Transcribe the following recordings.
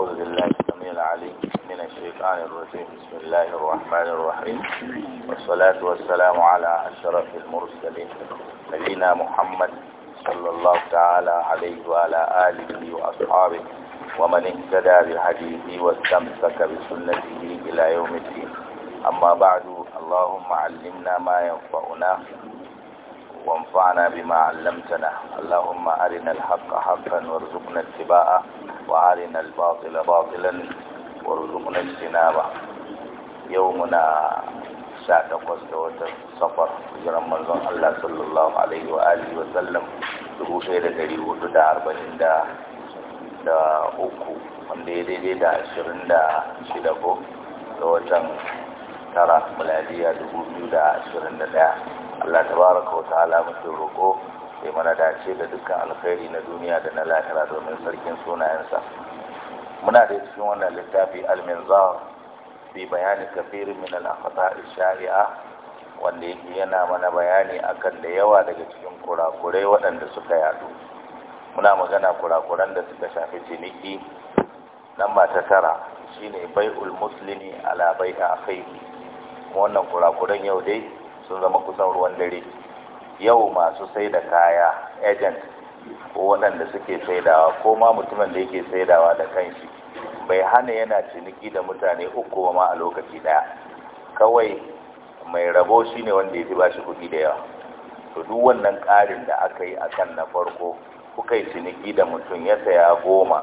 أعوذ بالله السميع العليم من الشيطان الرجيم بسم الله الرحمن الرحيم والصلاة والسلام على أشرف المرسلين نبينا محمد صلى الله تعالى عليه وعلى آله وأصحابه ومن اهتدى بحديثه واستمسك بسنته إلى يوم الدين أما بعد اللهم علمنا ما ينفعنا وانفعنا بما علمتنا اللهم أرنا الحق حقا وارزقنا اتباعه وعارنا الباطل باطلا وارزقنا yau muna sha takwas da watan safar hijiran manzon Allah sallallahu alaihi wa alihi sallam dubu ɗaya da ɗari hudu da arba'in da da uku wanda daidai da ashirin da shida ko da watan tara miladiya dubu biyu da ashirin da ɗaya Allah tabaraka wa ta'ala mutum roƙo Sai mana dace da dukkan alkhairi na duniya da na lahira domin sarkin sunayensa muna da cikin wannan littafi al-minzar bayani kafir min al shari'a wanda yake yana mana bayani akan da yawa daga cikin kurakurai waɗanda suka yadu muna magana kurakuran da suka shafi ciniki nan ba ta tara shine bai'ul muslimi ala bai'a akhihi wannan kurakuran yau dai sun zama kusan ruwan dare yau masu sai da kaya agent ko waɗanda suke saidawa ko ma mutumin da yake saidawa da kanshi bai hana yana ciniki da mutane uku ma a lokaci daya kawai mai rabo shine wanda ya fi ba shi kuɗi da yawa to duk wannan ƙarin da aka yi a kan na farko kuka yi ciniki da mutum ya saya goma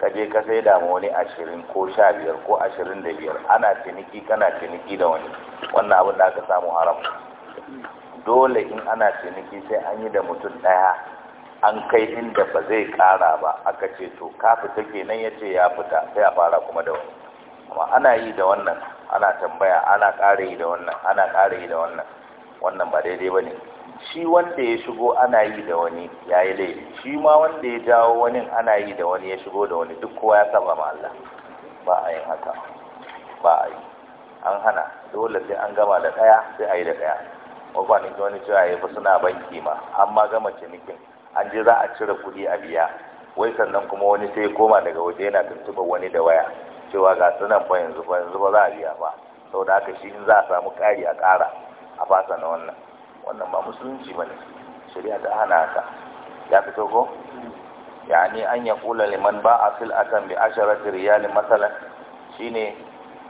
ka je ka sai ma wani ashirin ko sha biyar ko ashirin da biyar ana ciniki kana ciniki da wani wannan abin da aka samu haram dole in ana ciniki sai an yi da mutum ɗaya an kai inda ba zai ƙara ba aka ce to ka fita kenan ya ce ya fita sai a fara kuma da wani amma ana yi da wannan ana tambaya ana ƙara yi da wannan ana ƙara yi da wannan wannan ba daidai ba ne shi wanda ya shigo ana yi da wani ya yi laifi shi ma wanda ya jawo wani ana yi da wani ya shigo da wani duk kowa ya saba ma Allah ba a yin haka ba a yi an hana dole sai an gama da ɗaya sai a yi da ɗaya ko kwanaki wani cewa ya fi suna banki ma Amma ma gama cinikin an je za a cire kuɗi a biya wai sannan kuma wani sai koma daga waje yana tuntuɓa wani da waya cewa ga sunan ba yanzu ba yanzu ba za a biya ba saboda haka shi in za a samu ƙari a ƙara a fasa na wannan wannan ba musulunci ba ne shari'a ta hana haka ya fito ko mm. yani an ya kula liman ba a fil akan bi asharati riyal masalan shine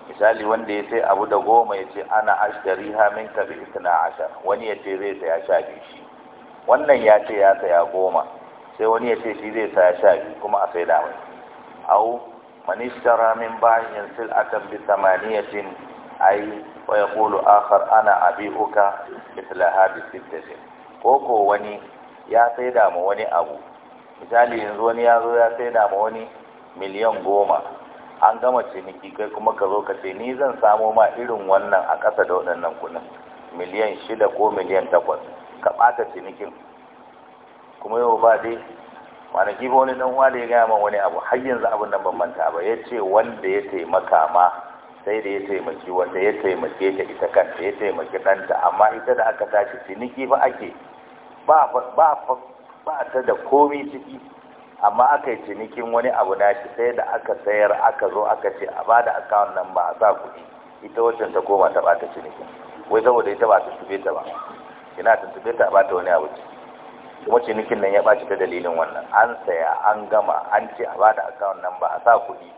misali wanda ya sai abu da goma ya ce ana ashtari ha min ka bi na ashar wani ya ce zai saya sha biyu shi wannan ya ce ya saya goma sai wani ya ce shi zai saya sha biyu kuma a sai da mai au man ishtara min a sil'atan bi samaniyacin ai wa kulu akhar ana abi'uka mithla hadhihi sittatin ko ko wani ya sai da mu wani abu misali yanzu wani ya zo ya sai da mu wani miliyan goma an gama ciniki kai kuma ka zo ka ce ni zan samo ma irin wannan a ƙasa da waɗannan kuɗin miliyan shida ko miliyan takwas ka ɓata cinikin kuma yau ba dai mana ba wani ɗan wani ya gaya min wani abu har yanzu abin nan ban manta ba ya ce wanda ya taimaka ma sai da ya taimaki wanda ya taimake ta ita kanta ya taimaki ɗanta amma ita da aka tashi ciniki ba ake ba ba ta da komi ciki amma aka yi cinikin wani abu shi sai da aka sayar aka zo aka ce a bada account nan ba a sa kuɗi ita waccan ta koma ta bata cinikin wai saboda ita ba ta tube ta ba ina ta tube ta bata wani abu kuma cinikin nan ya ɓaci ta dalilin wannan an saya an gama an ce a bada account nan ba a sa kuɗi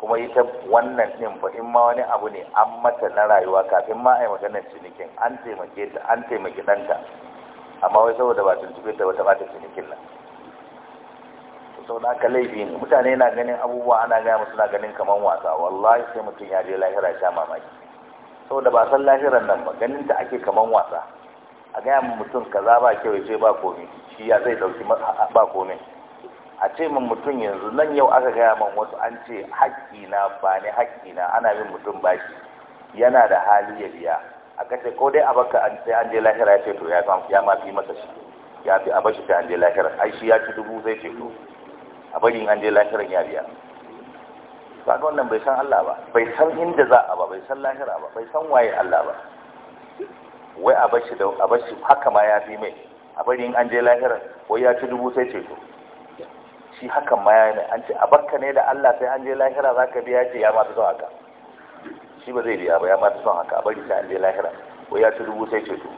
kuma ita wannan din fa in ma wani abu ne an mata na rayuwa kafin ma a yi maganar cinikin an taimake ta an taimaki ɗanta amma wai saboda ba tube ta ba ta bata cinikin nan sau da aka laifi ne mutane na ganin abubuwa ana gaya musu na ganin kamar wasa wallahi sai mutum ya je lahira sha mamaki saboda ba san lahiran nan ba ganin ta ake kamar wasa a gaya min mutum kaza ba kyau ya ce ba komi shi ya zai dauki ba komi a ce min mutum yanzu nan yau aka gaya min wasu an ce haƙƙi na ba ne haƙƙi na ana bin mutum bashi yana da hali ya biya a kace ko dai a baka an sai an je lahira ya ce to ya ma fi masa shi ya fi a bashi an je lahira ai shi ya ci dubu zai ce to a bari an je lahiran ya biya ba ga wannan bai san Allah ba bai san inda za a ba bai san lahira ba bai san waye Allah ba wai a bashi da a bashi haka ma ya fi mai a bari an je lahiran, wai ya ci dubu sai ceto shi hakan ma ya ne an ce a bakka ne da Allah sai an je lahira za ka biya ce ya ma fi son haka shi ba zai biya ba ya ma fi son haka a bari sai an je lahira wai ya ci dubu sai ceto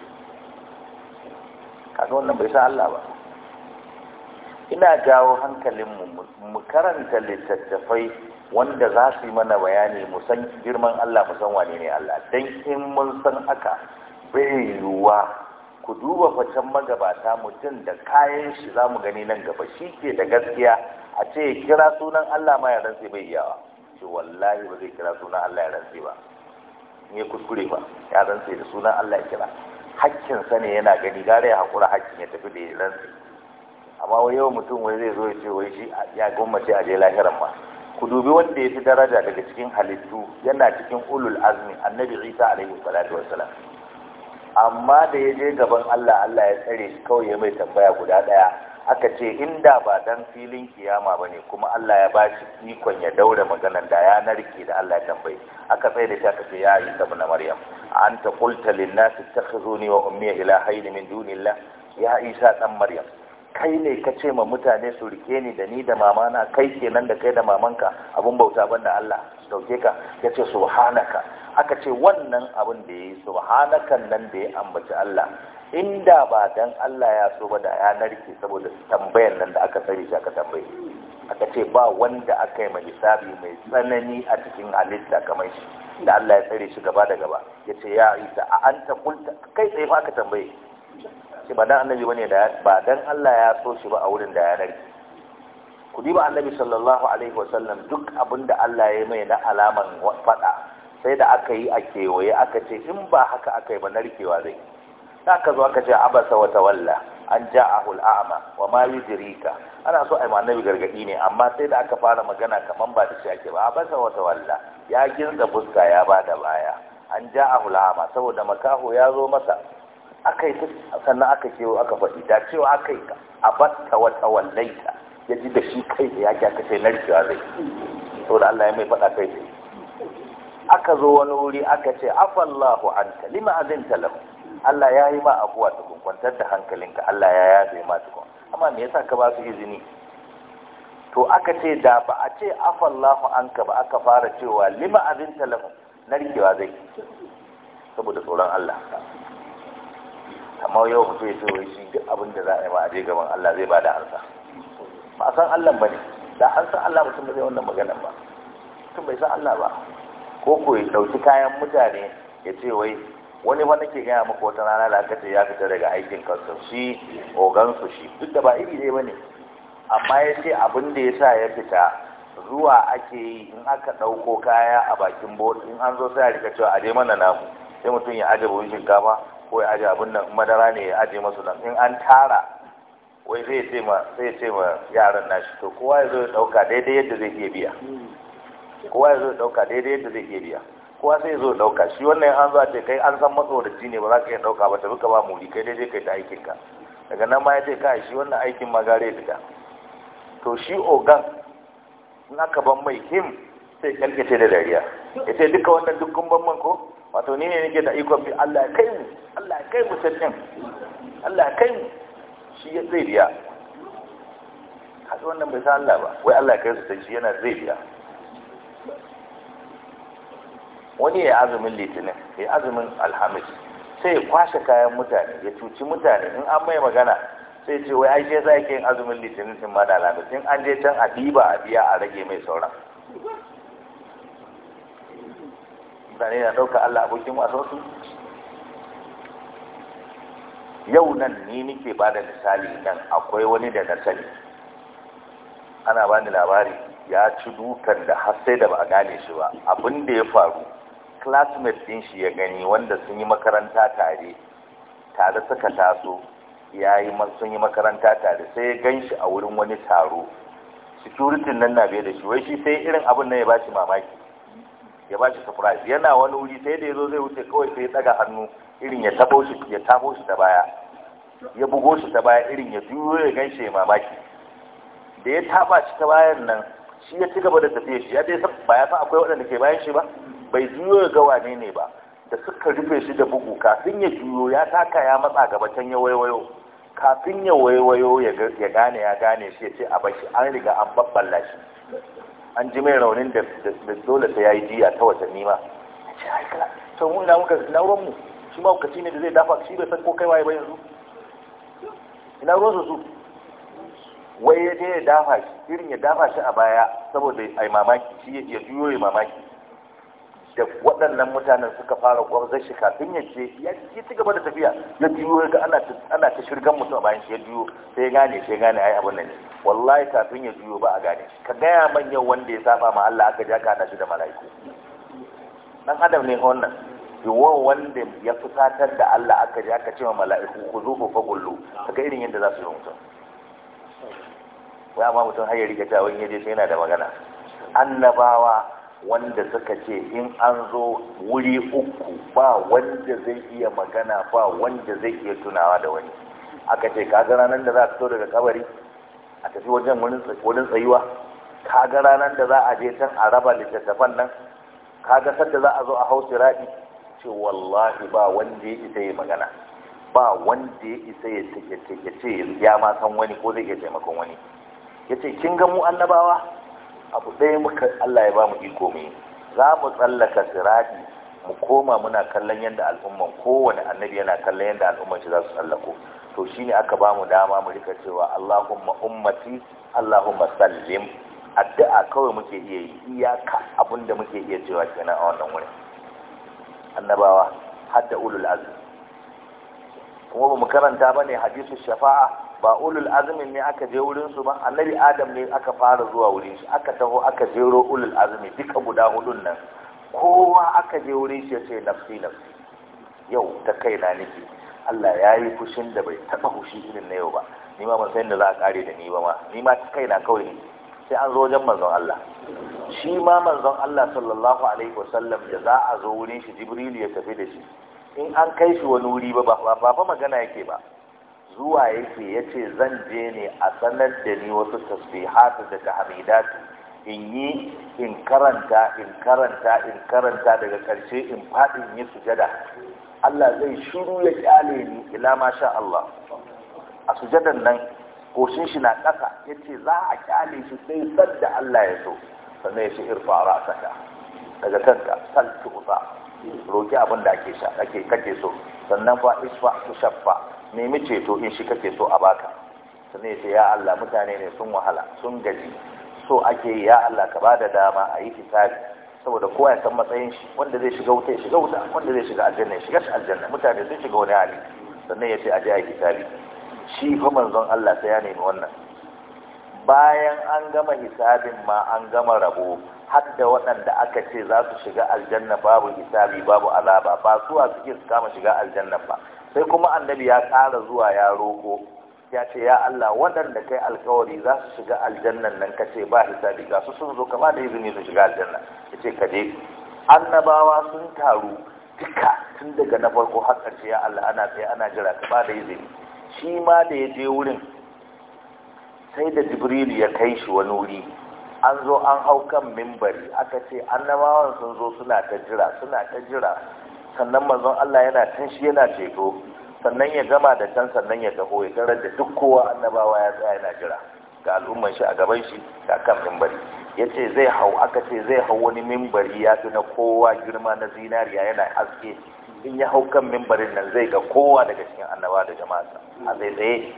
kaga wannan bai san Allah ba ina jawo hankalin mu karanta littattafai wanda za su yi mana bayani mu san girman Allah mu san wane ne Allah dan in mun san aka bai yiwuwa ku duba facen magabata mutum da kayan shi za mu gani nan gaba shi ke da gaskiya a ce kira sunan Allah ma ya rantse bai yawa shi wallahi ba zai kira sunan Allah ya rantse ba ne kuskure ba ya rantsi da sunan Allah ya kira Hakkinsa ne yana gani gare ya hakura hakkin ya tafi da ya amma wai yawan mutum wai zai zo ya ce wai shi ya gwammace a je lahiran ma ku dubi wanda ya fi daraja daga cikin halittu yana cikin ulul azmi annabi isa alaihi salatu wassalam amma da ya je gaban allah allah ya tsare shi kawai ya mai tambaya guda ɗaya, aka ce inda ba dan filin kiyama ba ne kuma allah ya bashi ikon ya daura maganan da ya narke da allah ya tambayi. aka tsaye da shi aka ce ya yi sabu na maryam an ta kulta linnasi ta wa ummiya ila haini min dunillah ya isa dan maryam kai ne ka ce ma mutane su rike ni da ni da mamana kai kenan da kai da mamanka abin bauta banda Allah su dauke ka ya ce subhanaka aka ce wannan abin da ya yi subhanakan nan da ya ambaci Allah inda ba dan Allah ya so ba da ya narke saboda tambayar nan da aka tsare shi aka tambaye aka ce ba wanda aka yi lissafi mai tsanani a cikin halitta kamar shi da Allah ya tsare shi gaba da gaba ya ce ya isa a an ta kulta kai tsaye ba aka tambaye ce ba dan annabi bane da ba dan Allah ya so shi ba a wurin da ya rage ku diba annabi sallallahu alaihi wasallam duk abinda Allah ya mai na alaman fada sai da aka yi a kewaye aka ce in ba haka aka yi ba narkewa zai da aka zo aka ce abasa wa tawalla an ja'ahu al'ama wa ma yudrika ana so ai annabi gargadi ne amma sai da aka fara magana kaman ba da shi ake ba abasa wa tawalla ya ginsa fuska ya bada baya an ja'ahu al'ama saboda makaho ya zo masa aka yi sannan aka wa aka faɗi da cewa aka yi ka a batta wata wallaita ya ji da shi kai da yaki aka ce narkewa zai to da Allah ya mai faɗa kai zai aka zo wani wuri aka ce afallahu anka lima azinta lahu Allah ya yi ma abuwa ta kwantar da hankalinka Allah ya yafe ma tukun amma me yasa ka ba su izini to aka ce da ba a ce afallahu anka ba aka fara cewa lima azinta lahu narkewa zai saboda tsoron Allah amma yau mutum ya ce wai shi duk abin da za a yi ma a je gaban Allah zai ba da ansa ba san Allah ba ne da an san Allah mutum bai wannan maganar ba mutum bai san Allah ba ko ko ya ɗauki kayan mutane ya ce wai wani wani nake gaya maka wata rana da aka ce ya fita daga aikin kansa shi ogansu shi duk da ba iri ne ba ne amma ya ce abin da ya sa ya fita zuwa ake yi in aka ɗauko kaya a bakin bot in an zo sai a rika cewa a je mana namu sai mutum ya ajabu shinkafa ko ya aje abin nan madara ne ya aje masu nan in an tara wai zai ce ma zai ce ma yaran nashi to kowa ya zo ya dauka daidai yadda zai iya biya kowa ya zo ya dauka daidai yadda zai iya biya kowa sai ya zo ya dauka shi wannan an zo ce kai an san ji ne ba za ka iya dauka ba tafi ka ba muri kai daidai kai ta aikin ka daga nan ma ya ce kai shi wannan aikin ma gare fita to shi ogan in aka ban mai him sai kalkace da dariya ya ce duka wannan dukkan ban man ko wato ni ne nake da ikon bi Allah ya kai mu Allah kai mu sanin Allah ya kai mu shi ya zai biya kaga wannan bai san Allah ba wai Allah ya kai su sai shi yana zai biya wani ya azumin litinin ya azumin alhamis sai ya kwashe kayan mutane ya cuci mutane in an mai magana sai ce wai aishe za ke yin azumin litinin sun ma da alhamis in an je can a diba a biya a rage mai sauran mutane na ɗauka Allah abokin wasu. yau nan ni nike ba da misali nan akwai wani da na sani ana ba ni labari ya ci dukan da har sai da ba a gane shi ba abin da ya faru classmate din shi ya gani wanda sun yi makaranta tare tare suka taso ya yi sun yi makaranta tare sai ya gan shi a wurin wani taro security nan na bai da shi wai shi sai irin abin nan ya ba shi mamaki ya shi surprise yana wani wuri sai da zo zai wuce kawai sai ya daga hannu irin ya tabo shi ya tabo shi ta baya ya bugo shi ta baya irin ya juyo ya ganshi ya mamaki da ya taba shi ta bayan nan shi ya ci gaba da tafiya shi ya dai ba ya san akwai waɗanda ke bayan shi ba bai juyo ya ga wane ne ba da suka rufe shi da bugu kafin ya juyo ya taka ya matsa gaba can ya waiwayo kafin ya waiwayo ya gane ya gane shi ya ce a bashi an riga an babballa shi an ji mai raunin da dole ta ya yi jiya ta watanni ma to mun da muka na mu shi ma kuka ne da zai dafa shi bai san ko kai waye ba yanzu ina ruwan su wai ya je ya dafa shi irin ya dafa shi a baya saboda ai mamaki shi ya juyo ya mamaki da waɗannan mutanen suka fara ƙwarzar shi kafin ya ce ya ci ci gaba da tafiya na biyu ga ana ta shirgan mutum a bayan shi ya juyo sai gane sai gane ai abin nan wallahi kafin ya juyo ba a gane ka gaya man yau wanda ya saba ma Allah aka ja ka shi da mala'iku dan adam ne wannan yawan wanda ya fusatar da Allah aka ja ka ce ma mala'iku ku zo ku fagullo kaga irin yadda za su yi mutum wai amma mutum har ya riga ta wani yaje sai yana da magana annabawa wanda suka ce in an zo wuri uku ba wanda zai iya magana ba wanda zai iya tunawa da wani aka ce ka kaga ranar da za a fito daga kabari a tafi wajen wurin tsayuwa Ka ga ranar da za a je can a raba littattafan nan ga sadda za a zo a hau siradi ce wallahi ba wanda ya isa ya magana ba wanda ya isa ya take take ce ya ma san wani ko zai iya taimakon wani Ya ce kin ga mu annabawa abu ɗaya muka Allah ya ba mu iko mu za mu tsallaka sirati mu koma muna kallon yadda al'umman kowane annabi yana kallon yadda al'umman shi za su tsallako to shine aka ba mu dama mu rika cewa Allahumma ummati Allahumma sallim addu'a kawai muke iya yi iyaka abinda muke iya cewa kenan a wannan wurin annabawa hadda ulul azmi kuma ba mu karanta bane hadisu shafa'a ba ulul azmin ne aka je wurin su ba annabi adam ne aka fara zuwa wurin shi aka taho aka jero ulul azmi duka guda hudun nan kowa aka je wurin shi ce nafsi nafsi yau ta kai na nake Allah ya yi fushin da bai taba fushi irin na yau ba ni ma ban san da za a kare da ni ba ma ni ma ta kai na kawai sai an zo wajen manzon Allah shi ma manzon Allah sallallahu alaihi wasallam da za a zo wurin shi jibril ya tafi da shi in an kai shi wani wuri ba ba fa magana yake ba zuwa yake ya ce zan je ne a sanar da ni wasu tasbihatu daga Hamidatu in yi in karanta in karanta in karanta daga ƙarshe in faɗi in yi sujada Allah zai shiru ya kyale ni ila ma sha Allah a sujadan nan koshin shi na ƙasa ya ce za a kyale shi sai sadda Allah ya so sannan ya ce irfa rasaka daga kanka sal tuza roki abin da ake sha ake kake so sannan fa isfa tushaffa nemi ceto in shi kake so a baka sannan ya ce ya Allah mutane ne sun wahala sun gaji so ake yi ya Allah ka bada dama a yi fitari saboda kowa ya san matsayin shi wanda zai shiga wuta ya shiga wuta wanda zai shiga aljanna ya shiga shi aljanna mutane sun shiga wani hali sannan ya ce a je a yi fitari shi fa manzon Allah sai ya nemi wannan bayan an gama hisabin ma an gama rabo Hadda waɗanda aka ce za su shiga aljanna babu hisabi babu alaba ba su suke su kama shiga aljanna ba sai kuma annabi ya ƙara zuwa ya roko ya ce ya Allah waɗanda kai alkawari za su shiga aljannan nan kace ba hisabi ga su sun zo kama da izini su shiga aljanna ya ce kaje annabawa sun taru duka tun daga na farko har ƙarshe ya Allah ana sai ana jira ka ba da izini shi ma da ya je wurin sai da jibrilu ya kai shi wani wuri an zo an hau kan mimbari aka ce annabawan sun zo suna ta jira suna ta jira sannan manzon Allah yana can shi yana ceto sannan ya gama da can sannan ya taho ya tarar da duk kowa annabawa ya tsaya yana jira ga al'umman shi a gaban shi ga kan mimbari ya ce zai hau aka ce zai hau wani mimbari ya fi na kowa girma na zinariya yana haske in ya hau kan mimbarin nan zai ga kowa daga cikin annaba da jama'a a tsaye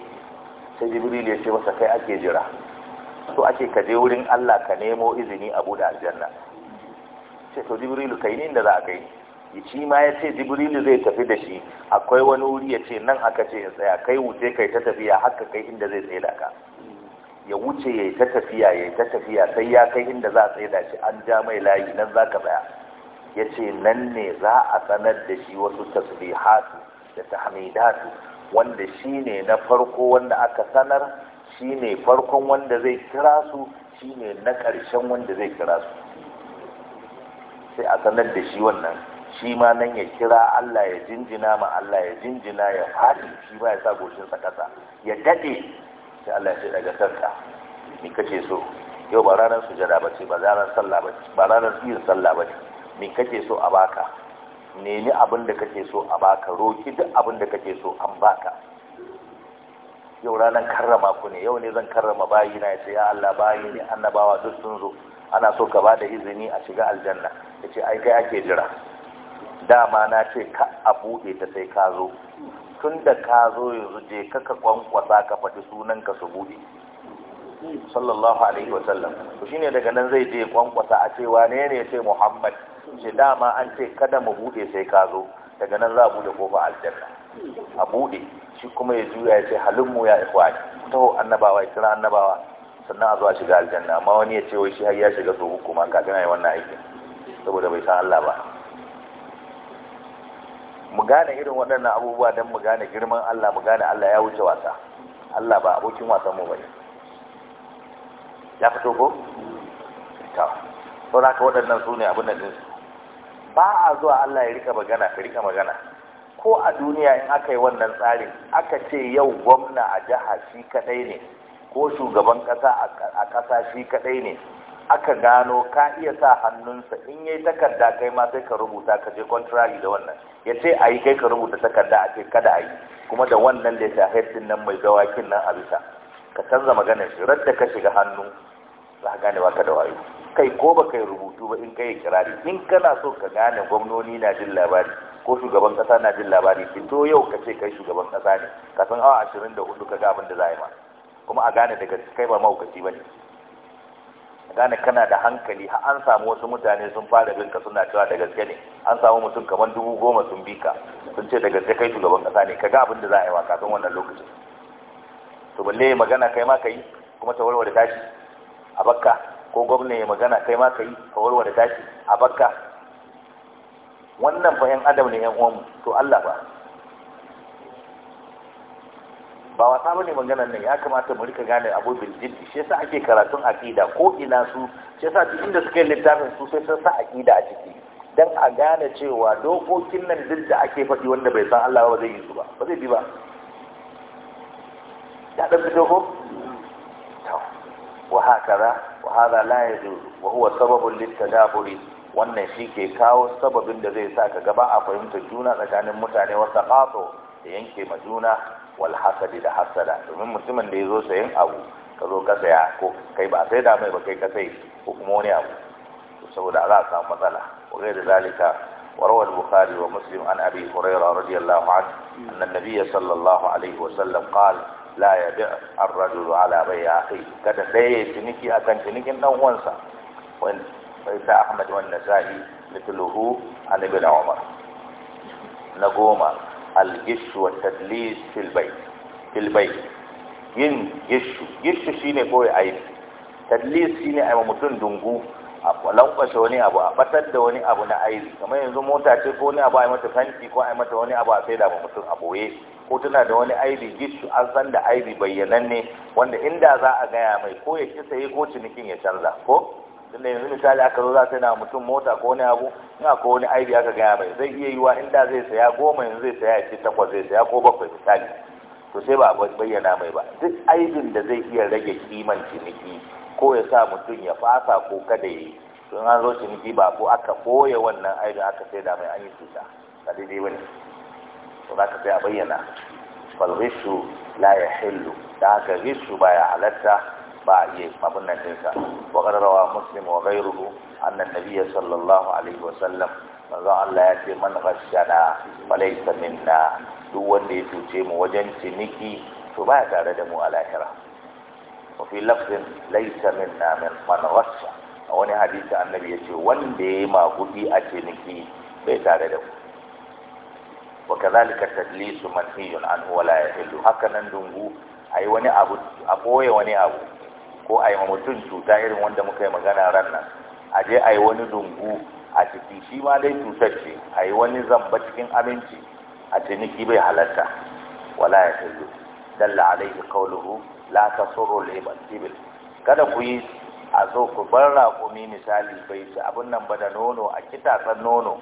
sai jibril ya ce masa kai ake jira so ake ka je wurin Allah ka nemo izini a buɗe aljanna sai to jibrilu kai ne inda za a kai ci ma ya ce jibrilu zai tafi da shi akwai wani wuri ya ce nan aka ce ya tsaya kai wuce kai ta tafiya haka kai inda zai tsaye da ka ya wuce ya yi ta tafiya ya yi ta tafiya sai ya kai inda za a tsaye da shi an ja mai layi nan za ka tsaya ya ce nan ne za a sanar da shi wasu tasbihatu da tahmidatu wanda shi ne na farko wanda aka sanar Shi ne farkon wanda zai kira su Shi ne na ƙarshen wanda zai kira su sai a sanar da shi wannan shi ma nan ya kira Allah ya jinjina ma Allah ya jinjina ya faɗi shi ba ya sa sa ƙasa ya daɗe sai Allah ya ce daga sarka ni kace so yau ba ranar sujada ba ba ranar ce ba ranar yin sallah ba ce me kake so a baka nemi abin da kake so a baka roki duk abin da kake so an baka yau ranar karrama ku ne yau ne zan karrama bayi na ya saya ya Allah bayi ne annabawa duk sun zo ana so ka bada izini a shiga aljanna ya ce ai kai ake jira dama na ce ka a buɗe ta sai ka zo tun da ka zo yanzu je ka ka kwankwasa ka faɗi sunan ka su buɗe sallallahu alaihi wa sallam to shine daga nan zai je kwankwasa a cewa ne ne sai Muhammad ce dama an ce kada mu buɗe sai ka zo daga nan za a buɗe kofa aljanna a buɗe shi kuma ya juya ya ce halin mu ya ta taho annabawa ya kira annabawa sannan a zuwa shiga aljanna amma wani ya ce wai shi har ya shiga so uku ma kafin a yi wannan aiki. saboda bai san Allah ba mu gane irin waɗannan abubuwa don mu gane girman Allah mu gane Allah ya wuce wasa Allah ba abokin wasan mu bane ya fito ko ta sauraka haka waɗannan su ne abin da ba a zuwa Allah ya rika magana ka rika magana ko a duniya in aka yi wannan tsarin aka ce yau gwamna a jiha shi kadai ne ko shugaban kasa a kasa shi kadai ne aka gano ka iya sa hannunsa in yayi takarda kai ma sai ka rubuta ka je contrary da wannan ya ce a yi kai ka rubuta takarda a ce kada a yi kuma da wannan da ya haifin nan mai dawakin nan a bisa ka canza maganar shi radda ka shiga hannu za ka gane baka da wayo kai ko ba kai rubutu ba in kai kirari in kana so ka gane gwamnoni na jin labari ko shugaban kasa na jin labari fito yau ka ce kai shugaban kasa ne ka san awa ashirin da hudu ka ga abin da za yi ma kuma a gane daga kai ba mahaukaci ba ne a gane kana da hankali har an samu wasu mutane sun fara bin ka suna cewa da gaske ne an samu mutum kamar dubu goma sun bi ka sun ce da gaske kai shugaban kasa ne ka ga abin da za a yi ma kafin wannan lokacin to balle magana kai ma ka yi kuma ta warware tashi a bakka ko gwamna ya magana kai ma ka yi ka warware tashi a bakka wannan fa yan adam ne yan uwanmu to Allah ba ba wasa bane maganar nan ya kamata mu rika gane abu bil jiddi shi yasa ake karatun aqida ko ina su shi yasa duk inda suka yi littafin su sai sun sa aqida a ciki dan a gane cewa dokokin nan duk da ake faɗi wanda bai san Allah ba zai yi su ba ba zai bi ba ya dan fito ko wa hakara wa hada la yajuz wa huwa sababun lit tadaburi wannan shi ke kawo sababin da zai sa ka gaba a fahimtar juna tsakanin mutane wasa ƙato da yanke ma juna wal hasadi da hasada domin mutumin da ya zo sayan abu ka zo ka saya ko kai ba sai da mai ba kai ka sai ko kuma wani abu saboda za a samu matsala wa da zalika وروى البخاري ومسلم عن أبي هريرة رضي الله عنه أن النبي صلى الله عليه وسلم قال لا يبيع الرجل على بيع أخيه ciniki سيئ تنكي أكن تنكي نوانسا وإساء أحمد والنسائي مثله عن ابن عمر نقوم الجش والتدليس في البيت في البيت yin gishu gishu shine koyi aibi tadlis shine aiwa mutum dungu a lankwashe wani abu a batar da wani abu na aibi kamar yanzu mota ce ko wani abu a yi mata fanti ko a yi mata wani abu a sai da mutum a boye ko tana da wani aibi gishu an san da aibi bayyananne wanda inda za a gaya mai ko ya ki saye ko cinikin ya canza ko tunda yanzu misali aka zo za sai na mutum mota ko wani abu in akwai wani aibi aka gaya mai zai iya yiwa da zai saya goma yanzu zai saya ya ce takwas zai saya ko bakwai misali to sai ba bayyana mai ba duk aibin da zai iya rage kiman ciniki ko ya sa mutum ya fasa ko kada ya yi to an zo ciniki ba ko aka koya wannan aibin aka sai da mai an yi cuta a daidai wani to za ka sai a bayyana falrishu la ya hillu da haka rishu ba ya halatta ba a iya abin nan dinsa wa qarrawa muslim wa ghayruhu anna nabiyya sallallahu alaihi wa sallam manzo Allah ya ce man ghashana falaysa minna duk wanda ya cuce mu wajen ciniki to baya tare da mu a lahira wa fi lafzin laysa minna min man ghasha a wani hadisi annabi ya ce wanda ya yi magudi a ciniki bai tare da mu وكذلك التدليس منهي عنه ولا يحل هكذا ندنغو اي وني ابو ابوي وني ابو ko a yi mutum cuta irin wanda muka yi magana ran nan a je a yi wani dungu a ciki shi ma dai cutar ce a yi wani zamba cikin abinci a ciniki bai halatta wala ya kallo dalla alaihi qawluhu la tasurru leban ibad kada ku yi a zo ku bar rakumi misali bai ci abin nan ba da nono a kitatsan nono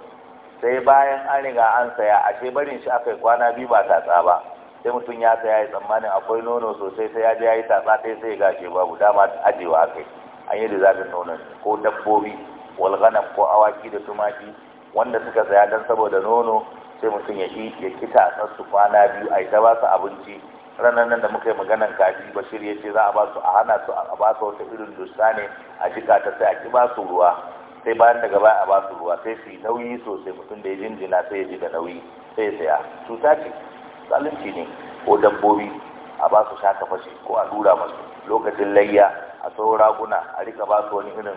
sai bayan an riga an saya ashe barin shi aka yi kwana biyu ba ta ba sai mutum ya saya ya tsammanin akwai nono sosai sai ya je ya yi tatsa sai sai ya gashe babu dama ajewa a kai an yi rizalin nonon ko dabbobi walgana ko awaki da tumaki wanda suka saya don saboda nono sai mutum ya yi ya kita a su kwana biyu a yi ta ba su abinci ranar nan da muka yi maganan kaji bashir ya ce za a ba su a hana su a ba su wata irin dusa ne a jika ta sai a ki ba su ruwa sai bayan daga baya a ba su ruwa sai su yi nauyi sosai mutum da ya jinjina sai ya ji da nauyi sai ya saya cuta ce zalunci ne ko dabbobi a ba su shaka fashi ko a lura masu lokacin layya a sau raguna a rika ba su wani irin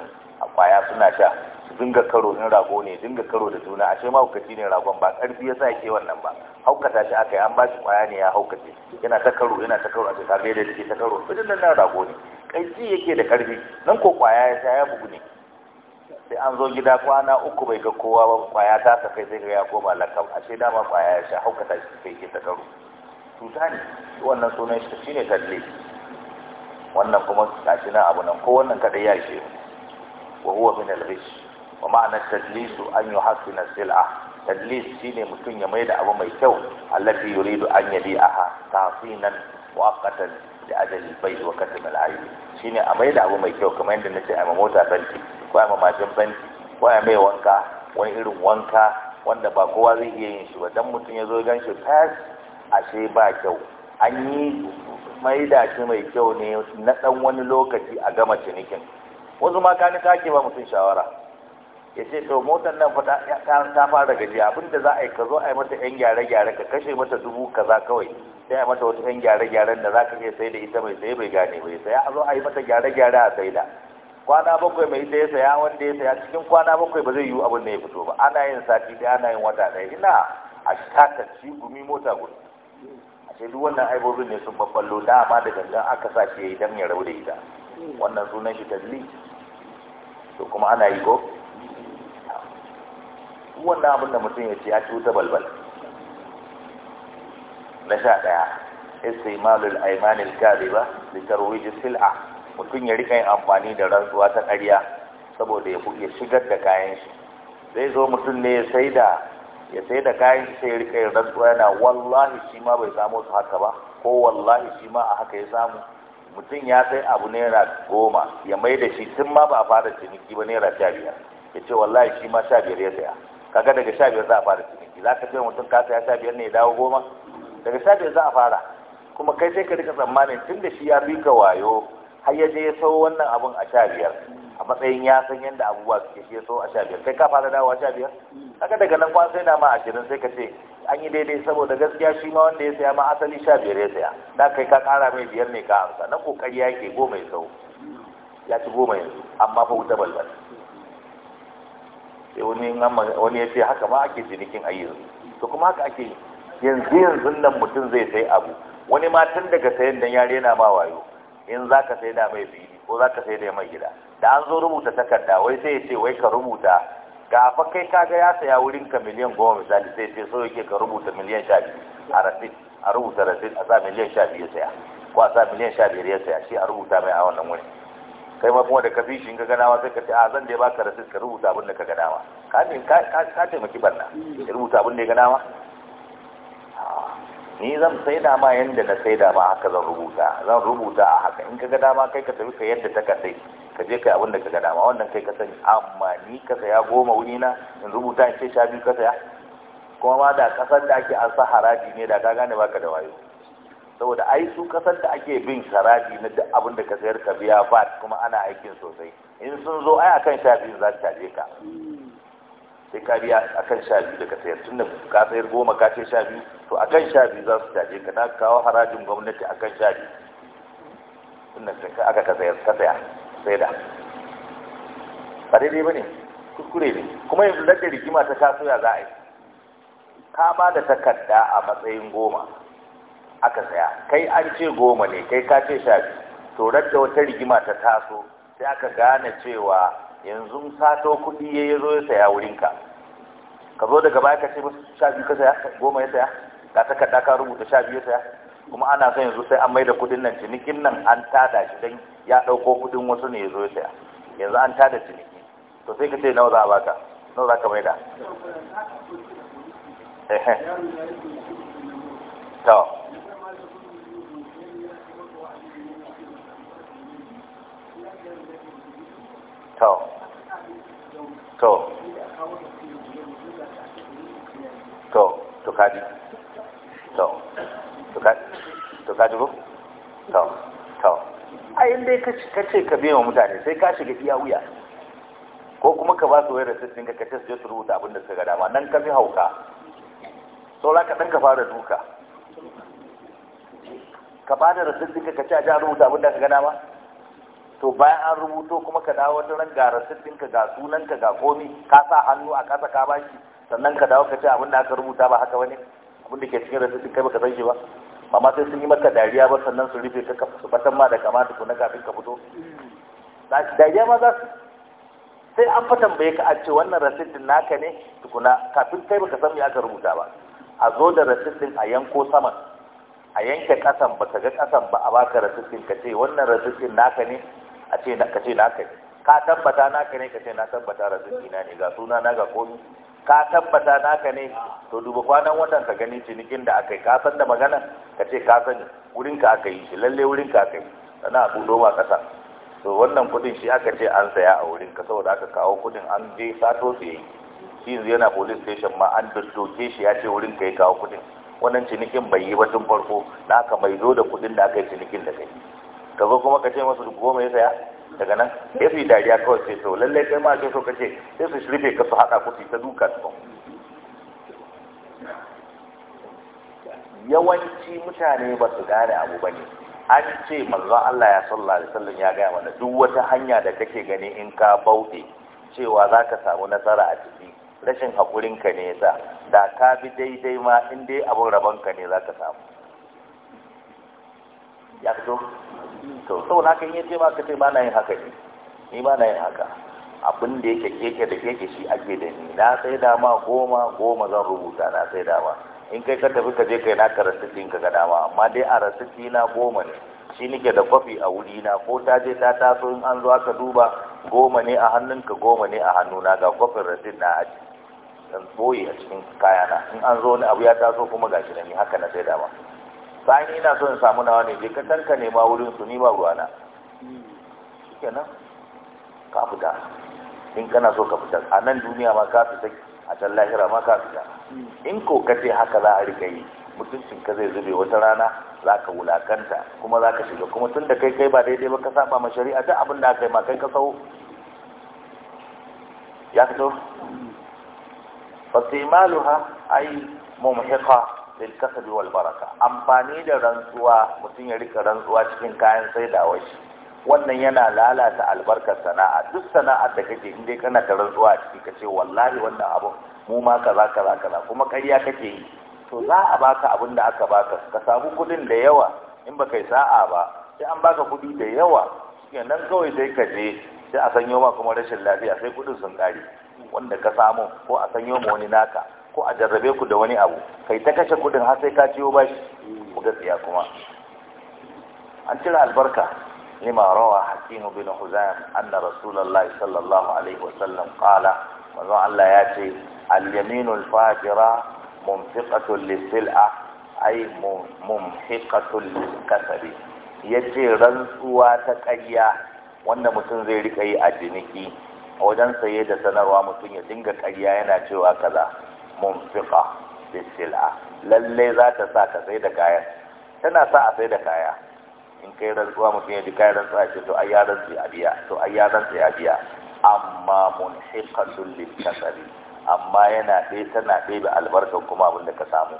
a kwaya suna sha su dinga karo in rago ne dinga karo da juna ashe ma hukaci ne ragon ba karfi ya sa ke wannan ba haukata shi aka yi an ba shi kwaya ne ya haukace yana ta karo yana ta karo a cikin da ta karo bidin rago ne kai yake da karfi nan ko kwaya ya sha ya bugu ne sai an zo gida kwana uku bai ga kowa ba kwaya ta ta kai sai ya koma lakab ashe dama kwaya ya sha haukata shi kai ke ta karo cuta ne wannan sunan shi shine talle wannan kuma gashi nan abu nan ko wannan kadai ya shi wa huwa min al-ghish wa ma'ana tadlisu an yuhassina sil'a tadlis shine mutum ya maida abu mai kyau allati yuridu an yadi'aha tafinan muaqqatan da ajali bai wa katam al-ayb shine a maida abu mai kyau kamar yadda nace a mota banki ba ma macen fenti ya mai wanka wani irin wanka wanda ba kowa zai iya yin shi ba dan mutum ya zo gan shi fas ashe ba kyau an yi mai da shi mai kyau ne na dan wani lokaci a gama cinikin wasu ma kani take ba mutum shawara ya ce to motar nan fa ta fara gajiya abinda za a yi ka zo a yi mata yan gyare-gyare ka kashe mata dubu kaza kawai sai a mata wata yan gyare-gyaren da za ka iya sai da ita mai sai bai gane bai sai a zo a yi mata gyare-gyare a sai da kwana bakwai mai ita ya saya wanda ya saya cikin kwana bakwai ba zai yiwu abin da ya fito ba ana yin sati da ana yin wata ɗaya ina a taka gumi mota gudu a ce duk wannan aibobin ne sun babballo dama da gangan aka sa shi ya yi dan ya rabu da ita wannan sunan shi talli. to kuma ana yi ko wannan abin da mutum ya ce ya ci wuta balbal na sha ɗaya istimalul aymanil kadiba li sil'a mutum ya rika yin amfani da rantsuwa ta ƙarya saboda ya shigar da kayan shi zai zo mutum ne ya sai da ya sai da kayan shi sai ya rika yin rantsuwa yana wallahi shi ma bai samu su haka ba ko wallahi shi ma a haka ya samu mutum ya sai abu naira goma ya mai da shi tun ma ba a fara ciniki ba naira sha biyar ya ce wallahi shi ma sha biyar ya saya kaga daga sha biyar za a fara ciniki za ka ce mutum ka saya sha biyar ne ya dawo goma daga sha biyar za a fara kuma kai sai ka rika tsammanin tun da shi ya bi ka wayo har ya je ya sau wannan abun a sha biyar a matsayin ya san yadda abubuwa suke ke so a sha biyar kai ka fara dawowa sha biyar haka daga nan kwan sai dama a ashirin sai ka ce an yi daidai saboda gaskiya shi ma wanda ya saya ma asali sha biyar ya saya da kai ka kara mai biyar ne ka amsa na kokari ya ke goma ya sau ya ci goma yanzu amma fa wuta balbal sai wani ya ce haka ma ake cinikin yanzu to kuma haka ake yanzu yanzu nan mutum zai sai abu wani ma tun daga sayan dan ya rena ma wayo in za ka sai da mai fili ko za ka sai da mai gida da an zo rubuta takarda wai sai ya ce wai ka rubuta ga fa kai kaga ya saya wurin ka miliyan goma misali sai sai so yake ka rubuta miliyan sha biyu a rasit a rubuta rasit a sa miliyan sha biyu saya ko a sa miliyan sha biyar ya saya shi a rubuta mai a wannan wani. kai ma kuma da ka shi in ka ganawa sai ka ce a zan dai baka rasit ka rubuta abin da ka ganawa ka ka ka taimaki barna ka rubuta abin da ya ganawa ni zan saida ma yanda na saida ma haka zan rubuta zan rubuta a haka in kaga dama kai ka tafi ka yadda ta kasai ka je kai abin da kaga dama wannan kai ka sani amma ni ka saya goma wuni na in rubuta in ce sha biyu ka saya kuma ma da kasar da ake an sa haraji ne da ka gane baka da wayo saboda ai su kasar da ake bin haraji na duk abin da ka sayar ka biya ba kuma ana aikin sosai in sun zo ai akan sha biyu za su caje ka sai ka biya akan sha biyu da ka sayar tunda ka sayar goma ka ce sha biyu to a kan sha biyu za su caje ka na kawo harajin gwamnati a kan sha biyu inda ka aka ka sayar ka saya sai da ba daidai ba ne kuskure ne kuma yanzu da rigima ta taso ya za a yi ka ba da takarda a matsayin goma aka saya kai an ce goma ne kai ka ce sha biyu to da wata rigima ta taso sai aka gane cewa yanzu sato kuɗi ya zo ya saya wurinka ka zo daga baya ka ce musu sha biyu ka saya goma ya saya ta takarda ka rubuta sha biyu ta kuma ana son yanzu sai an maida kuɗin nan cinikin nan an tada shi dan ya ɗauko kuɗin wasu ne ya zo ya saya yanzu an tada ciniki to sai ka ce nawa za a baka nawa za ka maida to to to to to kaji to to ka dubu to to a inda ka ce ka biya mutane sai ka shiga iya wuya ko kuma ka ba su wayar da sassin ka kace su je su rubuta abin da suka ga dama nan ka fi hauka saura ka dan ka fara duka ka ba da rasidin ka kace a ja rubuta abin da ka ga dama to bayan an rubuto kuma ka dawo wata ran ga rasidin ka ga sunan ka ga komi ka sa hannu a ƙasa ka bashi sannan ka dawo ka ce abin da aka rubuta ba haka bane abin da ke cikin rasu kai baka san shi ba ba ma sai sun yi maka dariya ba sannan su rufe su batan ma da kamata ku na kafin ka fito dariya ma za su sai an fa bai ka a ce wannan rasidin naka ne tukuna kafin kai baka san me aka rubuta ba a zo da rasidin a yanko saman a yanke kasan ka ga kasan ba a baka rasidin ka ce wannan rasidin naka ne a ce ka ce naka ne ka tabbata naka ne ka ce na tabbata rasidina ne ga suna na ga komi ka tabbata naka ne to duba kwanan watan ka gani cinikin da aka yi ka san da magana ka ce ka sani wurin ka aka yi shi lalle wurin ka aka yi sana a budo ba kasa to wannan kudin shi aka ce an saya a wurin ka saboda aka kawo kudin an je sato su yi shi yanzu yana police station ma an doke shi ya ce wurin ka ya kawo kudin wannan cinikin bai yi ba tun farko na aka mai zo da kudin da aka yi cinikin da kai ka zo kuma ka ce masu goma ya saya daga nan sai su dariya kawai sai to lallai kai ma sai so kace sai su shirfe ka su haɗa ku ta duka su yawanci mutane ba su gane abu ba ne an ce manzon Allah ya sallallahu alaihi wasallam ya gaya mana duk wata hanya da kake gani in ka bauɗe cewa za ka samu nasara a ciki rashin haƙurinka ne ya sa da ka bi daidai ma in dai abin rabonka ne za ka samu ya fito to saboda haka in yace ba ka ce ba na yin haka ne ni ba na yin haka abin da yake keke da keke shi ake da ni na sai dama goma goma zan rubuta na sai dama in kai ka tafi ka je kai na ka rasiti ka ga dama amma dai a rasiti na goma ne shi nake da kwafi a wuri na ko ta je ta taso in an zo aka duba goma ne a hannunka goma ne a hannuna ga kwafin rasit na aji dan boye a cikin kayana in an zo wani abu ya taso kuma gashi na ni haka na sai dama Sani ina son samu nawa ne je ka tanka nema wurin su ni ba ruwana nan ka fita in kana so ka fita a nan duniya ma ka fita a can lahira ma ka fita in ko ka ce haka za a rika yi mutuncin ka zai zube wata rana za ka wulakanta kuma za ka shiga kuma tun da kai kai ba daidai ba ka saba ma shari'a ta abin da aka yi ma kai ka sau ya fito fasimaluha ai mumhiqa lil kasabi wal baraka amfani da rantsuwa mutum ya rika rantsuwa cikin kayan saidawar shi wannan yana lalata albarkar sana'a duk sana'ar da kake inda kana ta rantsuwa a ciki kace wallahi wannan abu mu ma kaza kaza kaza kuma ƙarya kake yi to za a baka abin da aka baka ka samu kuɗin da yawa in ba kai sa'a ba sai an baka kuɗi da yawa nan kawai sai ka je sai a sanyo ma kuma rashin lafiya sai kuɗin sun ƙari. wanda ka samu ko a sanyo ma wani naka ko a jarrabe ku da wani abu kai ta kashe kudin har sai ka ciwo bashi ku ga kuma an cire albarka lima rawa hakimu bin huzaim anna rasulullahi sallallahu alaihi sallam, qala manzo Allah ya ce al-yaminu al-fajira munfiqatun lis-sil'a ay mumhiqatun lis-kasabi yace rantsuwa ta ƙarya wanda mutum zai rika yi a jiniki wajen saye da sanarwa mutum ya dinga karya yana cewa kaza munfiqa bisila lalle za ta sa ka sai da kayan tana sa a sai da kaya in kai rantsuwa mutum ya ji kayan rantsuwa ya ce to ai ya rantsi a biya to ai ya rantsi a biya amma munhiqatul lil kasari amma yana ɗaya tana ɗebe albarkar kuma abin da ka samu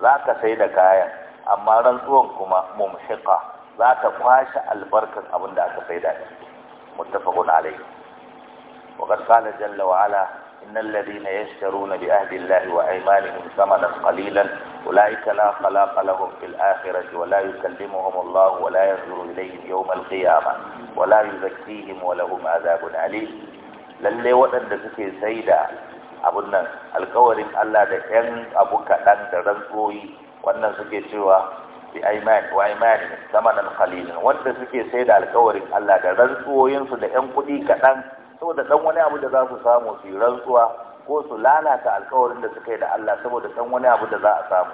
za ka sai da kayan amma rantsuwan kuma mumshiqa za ta kwashe albarkar abin da aka sai da muttafaqun alayhi wa qad qala jalla wa ala إن الذين يشترون بعهد الله وأيمانهم ثمنا قليلا أولئك لا خلاق لهم في الآخرة ولا يكلمهم الله ولا ينظر إليهم يوم القيامة ولا يزكيهم ولهم عذاب أليم lalle waɗanda suke sai da abun nan alkawarin Allah da ƴan abu kaɗan da rantsoyi wannan suke cewa bi aimani samanan kalilin wanda suke sai da alkawarin Allah da rantsoyinsu da ‘yan kuɗi kaɗan saboda dan wani abu da za su samu su yi rantsuwa ko su lalata alkawarin da suka yi da Allah saboda dan wani abu da za a samu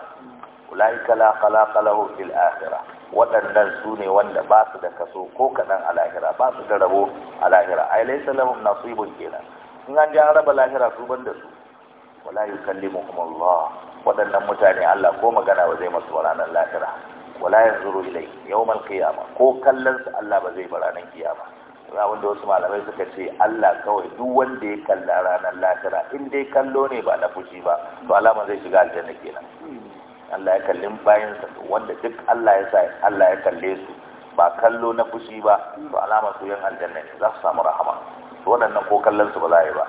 ulaika la khalaqa lahu fil akhirah waɗannan su ne wanda ba su da kaso ko kaɗan a lahira ba su da rabo a lahira ai laysa lahum nasibun kenan in an ji an raba lahira su ban da su wala yukallimuhum Allah waɗannan mutane Allah ko magana ba zai masu ranar lahira wala yanzuru ilai yawmal qiyamah ko kallon su Allah ba zai ba ranar kiyama abinda wasu malamai suka ce Allah kawai duk wanda ya kalla ranar lahira in dai kallo ne ba na fushi ba to alama zai shiga aljanna kenan Allah ya kallin bayansa wanda duk Allah ya sa Allah ya kalle su ba kallo na fushi ba to alama su yan aljanna ne za su samu rahama to waɗannan ko kallon su ba za yi ba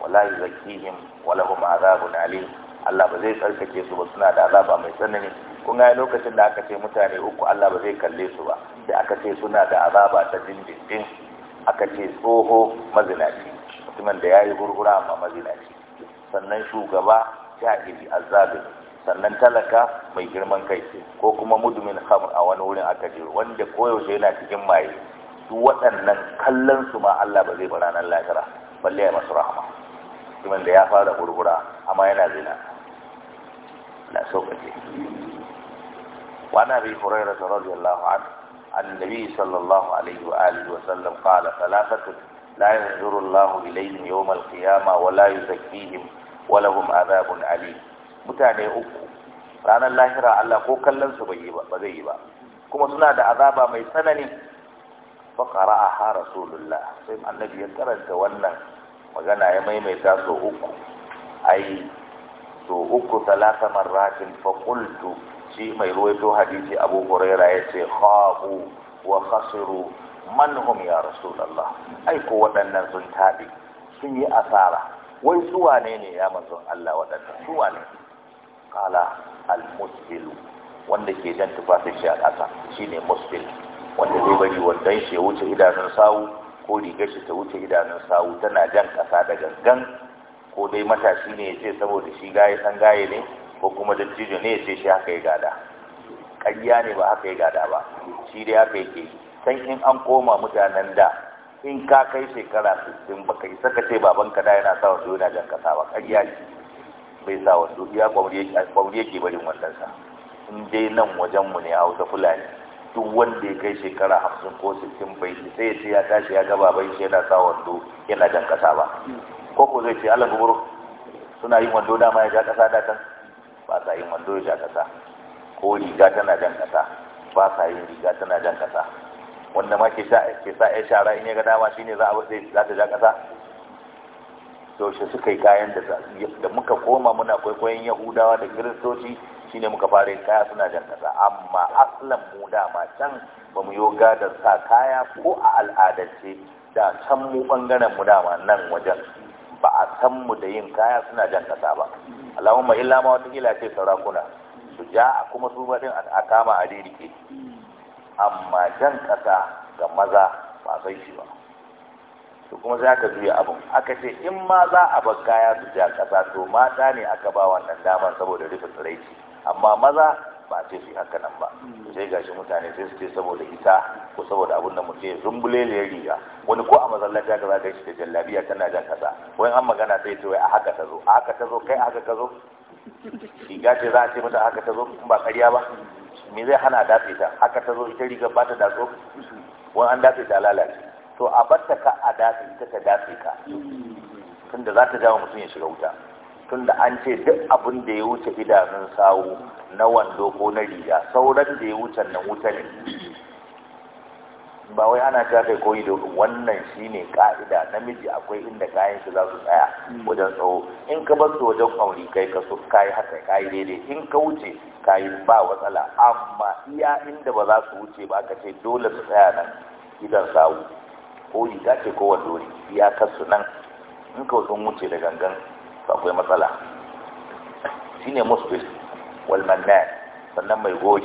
wallahi zakihim lahum azabun alim Allah ba zai tsarkake su ba suna da azaba mai tsanani kun ga lokacin da aka ce mutane uku Allah ba zai kalle su ba da aka ce suna da azaba ta dindindin aka ce tsoho mazinaci mutumin da ya yi gurgura ma mazinaci sannan shugaba iri azabi sannan talaka mai girman kai ko kuma mudumin khamr a wani wurin aka je wanda koyaushe yana cikin maye su waɗannan kallon su ma Allah ba zai ba ranar lahira balle ya masu rahama mutumin da ya fara gurgura amma yana zina na sauƙaƙe وعن أبي هريرة رضي الله عنه عن النبي صلى الله عليه وآله وسلم قال ثلاثة لا ينظر الله إليهم يوم القيامة ولا يزكيهم ولهم عذاب أليم mutane uku ranar lahira Allah ko kallon su bai yi ba ba kuma suna da azaba mai tsanani fa qara'aha rasulullah sai annabi ya karanta wannan magana ya maimaita so uku ai so uku talata marratin fa shi mai ruwaito hadisi abu huraira ya ce khabu wa khasiru man hum ya rasulullah ai ko waɗannan sun tabi sun yi asara wai su wane ne ya manzon Allah waɗannan su wane kala al musbil wanda ke jan tufafi shi a ƙasa shine musbil wanda zai bari wandan shi ya wuce idanun sawu ko rigar shi ta wuce idanun sawu tana jan ƙasa da gangan ko dai matashi ne ya ce saboda shi gaye san gaye ne ko kuma dattijo ne ya ce shi haka ya gada ƙarya ne ba haka ya gada ba shi dai haka yake san in an koma mutanen da in ka kai shekara 60 baka isa ka ce babanka da yana sa wando yana jan kasa ba ƙarya ne bai sa wando ya kwamri yake barin sa. in dai nan wajenmu ne a wata fulani duk wanda ya kai shekara hamsin ko sittin bai shi sai ya tashi ya gaba bai shi yana sa wando yana jan kasa ba ko ko zai ce ala suna yin wando dama ya ja kasa da kan ba sa yin wando ya ja kasa ko riga tana jan kasa ba sa yin riga tana jan kasa wanda ma ke sa ya shara in ya ga dama shine za a wuce za ta ja kasa yaushe suka yi kayan da muka koma muna kwaikwayon yahudawa da kiristoci shine muka fara yin kaya suna jan kasa amma aslan mu dama can ba mu yi gadar sa kaya ko a al'adance da can mu bangaren mu dama nan wajen ba a san mu da yin kaya suna jan kasa ba allahumma illa ma wata kila ce sarakuna su ja a kuma su baɗin a kama a dirike amma jan kasa ga maza ba sai shi ba to kuma sai aka juya abun aka ce in ma za a bar kaya su ja kasa to mata ne aka ba wannan damar saboda rufe tsiraici amma maza ba sai su haka nan ba hmm. sai gashi mutane sai su ce saboda isa ko saboda abun da mutum ya zumbule ne riga wani ko a mazallar ta za ka shi da jallabiya tana jan kasa wani an magana sai ce wai a haka ta zo a haka ta zo kai a haka ka zo shiga ce za a ce mata haka ta zo ba karya ba me zai hana dafe ta haka ta zo ita rigar ba ta datso wani an dafe ta lalace to a batta ka a dafe ita ta dafe ka hmm. tunda za ta jawo mutum ya shiga wuta tunda an ce duk abin da ya wuce idanun sawu na wando ko na riga sauran da ya wuce nan wuta ne ba wai ana ta kai koyi da wannan shine ka'ida namiji akwai inda kayan shi za su tsaya wajen tsawo in ka bar su wajen kwauri kai ka so kayi haka kayi daidai in ka wuce kayi ba watsala amma iya inda ba za su wuce ba ka ce dole su tsaya nan idan sawu ko riga ce ko wando iya kasu nan in ka wuce da gangan akwai matsala shine musbil wal walmanna sannan mai gori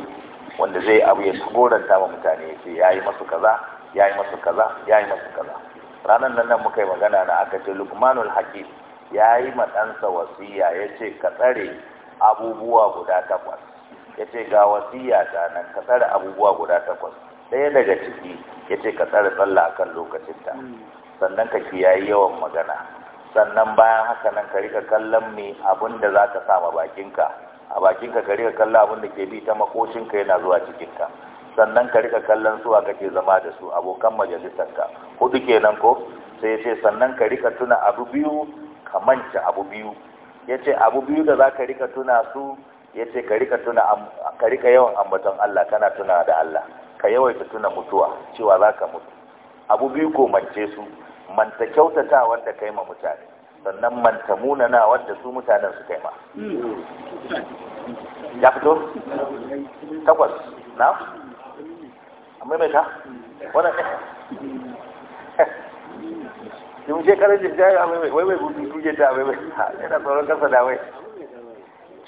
wanda zai abu ya goranta wa mutane ya ce ya yi masu kaza ya yi masu kaza ya yi masu kaza Ranar nan nan muka yi magana na aka ce lukmanul haƙi ya yi matsansa wasiya ya ce ka tsare abubuwa guda takwas ya ce ga wasiya ta nan ka tsare abubuwa guda takwas ɗaya daga ciki ya ce ka tsare a kan lokacinta hmm. sannan ka kiyaye yawan magana sannan bayan haka nan ka rika kallon me abin da za ka sama bakinka a bakinka ka rika kallon abin da ke bi ta makoshinka yana zuwa cikinka sannan ka rika kallon a kake zama da su abokan majalisarka hudu kenan ko sai ce sannan ka rika tuna abu biyu ka manta abu biyu ya ce abu biyu da za ka rika tuna su ya ce ka rika yawan ambaton Allah kana tuna da Allah ka yawaita tuna mutuwa cewa za ka mutu abu biyu ko mance su manta kyautata wanda kai ma mutane sannan manta munana wanda su mutanen su kai ma ya fito takwas na amma mai ta wannan kin je shekarar jin ya mai wai wai gudu kuje ta wai wai ina tsoron kasa da wai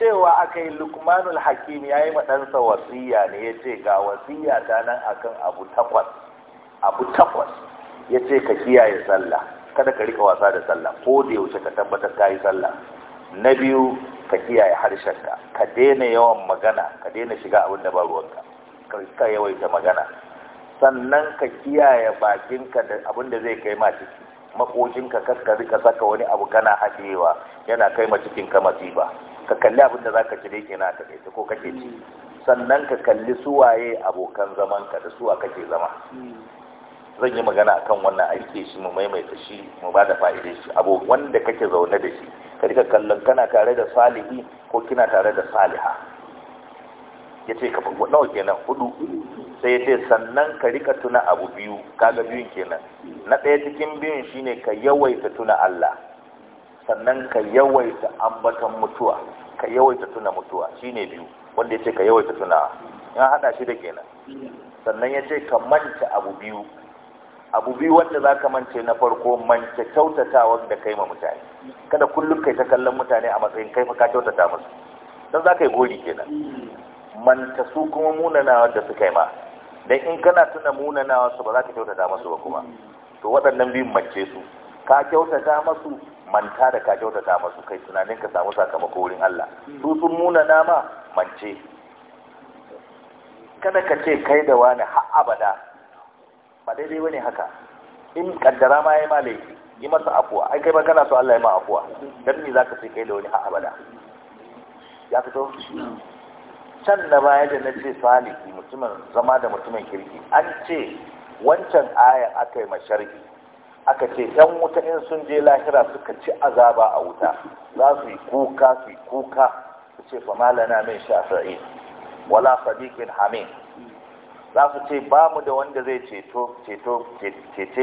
cewa aka yi lukmanul hakim ya yi maɗansa wasiya ne ya ce ga wasiya ta nan akan abu takwas abu takwas ya ce ka kiyaye sallah kada ka rika wasa da sallah ko da yaushe ka tabbatar ka yi sallah na biyu ka kiyaye harshenka ka daina yawan magana ka daina shiga abin da ba ruwanka ka yawaita magana sannan ka kiyaye bakinka da abin da zai kai ma ciki makocinka ka rika saka wani abu kana hadewa yana kai ma cikin ka masiba ka kalli abin da za ka ci dai kenan ka kai ko kake ci sannan ka kalli suwaye abokan zamanka da suwa kake zama zan yi magana akan wannan a shi mu maimaita shi mu ba da fa'idar shi abu wanda kake zaune da shi ka rika kallon kana tare da salihi ko kina tare da saliha ya ce ka fago nawa kenan hudu sai ya ce sannan ka rika tuna abu biyu kaga biyun kenan na ɗaya cikin biyun shine ka yawaita tuna Allah sannan ka yawaita ambatan mutuwa ka yawaita tuna mutuwa shine biyu wanda ya ce ka yawaita tuna in haɗa shi da kenan sannan ya ce ka manta abu biyu abu biyu wanda za ka mance na farko mance kyautatawa da kai ma mutane kada kullum kai ta kallon mutane a matsayin kai fa ka kyautata musu dan za ka yi gori kenan manta su kuma munanawa da su kai ma dan in kana tuna munanawa su ba za ka kyautata musu ba kuma to waɗannan biyun mance su ka kyautata musu manta da ka kyautata musu kai tunanin ka samu sakamako wurin Allah su sun munana ma mance kada ka ce kai da wani har abada ba daidai wani haka in kaddara ma ya yi yi masa afuwa ai kai ba kana Allah ya ma afuwa dan ni zaka sai kai da wani ha'a abada ya fito can da baya da na ce saliki mutumin zama da mutumin kirki an ce wancan aya aka yi masharki aka ce yan wuta in sun je lahira suka ci azaba a wuta za su yi kuka su yi kuka su ce fa malana min shafi'in wala sadiqin hamin za su ce ba mu da wanda zai ceto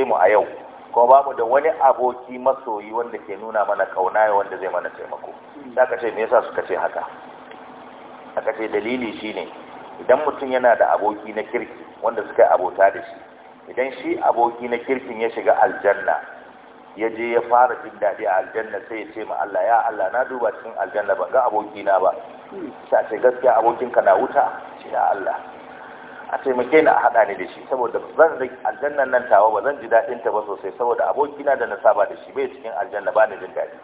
mu a yau ko ba mu da wani aboki masoyi wanda ke nuna mana kauna ya wanda zai mana taimako za ka ce me yasa suka ce haka aka ce dalili shine idan mutum yana da aboki na kirki wanda suka abota da shi idan shi aboki na kirkin ya shiga aljanna ya je ya fara jin daɗi a aljanna sai ya ce ma Allah ya Allah na duba cikin aljanna ban ga abokina ba sai ce gaskiya abokinka na wuta shi da Allah a taimake ni a haɗa ni da shi saboda zan zai aljannan nan tawa ba zan ji daɗin ta ba sosai saboda abokina da na saba da shi bai cikin aljanna ba ni jin daɗi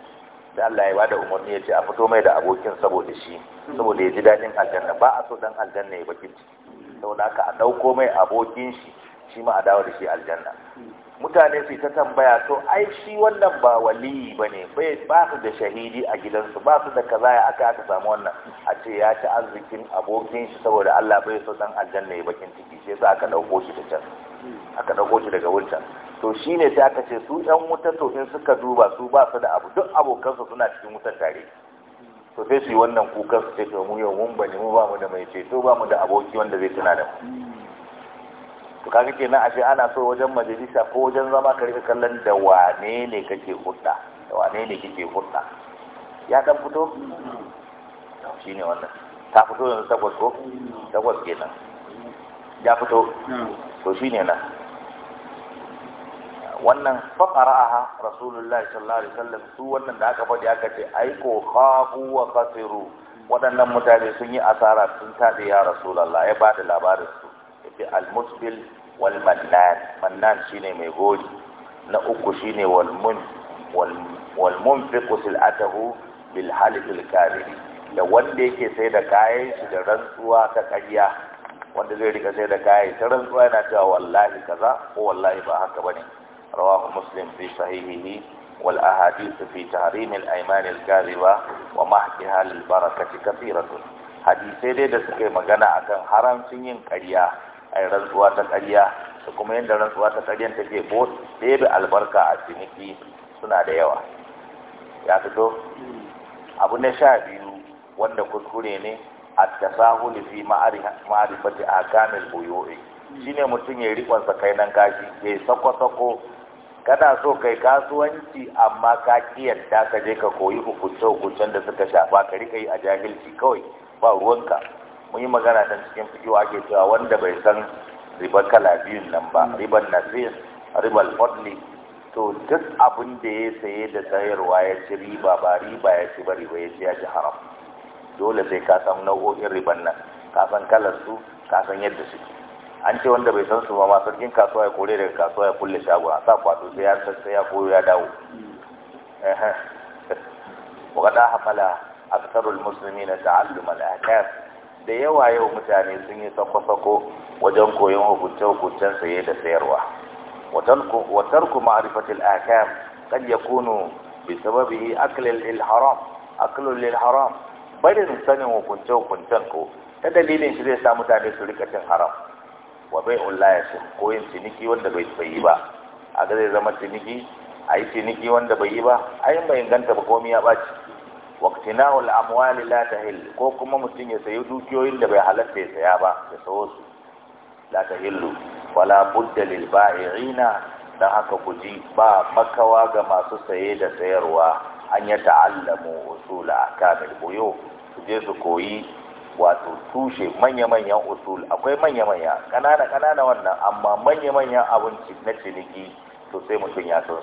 da Allah ya bada umarni ya ce a fito mai da abokin saboda shi saboda ya ji daɗin aljanna ba a so dan aljanna ya bakin ciki saboda haka a ɗauko mai abokin shi shi ma a dawo da shi aljanna mutane su ta tambaya to ai shi wannan ba wali ba ne ba su da shahidi a gidansu ba su da kaza ya aka aka samu wannan a ce ya ci arzikin abokin shi saboda Allah bai so dan aljanna ya bakin ciki sai sa aka dauko shi da can aka dauko shi daga wurin to shine sai aka ce su yan wuta to in suka duba su ba su da abu duk abokansu suna cikin wutar tare to sai su yi wannan kukan su ce to mu yau mun bane mu ba mu da mai ceto ba mu da aboki wanda zai tuna da mu to kaga kenan ashe ana so wajen majalisa ko wajen zama ka rika kallon da wane ne kake hudda da wane ne kike hudda ya kan fito ne wannan ta fito yanzu takwas ko takwas kenan ya fito to ne nan wannan fafara'aha rasulullahi sallallahu alaihi wasallam su wannan da aka faɗi aka ce aiko khabu wa khasiru waɗannan mutane sun yi asara sun tabe ya rasulullah ya da labarin su ce al-musbil wal mannan mannan shine mai gori na uku shine wal mun wal munfiqu sil'atahu bil halifil kadhib da wanda yake sai da kayan shi da rantsuwa ta ƙarya wanda zai rika sai da kayan ta rantsuwa yana cewa wallahi kaza ko wallahi ba haka bane rawahu muslim fi sahihihi wal ahadith fi tahrim al ayman al kadhiba wa mahkiha lil barakati kathiratun hadisai dai da suke magana akan haramcin yin ƙarya ai rantsuwa ta ƙarya da kuma yadda rantsuwa ta ƙaryan take bo ɗebe albarka a ciniki suna da yawa ya fito abu na sha biyu wanda kuskure ne a tasahuli fi ma'arifati a kamil buyoyi shine mutum ya riƙon sakainan kashi ya sako-sako kana so kai kasuwanci amma ka kiyanta ka je ka koyi hukunce-hukuncen da suka shafa ka rika yi a jahilci kawai ba ruwanka mun yi magana ta cikin fikiwa ake cewa wanda bai san ribar kala biyun nan ba hmm. ribar nasir ribar fadli to duk abin da ya saye da sayarwa ya ci riba ba riba ya ci ba riba ya ci ya ci haram dole sai ka san nau'o'in riban nan ka san kalar su ka san yadda suke an ce wanda bai san su ba masu cikin kasuwa ya kore daga kasuwa ya kulle shago a sa kwato sai ya sai ya koyo ya dawo وقد أحمل أكثر المسلمين تعلم الأحكام da yawa yau mutane sun yi sako-sako wajen koyon hukunce-hukuncen saye da sayarwa Watar a ma'arifatil akam kan ya kunu bi sababi aklil lil haram aklul lil haram barin sanin hukunce-hukuncen ko ta dalilin shi zai sa mutane su rika cin haram wa bai ya ce ko yin ciniki wanda bai yi ba a ga zai zama ciniki a yi ciniki wanda bai yi ba a yin bai inganta ba komi ya ɓaci waqtina'u al-amwali la ko kuma mutum ya sayi dukiyoyin da bai halatta ya saya ba da sayo su la tahillu wala budda lil ba'i'ina Don haka kuji ba makawa ga masu saye da sayarwa an ya ta'allamu usul akamil buyu su je su koyi wato tushe manya-manyan usul akwai manya-manya kanana kanana wannan amma manya-manyan abinci na ciniki to sai mutum ya so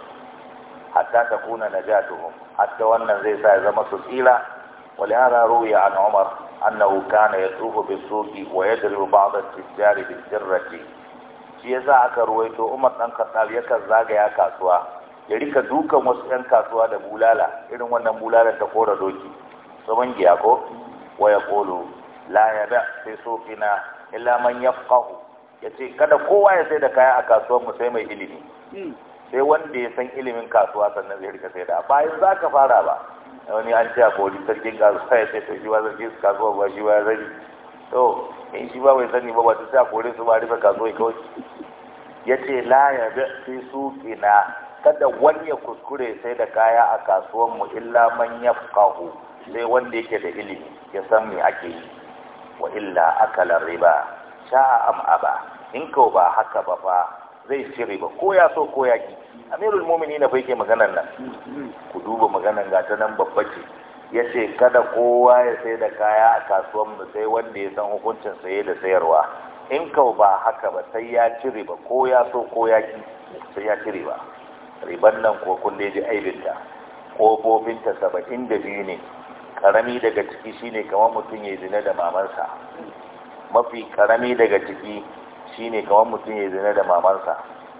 hatta kuna najatuhum hatta wannan zai sa ya zama su tsira ولهذا روي عن عمر أنه كان يطوف بالسوق ويضرب بعض التجار بالسرة shi yasa aka ruwaito Umar dan Khattab yakan zagaya kasuwa ya rika dukan wasu 'yan kasuwa da bulala irin wannan bulalar ta kora doki ban giya ko wa yaqulu la yada fi suqina illa man yafqahu yace kada kowa ya sai da kaya a kasuwar mu sai mai ilimi hmm. sai wanda ya san ilimin kasuwa sannan zai rika sai da bayan za ka fara ba wani an ce a koli sarkin kasuwa ya sai to shi ba sarkin kasuwa ba shi ba ya sani to in shi ba bai sani ba ba ta sa kore su ba rufe kasuwa kawai ya ce la ya bi fi na. kada wani ya kuskure sai da kaya a kasuwan mu illa man ya fahu sai wanda yake da ilimi ya san me ake yi wa illa akalar riba sha'a am aba in ko ba haka ba fa zai ci ba ko ya so ko ya ki amirul mumini na bai maganar nan ku duba maganar ga ta nan babba ce ya ce kada kowa ya sai da kaya a kasuwar mu sai wanda ya san hukuncin saye da sayarwa in ka ba haka ba sai ya ci riba ko ya so ko ya ki sai ya ci riba riban nan ko kulle ji aibinta ƙofofinta saba'in da biyu ne karami daga ciki shine kamar mutum ya zina da mamansa mafi karami daga ciki Shi ne kawan mutum ya zina da mamansa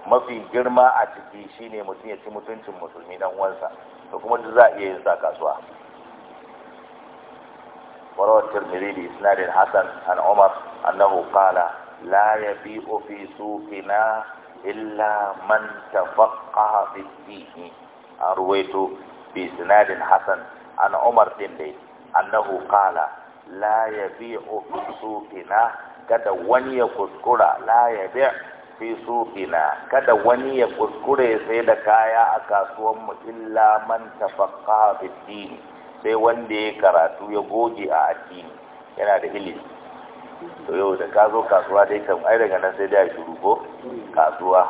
mafi girma a ciki shi ne mutum ya ci mutuncin musulmi dan uwansa to kuma duk za a iya yin sa kasuwa wara wacce miridi sinadin hassan an omar annahu kala la ya bi ofi sufina illa man tafaka fiti a ruwaito bi sinadin hassan an Umar din dai annahu kala la ya bi ofi sufina kada wani ya kuskura la ya bi fi sufina kada wani ya kuskure sai da kaya a kasuwan mu illa man tafaqqa fi din sai wanda ya karatu ya goge a addini yana da ilimi to yau da ka zo kasuwa dai kan ai daga nan sai a shiru ko kasuwa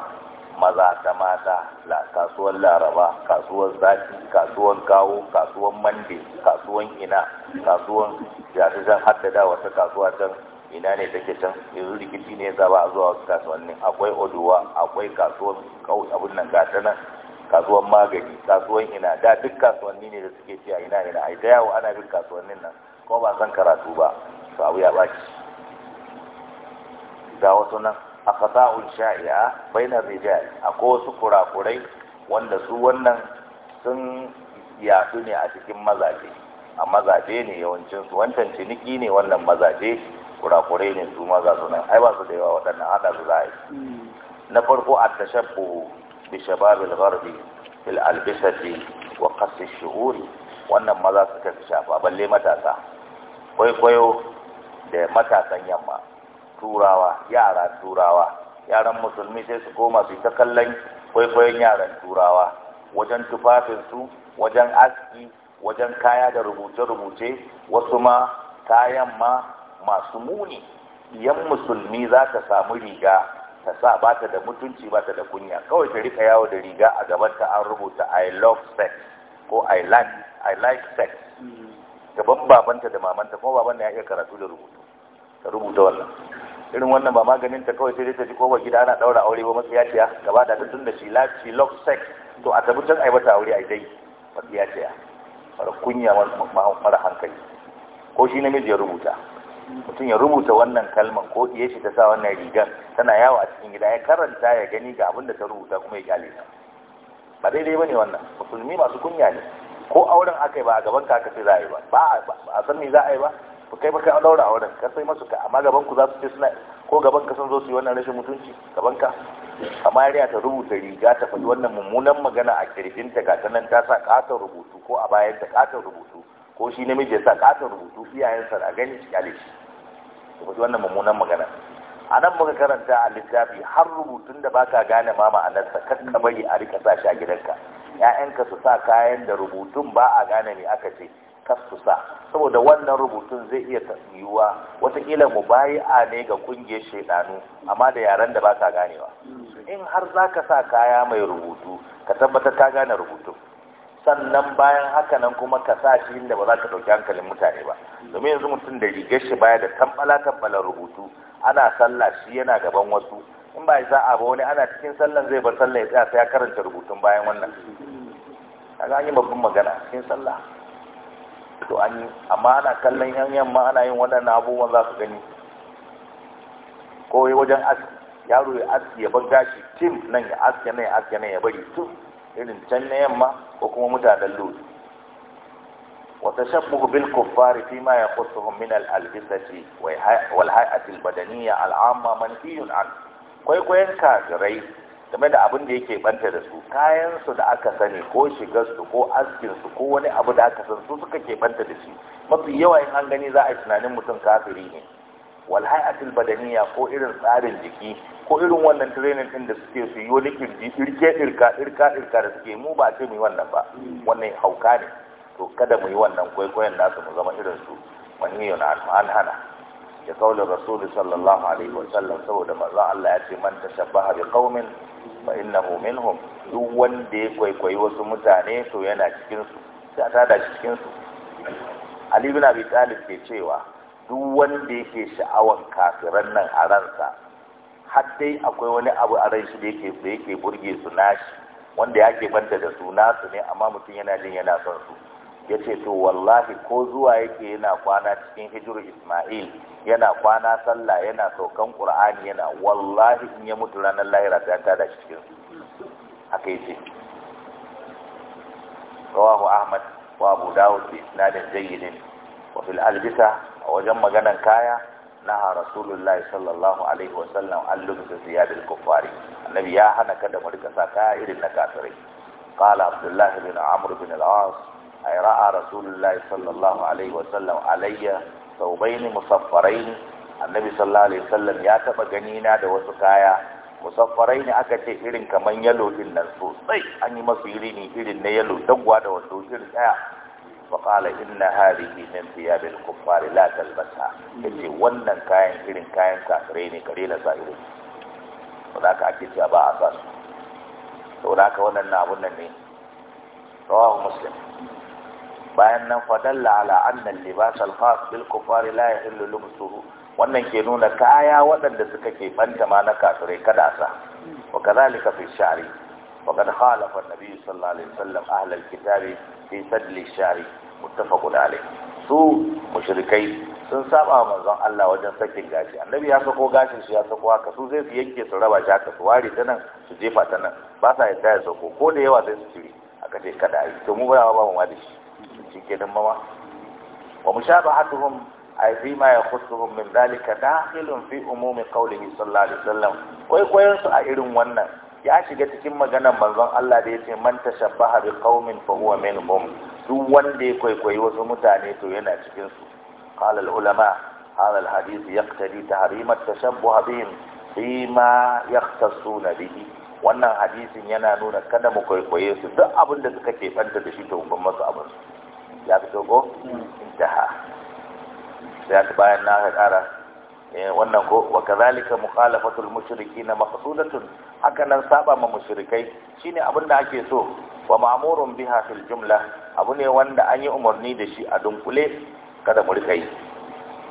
maza ta mata la kasuwar laraba kasuwar zaki kasuwar kawo kasuwar mande kasuwar ina kasuwar jasushan haddada wata kasuwa can ina ne take can yanzu rikici ne ya ba a zuwa wasu kasuwanni akwai oduwa akwai kasuwar kawai abin nan gata nan kasuwar magani kasuwar ina da duk kasuwanni ne da suke ci a ina ne na ai yawo ana bin kasuwannin nan Ko ba san karatu ba to abu ya baki ga wasu nan a fasa'un sha'i'a rijiyar a ko wasu kurakurai wanda su wannan sun yasu ne a cikin mazaje a mazaje ne yawancinsu wancan ciniki ne wannan mazaje kurakurai ne su ma su nan, ai ba su da yawa waɗannan haɗa su za a yi na farko a shabbu bi shababil gharbi fil albisati wa qassi shuhuri wannan maza suka fi shafa balle matasa kwaikwayo da matasan yamma turawa yara turawa yaran musulmi sai su koma su ta kallon kwaikwayon yaran turawa wajen tufafinsu wajen aski wajen kaya da rubuce-rubuce wasu ma kayan ma masu muni yan musulmi za ta samu riga ta sa ba ta da mutunci ba ta da kunya kawai ta rika yawo da riga a gabanta an rubuta i love sex ko i like i like sex gaban babanta da mamanta kuma baban ya iya karatu da rubutu ta rubuta wannan irin wannan ba maganin ta kawai sai dai ta ji kowa gida ana daura aure ba yaciya gaba da ta tun da she likes she sex to a tabbatar ai bata aure ai dai matsiyaciya mara kunya mara hankali ko shi namiji ya rubuta mutum ya rubuta wannan kalman ko iya shi ta sa wannan rigar tana yawo a cikin gida ya karanta ya gani ga abin da ta rubuta kuma ya kyale ta ba daidai ba ne wannan musulmi masu kunya ne ko auren aka yi ba a gaban ka aka za a yi ba ba a san me za a yi ba ku kai baka daura auren ka sai masu ka amma gaban ku za su ce suna ko gaban ka sun zo su yi wannan rashin mutunci gaban ka amma yariya ta rubuta riga ta faɗi wannan mummunan magana a kirjinta ga ta nan ta sa katon rubutu ko a bayan ta katon rubutu ko shi namiji ya sa katon rubutu iyayensa a gani su kyale su faɗi wannan mummunan magana a nan muka karanta a littafi har rubutun da baka gane ma ma'anarsa kakka bari a rika sa shi a gidanka ƴaƴanka su sa kayan da rubutun ba a gane me aka ce kas su sa saboda wannan rubutun zai iya yiwuwa watakila mu bayi a ne ga kungiyar shaidanu amma da yaren da baka ganewa in har zaka sa kaya mai rubutu ka tabbatar ka gane rubutun sannan bayan haka nan kuma ka sa shi inda ba za ka ɗauki hankalin mutane ba domin yanzu mutum da rigar shi baya da tambala tambala rubutu ana sallah shi yana gaban wasu in ba a ba wani ana cikin sallan zai bar sallah ya tsaya sai ya karanta rubutun bayan wannan kaga an yi babban magana cikin sallah to an yi amma ana kallon yan yamma ana yin waɗannan abubuwan za su gani ko wajen aski yaro ya aski ya bar gashi tim nan ya aske nan ya aske nan ya bari tu. irin can na yamma ko kuma mutanen lut wata shabbuhu bil kuffari fi ma yaqussuhum min al albisati wal hay'ati al badaniyya al amma manfiyun an kwaikwayon kafirai game da abin da yake banta da su kayan su da aka sani ko shigar su ko askin su ko wani abu da aka san su suka ke banta da shi mafi yawa in an gani za a yi tunanin mutum kafiri ne wal hay'atul badaniyya ko irin tsarin jiki ko irin wannan training din da suke su yi wani kirji irke irka irka irka da suke mu ba ce mu yi wannan ba wannan hauka ne to kada mu yi wannan kwaikwayon nasu mu zama irin su wani yau na an hana Ya kaulin rasulu sallallahu alaihi wa sallam saboda manzon Allah ya ce man tashabbaha bi qaumin fa innahu minhum duk wanda ya kwaikwayi wasu mutane to yana cikin su sai ta da cikin su Ali bin Abi Talib ke cewa duk wanda yake sha'awan kafiran nan a ransa har dai akwai wani abu a ran shi da yake da yake burge su nashi wanda yake banta da su nasu ne amma mutum yana jin yana son su yace to wallahi ko zuwa yake yana kwana cikin hijru Isma'il yana kwana sallah yana saukan Qur'ani yana wallahi in ya mutu ranar lahira ta ta da cikin haka yace rawahu Ahmad wa Abu Dawud bi isnadin jayyidin wa fil albisa a wajen maganan kaya naha rasulullahi sallallahu alaihi wa sallam an lubsa ziyadil kuffari annabi ya hana kada mu rika sa kaya irin na kafirai qala abdullahi bin amr bin al-as ay ra'a rasulullahi sallallahu alaihi wa wasallam alayya thawbayn musaffarain annabi sallallahu alaihi wa sallam ya taba gani na da wasu kaya musaffarai ne aka ce irin kaman yalo din nan sosai an yi masu iri irin na yalo dagwa da wando irin daya فقال إن biya من ثياب la لا Ya ce wannan kayan irin kayan kafirai ne kare na sa irin saboda haka ake cewa ba a sa su saboda aka wannan na abun nan ne rawahu muslim bayan nan fadalla ala anna libas al-khas bil kufar la ya yahillu lumsuhu wannan ke nuna kaya waɗanda suka ke banta ma na kafirai kada sa wa kadhalika fi shari وقد خالف النبي صلى الله عليه وسلم أهل الكتاب في سدل الشعر muttafaqun alayh su mushrikai sun saba wa manzon Allah wajen sakin gashi annabi ya sako gashin shi ya sako haka su zai su yanke su raba shi haka su ware ta nan su jefa ta nan ba sa yadda ya sako ko da yawa sai su ciri aka ce kada ai to mu ba ba mu ma da shi shi kenan mama wa mushabahatuhum ai fi ma yakhusuhum min dhalika dakhilun fi umumi qawlihi sallallahu alaihi wasallam wai koyon su a irin wannan ya shiga cikin maganar manzon Allah da yace man tashabbaha bi qaumin fa huwa minhum duk wanda ya kwaikwayi wasu mutane to yana cikin su qala al ulama hadha al hadith yaqtadi tahrim at tashabbuh bihim fima yahtasuna bihi wannan hadisin yana nuna kada mu kwaikwaye su duk abin da suka ke banta da shi to ban masu abin ya fito ko mm. intaha sai bayan na ƙara Eh, wannan ko wa kazalika mukhalafatul mushrikin maqsudatun haka nan saba ma mushrikai shine abin da ake so wa ma'murun biha fil jumla abu ne wanda an yi umarni da shi a dunkule kada mu rika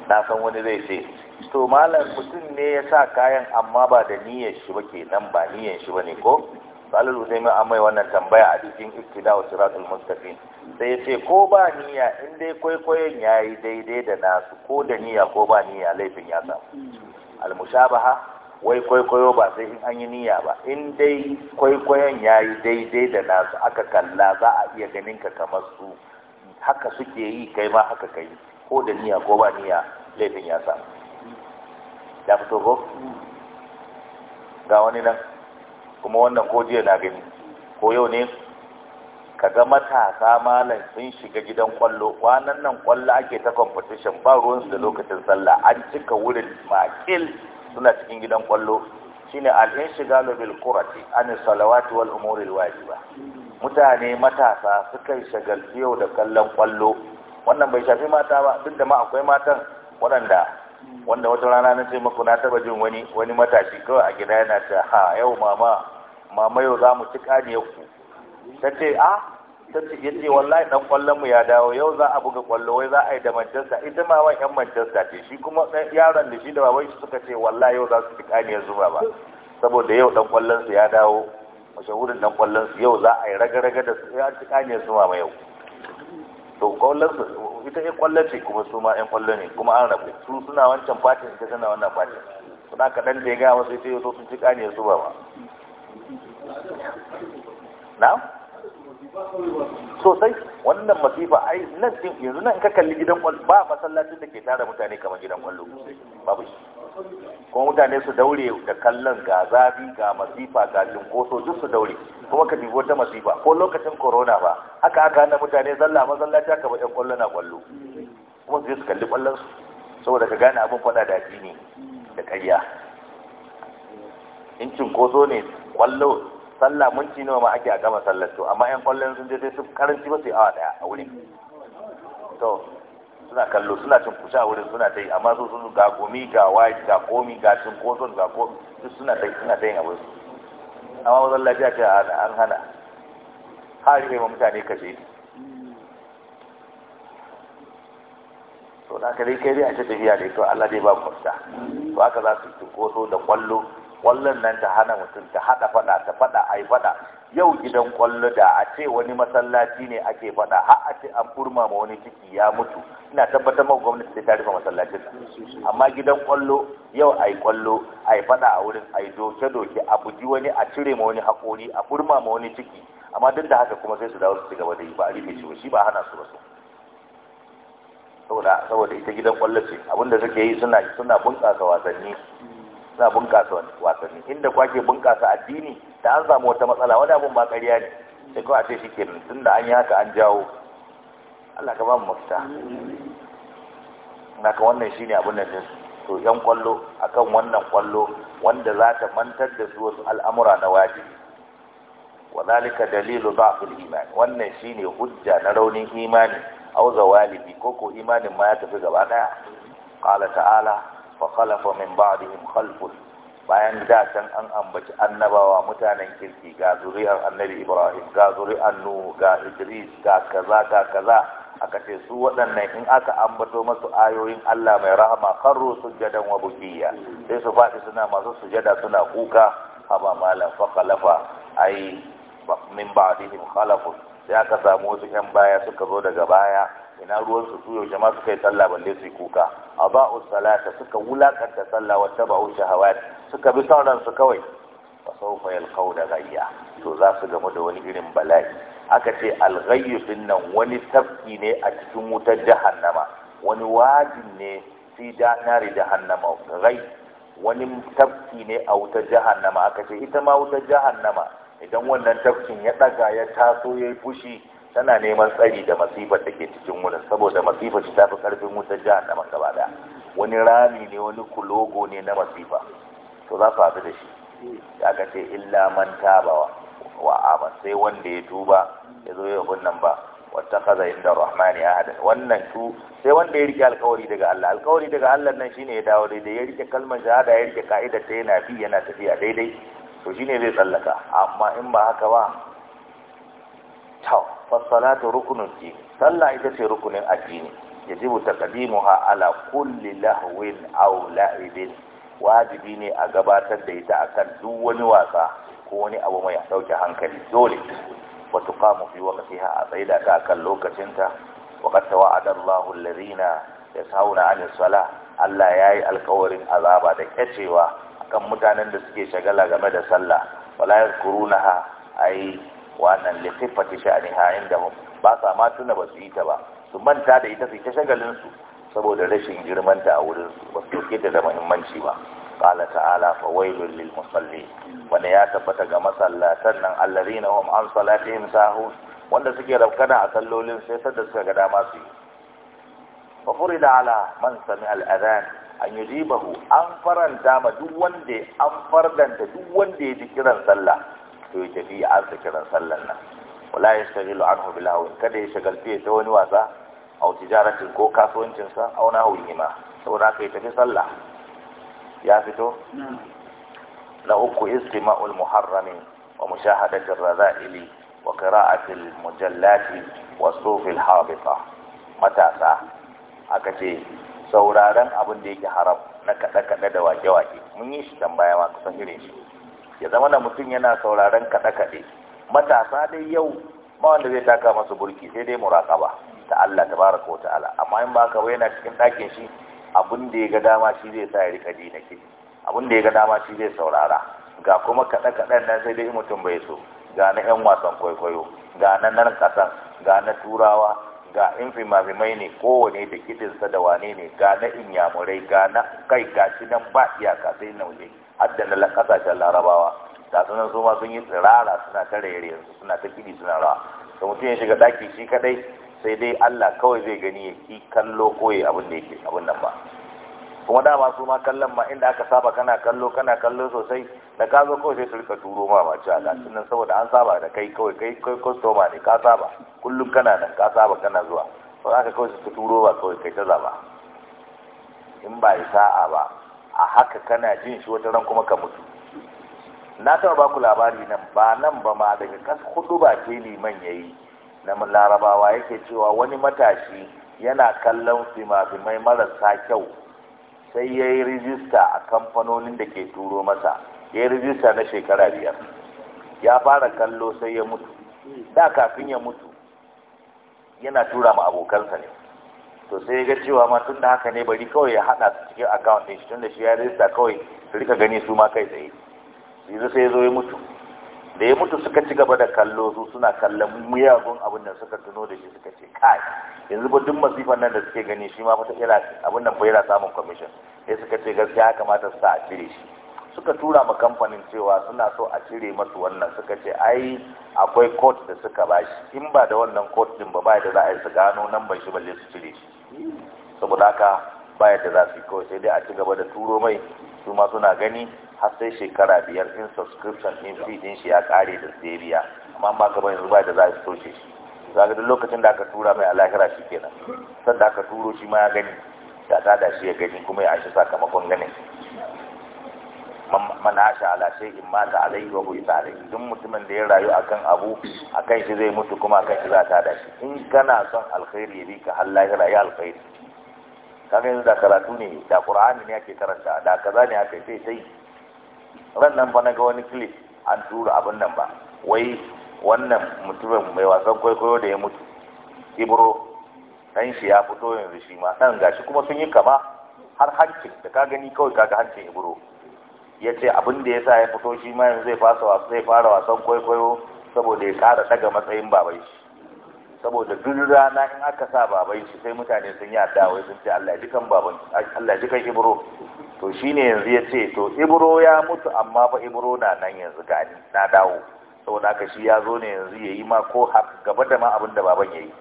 na san wani zai ce to malam mutum ne ya sa kayan amma ba da niyyar shi ba kenan ba niyyar shi bane ko salul usaimi an mai wannan tambaya a cikin iftida wa siratul mustaqim sai ya ce ko ba niyya in dai kwaikwayon yayi daidai da nasu ko da niyya ko ba niyya laifin ya samu al mushabaha wai kwaikwayo ba sai in an yi niyya ba in dai kwaikwayon yayi daidai da nasu aka kalla za a iya ganin ka kamar su haka suke yi kai ma haka kai ko da niyya ko ba niyya laifin ya samu ya fito ko ga wani nan kuma wannan ko jiya na gani ko yau ne Ka ga matasa malam sun shiga gidan kwallo kwanan nan kwallo ake ta competition ba ruwansu da lokacin sallah an cika wurin makil suna cikin gidan kwallo shine shiga inshigalu bil qurati an salawati wal umuri al wajiba mutane matasa sukan shagalci yau da kallon kwallo wannan bai shafi mata ba duk da ma akwai matan waɗanda wanda wata rana na ce maku na taba jin wani wani matashi kawai a gida yana ta ha yau mama mama yau za mu ci kani ku ta ce a ta ce ya ce wallahi dan kwallon mu ya dawo yau za a buga kwallo wai za a yi da Manchester ita ma wai yan Manchester ce shi kuma yaron da shi da baban shi suka ce wallahi yau za su ci kani yanzu ba saboda yau dan kwallon su ya dawo mashahurin dan kwallon su yau za a yi raga-raga da su ya ci kani yanzu ma yau to kwallon su ita ya kwallo ce kuma su ma yan kwallo ne kuma an rabu su suna wancan fatin ita suna wannan fatin suna kaɗan da ya gaya masu ita ya sun ci ƙani su ba ma na sosai wannan masifa ai nan yanzu nan ka kalli gidan kwallo ba masallacin da ke tara mutane kamar gidan kwallo babu shi kuma mutane su daure da kallon ga zafi ga masifa ga linkoso duk su daure kuma ka dubi ta masifa ko lokacin corona ba haka aka hana mutane zalla mazallaci aka ba ɗan kwallo na kwallo kuma su je su kalli kwallon su saboda ka gane abin faɗa da addini da ƙarya in cinkoso ne kwallo sallah mun ci nawa ma ake a gama sallar to amma ƴan kwallon sun je sai su karanci ba su yi awa ɗaya a wurin to suna kallo suna kusa a wurin suna ta yi amma su sun ga gumi ga white ga komi ga koson ga komi duk suna ta yi suna ta yin abin amma wajen lafiya ce an hana har yi ma mutane kashe to da ka dai kai dai a ta tafiya dai to Allah dai ba kwasta to haka za su koso da kwallo kwallon nan ta hana mutum ta hada fada ta fada yi fada yau gidan kwallo da a ce wani masallaci ne ake fada har a ce an furma ma wani ciki ya mutu ina tabbatar ma gwamnati sai ta rufe masallacin amma gidan kwallo yau ai kwallo ai fada a wurin ai doke doke a buji wani a cire ma wani hakori a furma ma wani ciki amma duk da haka kuma sai su dawo su ci gaba da yi ba a rufe shi ba hana su ba su saboda ita gidan kwallo ce abinda suke yi suna suna bunƙasa wasanni suna bunƙasa wasanni inda kuwa ke bunƙasa addini da an samu wata matsala wani abun ba ƙarya ne sai kawai a ce shike tun da an yi haka an jawo Allah ka ba mu mafita naka wannan shi ne abin da to yan kwallo akan wannan kwallo wanda za ta mantar da su wasu al'amura na wajibi wadhalika dalilu dha'fil iman wannan shine hujja na raunin imani aw ko koko imanin ma ya tafi gaba daya qala ta'ala fa khalafa min ba'dihim bayan da can an ambaci annabawa mutanen kirki ga zuri'ar annabi ibrahim ga zuri'ar nuhu ga idris ga kaza ga kaza aka ce su waɗannan in aka ambato masu ayoyin allah mai rahama karro sujjadan wa bukiya sai su faɗi suna masu sujada suna kuka haba malam fa khalafa ai min ba'dihim khalafun sai aka samu wasu yan baya suka zo daga baya ina ruwan su su yaushe ma suka yi sallah balle su kuka aba'u salata suka wulakanta sallah wa taba'u shahawat suka bi sauran su kawai fa sawfa yalqawna ghayya to za su gamu da wani irin bala'i aka ce alghayyu nan wani tafki ne a cikin wutar jahannama wani wajin ne fi da nari jahannama wani tafki ne a wutar jahannama aka ce ita ma wutar jahannama idan wannan tafkin ya daga ya taso yayi fushi tana neman tsari da masifar da ke cikin wurin saboda masifar shi ta fi ƙarfin wutar jahannama gaba daya wani rami ne wani kulogo ne na masifa to za su haɗu da shi ya ka ce illa man taba wa a sai wanda ya tuba ya zo yau nan ba wata kaza inda rahmani hada. wannan tu sai wanda ya rike alkawari daga Allah alkawari daga Allah nan shine ya dawo daidai ya rike kalmar shahada ya rike ka'idar ta yana bi yana tafiya daidai to shine zai tsallaka amma in ba haka ba to fasalatu rukunun sallah ita ce rukunin addini yajibu taqdimuha ala kulli lahwin aw la'ibin wajibi ne a gabatar da ita akan duk wani wasa ko wani abu mai dauke hankali dole wa tuqamu fi waqtiha a tsaida ta kan lokacinta wa qad tawa'ada Allahu alladhina yasawna 'ala salah Allah yayi alkawarin azaba da kacewa akan mutanen da suke shagala game da sallah wala yazkurunaha ai wannan lisifati sha'aniha indahum ba sa ma tuna ba su yi ta ba su manta da ita su ta shagalin su saboda rashin girman ta a wurin su ba su da muhimmanci ba qala ta'ala fa wailul lil musallin wanda ya tabbata ga masallatan nan allazina hum an salatihim sahun wanda suke rabkana a sallolin sai sadda suka ga dama su yi fa furida ala man sami al adhan an yujibahu an faranta ma duk wanda an fardanta duk wanda ya ji kiran sallah to ya tafi a ansa kiran sallan nan wala yastaghilu anhu bil hawl kada ya shagaltu ya ta wani wasa au tijaratin ko kasuwancin sa au nahwihi ma saboda kai tafi sallah ya fito na uku istima'ul muharrami wa mushahadatir radha'ili wa qira'atil mujallati wa sufil habita matasa aka ce sauraron abin da yake haram na kaɗe-kaɗe da wake-wake mun yi shi tambaya ma kusan irin shi ya zama na mutum yana sauraron kaɗe-kaɗe matasa dai yau ba wanda zai taka masu burki sai dai muraƙaba ta Allah ta baraka ta ala amma in ba ka bai yana cikin ɗakin shi abin da ya ga dama shi zai sa ya rika ji na abin da ya ga dama shi zai saurara ga kuma kaɗe-kaɗen nan sai dai mutum bai so ga na 'yan wasan kwaikwayo ga na nan ƙasan ga na turawa ga in fimafimai ne kowane da kiɗinsa da wane ne ga na inyamurai ga na kai gashi nan ba iyaka sai na waje hadda na kasashen larabawa da sunan su ma sun yi tsirara suna tare yare yanzu suna ta kiɗi suna rawa da mutum ya shiga daki shi kaɗai sai dai Allah kawai zai gani ya ki kallo koyi abin da yake abin nan ba kuma dama su ma kallon ma inda aka saba kana kallo kana kallo sosai da ka zo kawai sai su rika turo ma ba cewa ga sunan saboda an saba da kai kawai kai kai customer ne ka saba kullum kana nan ka saba kana zuwa ba za ka kawai su turo ba kawai kai ta zaba in ba sa'a ba a haka kana jin shi wata ran kuma ka mutu na taɓa baku labari nan ba nan ba ma daga kas hudu ba ke liman ya yi na larabawa yake cewa wani matashi yana kallon fimafimai marasa kyau sai ya yi rijista a kamfanonin da ke turo masa ya yi rijista na shekara biyar ya fara kallo sai ya mutu da kafin ya mutu yana tura ma abokansa ne to sai ga cewa ma tun da haka ne bari kawai ya haɗa su cikin account ɗin shi tun da shi ya rista kawai su rika gani su ma kai tsaye yanzu sai ya zo ya mutu da ya mutu suka ci gaba da kallo su suna kallon miyagun abin da suka tuno da shi suka ce kai yanzu ba duk masifan nan da suke gani shi ma fata ira abin nan yana samun commission sai suka ce gaskiya ya kamata su sa cire shi suka tura ma kamfanin cewa suna so a cire masu wannan suka ce ai akwai court da suka bashi in ba da wannan court din ba ba da za a yi su gano nan ban shi balle su cire shi saboda haka baya da za su yi kawai sai dai a ci gaba da turo mai su ma suna gani har sai shekara biyar in subscription in fee din shi ya kare da Serbia amma ba ka yanzu ba da za su soke shi ga duk lokacin da aka tura mai alakira shi kenan sanda aka turo shi ma ya gani da ta shi ya gani kuma ya shi sakamakon ganin man asha ala shay'in ta alayhi wa bu'itha alayhi duk mutumin da ya rayu akan abu akan shi zai mutu kuma akan shi za ta da shi in kana son alkhairi ya ka har ya ya alkhairi kaga yanzu da karatu ne da qur'ani ne ake karanta da kaza ne aka sai sai wannan ba na ga wani clip an tura abin nan ba wai wannan mutumin mai wasan kwaikwayo da ya mutu ibro dan shi ya fito yanzu shi ma dan gashi kuma sun yi kama har hancin da ka gani kawai ka ga hancin ibro ya ce abin da ya sa ya fito shi ma yanzu zai fasa fara wasan kwaikwayo saboda ya kara daga matsayin babai shi saboda duk rana in aka sa babai shi sai mutane sun yi addawa sun ce Allah dukan baban Allah dukan ibro to shine yanzu ya ce to ibro ya mutu amma ba ibro na nan yanzu gani na dawo saboda haka shi ya zo ne yanzu yayi ma ko gaba da ma abin da baban ya yi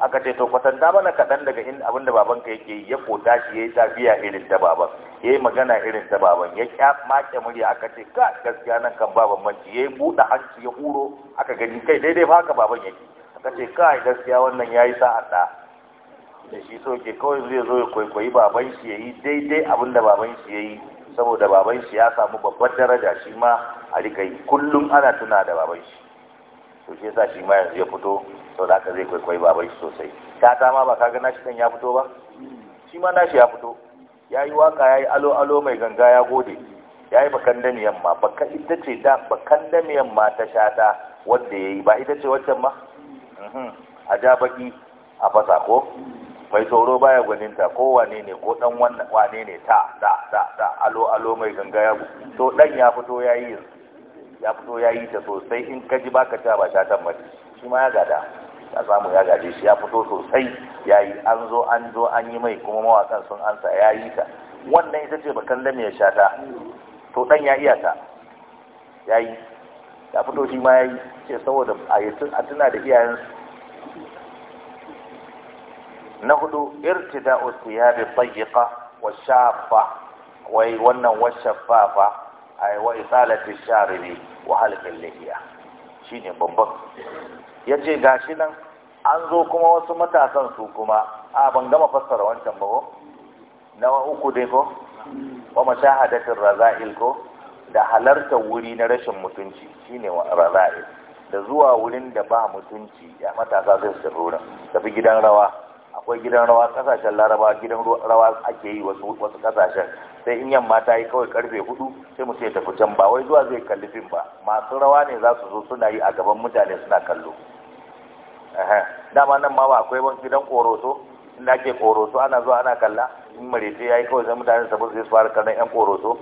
aka ce to da mana kaɗan daga inda abinda babanka yake yi ya kota shi ya yi tafiya irin ta baban ya yi magana irin ta baban ya kya make murya aka ce ka gaskiya nan kan baban manci ya yi buɗe hanci ya huro aka gani kai daidai ba haka baban yake aka ce ka gaskiya wannan ya yi sa'a ɗa da shi so ke kawai zai zo ya kwaikwayi baban shi ya yi daidai abinda baban shi ya yi saboda baban shi ya samu babbar daraja shi ma a rika kullum ana tuna da baban shi to shi sa shi ma yanzu ya fito sau da aka zai kwaikwayi ba bai sosai ta ta ma ba ka ga nashi kan ya fito ba shi ma nashi ya fito ya yi waka ya yi alo alo mai ganga ya gode ya yi bakan dami ma baka ita ce da bakan dami ma ta shata wadda ya yi ba ita ce waccan ma mhm. a ja baki a fasa ko mai tsoro baya gwaninta ko wane ne ko dan wane ne ta da da da alo alo mai ganga ya to dan ya fito ya yi yanzu ya fito ya yi ta sosai in ka ji baka cewa ba ta tabbata shi ma ya gada ta samu ya gaje shi ya fito sosai ya yi an zo an zo an yi mai kuma mawakan sun ansa ya yi ta wannan ita ce bakan da ya ta, to dan ya iya ta ya yi ya fito shi ma ya yi ce saboda a tuna da iyayensu na hudu irtida usiyar bayyaka wa shafa wai wannan wa shafafa. ai wa isalati sharibi wa halqil lihiya shine babban yace gashi nan an zo kuma wasu matasan su kuma a ban gama fassara wancan ba ko na uku dai ko wa mashahadatir raza'il ko da halarta wuri na rashin mutunci shine wa raza'il da zuwa wurin da ba mutunci ya matasa zai sirrura tafi gidan rawa akwai gidan rawa kasashen laraba gidan rawa ake yi wasu wasu kasashen sai in yamma ta yi kawai karfe hudu sai mutum ya tafi can ba wai zuwa zai kalli fim ba masu rawa ne za su zo suna yi a gaban mutane suna kallo dama nan ma ba akwai wani gidan koroso inda ake koroso ana zuwa ana kalla in marefe ya yi kawai sai mutane sabu su fara kallon yan koroso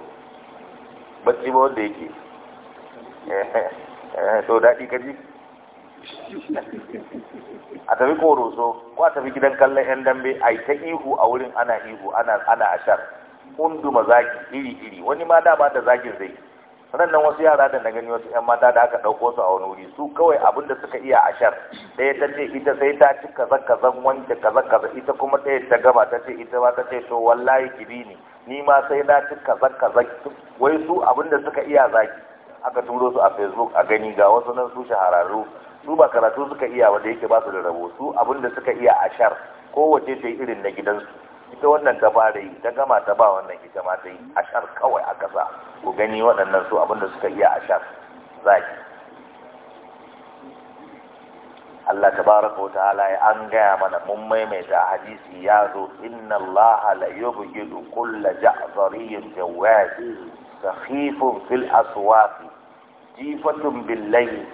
bacci ba wanda yake to daɗi kaji a tafi koroso ko a tafi gidan kallon yan dambe a yi ta ihu a wurin ana ihu ana ana ashar unduma zaki iri iri wani ma dama da zakin zai sannan wasu yara da na gani wasu yan mata da aka ɗauko su a wani wuri su kawai abin da suka iya ashar ɗaya ta ce ita sai ta ci kaza kaza wanke kaza kaza ita kuma ɗaya ta gaba ta ce ita ma ta ce to wallahi ki bi ni ni ma sai na ci kaza kaza wai su abin da suka iya zaki aka turo su a facebook a gani ga wasu nan su shahararru su ba karatu suka iya wanda yake ba su da rabo su abinda suka iya shar kowace ta yi irin na gidansu ita wannan ta fara yi ta gama ta ba wannan ita ma ta yi shar kawai a kasa ku gani waɗannan su abinda suka iya ashar zaki Allah tabaraka ta'ala ya an gaya mana mun maimaita hadisi ya zo inna Allah la yubghidu kulla ja'fariyyin jawwaz sakhifun fil aswaq jifatun bil layl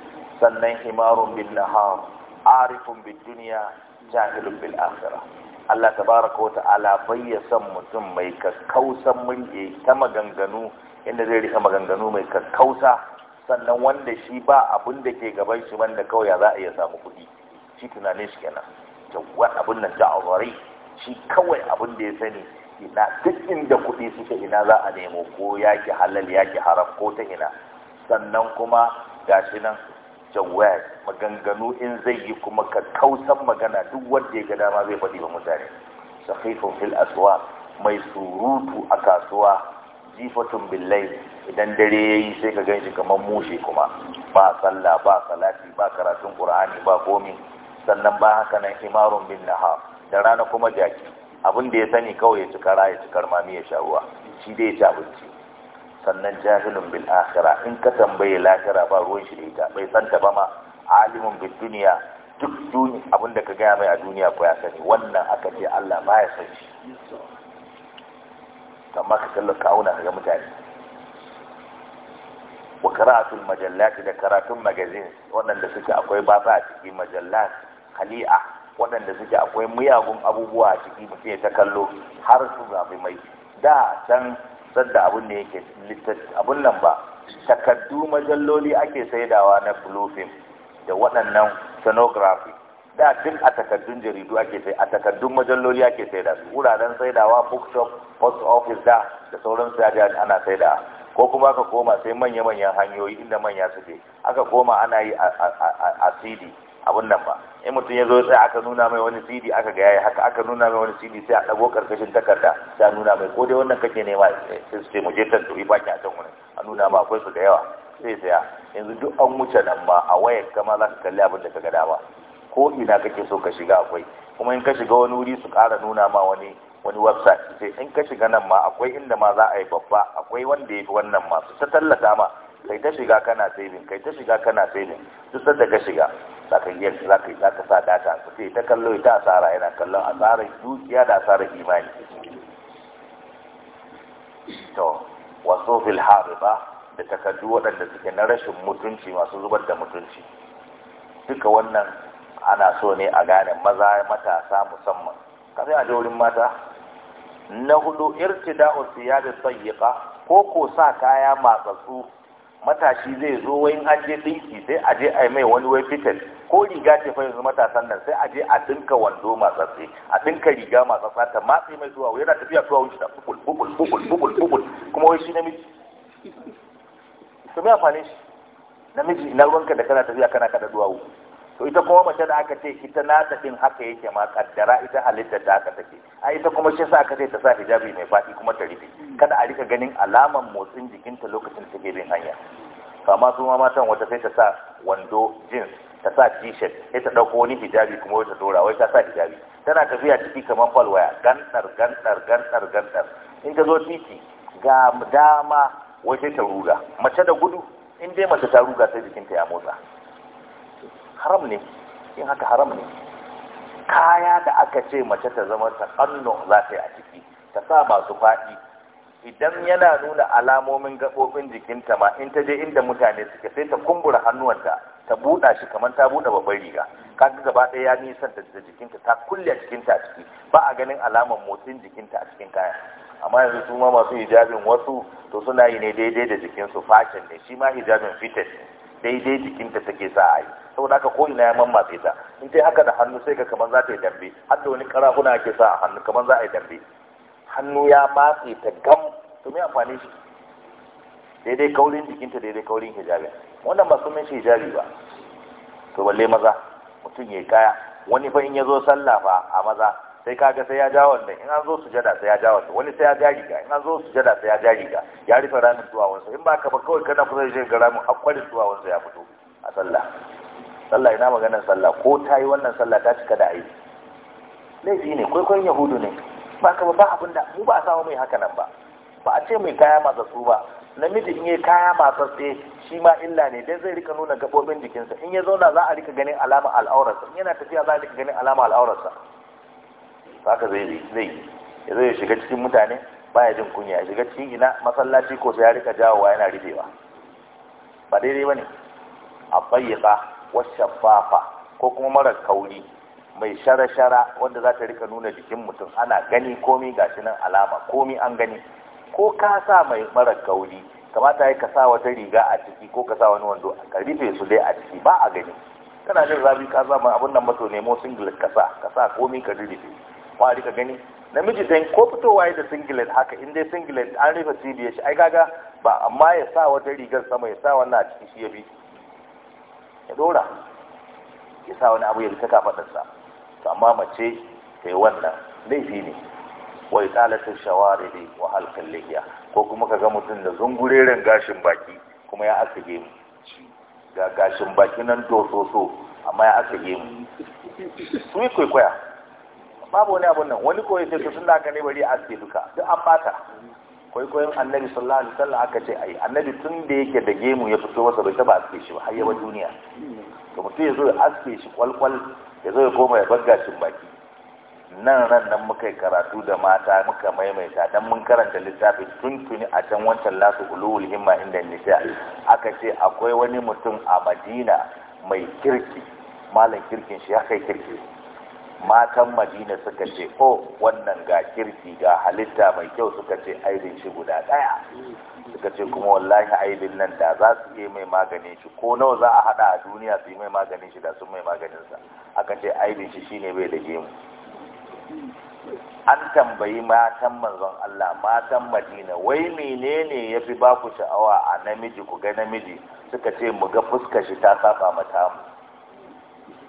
sannan himarun bin nahar arifun bin duniya jahilun bil akira Allah ta wa ta'ala ya san mutum mai kakkausan mulki ta maganganu inda zai rika maganganu mai kakkausa sannan wanda shi ba abin da ke gaban shi wanda kawai ya za a iya samu kuɗi shi tunanin shi kenan jawwar abin nan ja'awari shi kawai abin da ya sani ina duk inda kuɗi suke ina za a nemo ko yaki halal yaki haram ko ta ina sannan kuma gashi nan jawwal maganganu in zai yi kuma ka kausan magana duk wanda ya ga dama zai faɗi wa mutane sahifun fil aswa mai surutu a kasuwa jifatun billai idan dare ya yi sai ka gan ganshi kamar mushe kuma ba sallah ba salati ba karatun qur'ani ba komi sannan ba haka nan imarun bin nahar da rana kuma jaki abin da ya sani kawai ya ci kara ya ci karmami ya sha ruwa shi dai ya ci abinci sannan jahilun bil akhirah in ka tambaye lahira ba ruwan shi da ita bai santa ba ma alimun bil duniya duk duniya abinda ka gaya mai a duniya ko ya sani wannan aka ce Allah baya san shi amma ka kalla kauna ga mutane wa qira'atul majallat da karatun magazines waɗanda suke akwai baba a cikin majallat khali'a waɗanda suke akwai miyagun abubuwa a ciki mutum ya ta kallo har su zafi mai da can sadda abin da yake abin nan ba takaddu majalloli ake saidawa na bluefin da waɗannan sonography da duk a takaddun jaridu ake sai a takaddun majalloli ake saida su wuraren saidawa bookshop post office da da sauran da ana saida ko kuma aka koma sai manya-manyan hanyoyi inda manya suke aka koma ana yi a cd abin nan ba in mutum ya zo sai aka nuna mai wani cd aka ga yayi haka aka nuna mai wani cd sai a dago karkashin takarda sai a nuna mai ko dai wannan kake nema sai su ce mu je ta to ba ki a can a nuna ma akwai su da yawa sai saya yanzu duk an wuce nan ma a wayar kama za ka kalli abin da ka ga dama ko ina kake so ka shiga akwai kuma in ka shiga wani wuri su ƙara nuna ma wani wani website sai in ka shiga nan ma akwai inda ma za a yi babba akwai wanda ya fi wannan ma su ta tallata ma kai ta shiga kana saving kai ta shiga kana saving duk sanda ka shiga zaka yi zaka zaka sa data su ce ta kallo ita asara yana kallon asarar dukiya da asarar imani to wasu fil hariba da takardu waɗanda suke na rashin mutunci masu zubar da mutunci duka wannan ana so ne a gane maza matasa musamman kafin a wurin mata na hudu irtida'u siyabi da ko ko sa kaya matsatsu matashi zai zo wayin an je dinki sai a je a mai wani wai fitar ko riga ce fa yanzu matasan nan sai a je a dinka wando matsatsi a dinka riga matsatsa ta matsi mai zuwa yana tafiya zuwa wuce da bubul bubul bubul bubul bubul kuma wai shi namiji to mai amfani shi namiji ina ruwanka da kana tafiya kana kada duwawu to ita kuma mace da aka ce ita na ta din haka yake ma kaddara ita halittar da aka take a ita kuma shi sa aka ce ta sa hijabi mai fadi kuma ta rufe kada a rika ganin alaman motsin jikinta lokacin take bin hanya kama su ma matan wata sai ta sa wando jeans ta sa t-shirt sai ta ɗauko wani hijabi kuma wata dora wai ta sa hijabi tana tafiya ciki kamar falwaya gantar gantar gantar gantar in ta zo titi ga dama wai sai ta ruga mace da gudu in dai mace ta ruga sai jikinta ya motsa haram ne in haka haram ne kaya da aka ce mace ta zama ta kanno za ta yi a ciki ta sa masu faɗi idan yana nuna alamomin gaɓoɓin jikinta ma in ta je inda mutane suke sai ta kumbura hannuwanta ta buɗa shi kamar ta buɗe babban riga Ka kaga gaba ɗaya ya ta da jikinta ta kulle jikinta a ciki ba a ganin alamar motsin jikinta a cikin kayan amma yanzu su ma masu hijabin wasu to suna yi ne daidai da jikinsu fashin ne shi ma hijabin fitas daidai jikinta take sa a yi saboda haka ko ina ya mammatse ta in dai haka da hannu sai ka kamar za ta yi dambe har da wani karafuna ake sa a hannu kamar za a yi dambe hannu ya matse ta gam to me amfani shi daidai kaurin jikinta daidai kaurin hijabin wannan ba sun mace hijabi ba to balle maza mutum ya kaya wani fa in ya zo sallah fa a maza sai kaga sai ya ja wanda in an zo jada sai ya ja wanda wani sai ya ja riga in an zo jada sai ya ja riga ya rufe ramin duwawansa in ba ka ba kawai kana kusa da ga ramin zuwa duwawansa ya fito a sallah sallah ina maganar sallah ko ta yi wannan sallah ta cika da aiki laifi ne kwaikwayon yahudu ne ba ka ba abin da mu ba a samu mai haka nan ba ba a ce mai kaya masa su ba namiji in yi kaya masu tsaye shi ma illa ne dan zai rika nuna gabobin jikinsa in ya zauna za a rika ganin alama al'aurarsa in yana tafiya za a rika ganin alama al'aurarsa haka zai zai yi zai shiga cikin mutane baya jin kunya ya shiga cikin ina masallaci ko sai ya rika jawowa yana rufewa ba daidai ne a bayyaka washafafa ko kuma mara kauri mai shara-shara wanda za ta rika nuna jikin mutum ana gani komi gashi nan alama komi an gani ko ka sa mai mara kauri kamata ya ka sa wata riga a ciki ko ka sa wani wando ka rufe su dai a ciki ba a gani kana jin zafi ka sa mai abin nan mato nemo singlet ka sa ka sa ka rufe ba a ka gani namiji dan ko fitowa yi da singlet haka in dai singlet an rufe cibiyar shi ai kaga ba amma ya sa wata rigar sama ya sa wannan a ciki shi ya bi ya dora ya sa wani abu ya rika kafadarsa to amma mace ta yi wannan laifi ne wa italatin shawaridi wa halqin lihiya ko kuma kaga mutum da zungureren gashin baki kuma ya aka gemu ga gashin baki nan dososo amma ya aka gemu su yi kwaikwaya babu wani abun nan wani koyi sai sun da ne bari aske duka duk an bata kwaikwayon annabi sallallahu alaihi wasallam aka ce ai annabi tun da yake da gemu ya fito masa bai taba aske shi ba har yawa duniya to mutum ya zo ya aske shi kwalkwal ya zo ya koma ya bar gashin baki nan ran nan muka yi karatu da mata muka maimaita dan mun karanta littafi tuntuni a can wancan lasu ulul himma inda nisa aka ce akwai wani mutum a madina mai kirki malam kirkin shi ya kai kirki matan madina suka ce o wannan ga kirki ga halitta mai kyau suka ce aibin shi guda daya suka ce kuma wallahi aibin nan da za su iya mai maganin shi ko nawa za a hada a duniya su yi mai maganin shi da sun mai maganin sa aka ce aibin shi shine bai da gemu an tambayi matan manzon Allah matan Madina wai menene yafi ba ku sha'awa a namiji ku ga namiji suka ce mu ga fuskar shi ta saba mata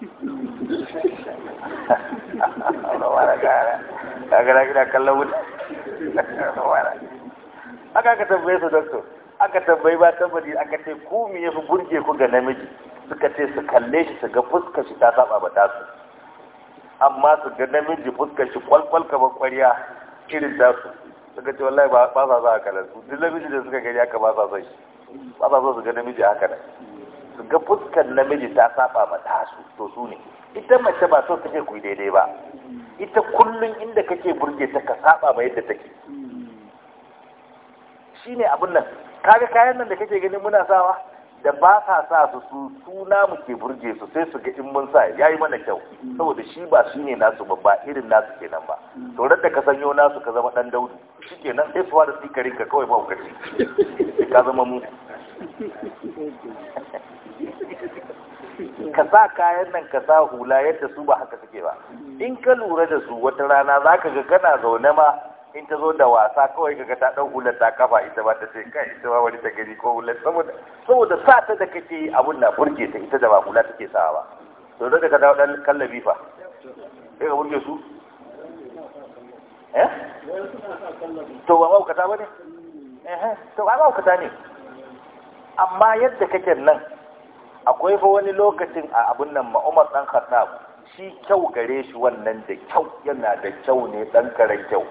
mu aka ka tambaye su doctor aka tambayi ba tambari aka ce ku ya fi burge ku ga namiji suka ce su kalle shi su ga fuskar shi ta saba ta su amma su ga namiji fuskar shi kwalkwal kamar kwariya irin su suka ce wallahi ba sa za a kalar su duk namiji da suka gani aka ba sa son yi. ba sa son su ga namiji aka nan su ga fuskar namiji ta saba ma su to su ne ita mace ba so take ku daidai ba ita kullum inda kake burge ta ka saba ma yadda take shine abin nan kaga kayan nan da kake ganin muna sawa da ba sa sa su su suna mu ke burge su sai su ga in mun sa yayi mana kyau saboda shi ba shi ne nasu ba ba irin nasu kenan ba to da ka sanyo nasu ka zama dan daudu shi shikenan sai su fara sikarin ka kawai ba ku kace ka zama mu ka sa kayan nan ka sa hula yadda su ba haka suke ba in ka lura da su wata rana zaka ga kana zaune ma in ta zo da wasa kawai ga ta dan hular ta kafa ita ba ta ce kai ita ba wani ta gani ko hular saboda saboda sa ta da kake abun na burge ta ita da ba hular take sa ba to da ka dawo dan kallabi fa sai ka burge su eh to ba ka ba ne eh, eh to ba ta ne amma yadda kake nan akwai fa wani lokacin a abun nan ma Umar dan Khattab shi kyau gare shi wannan da kyau yana da kyau ne dan karan kyau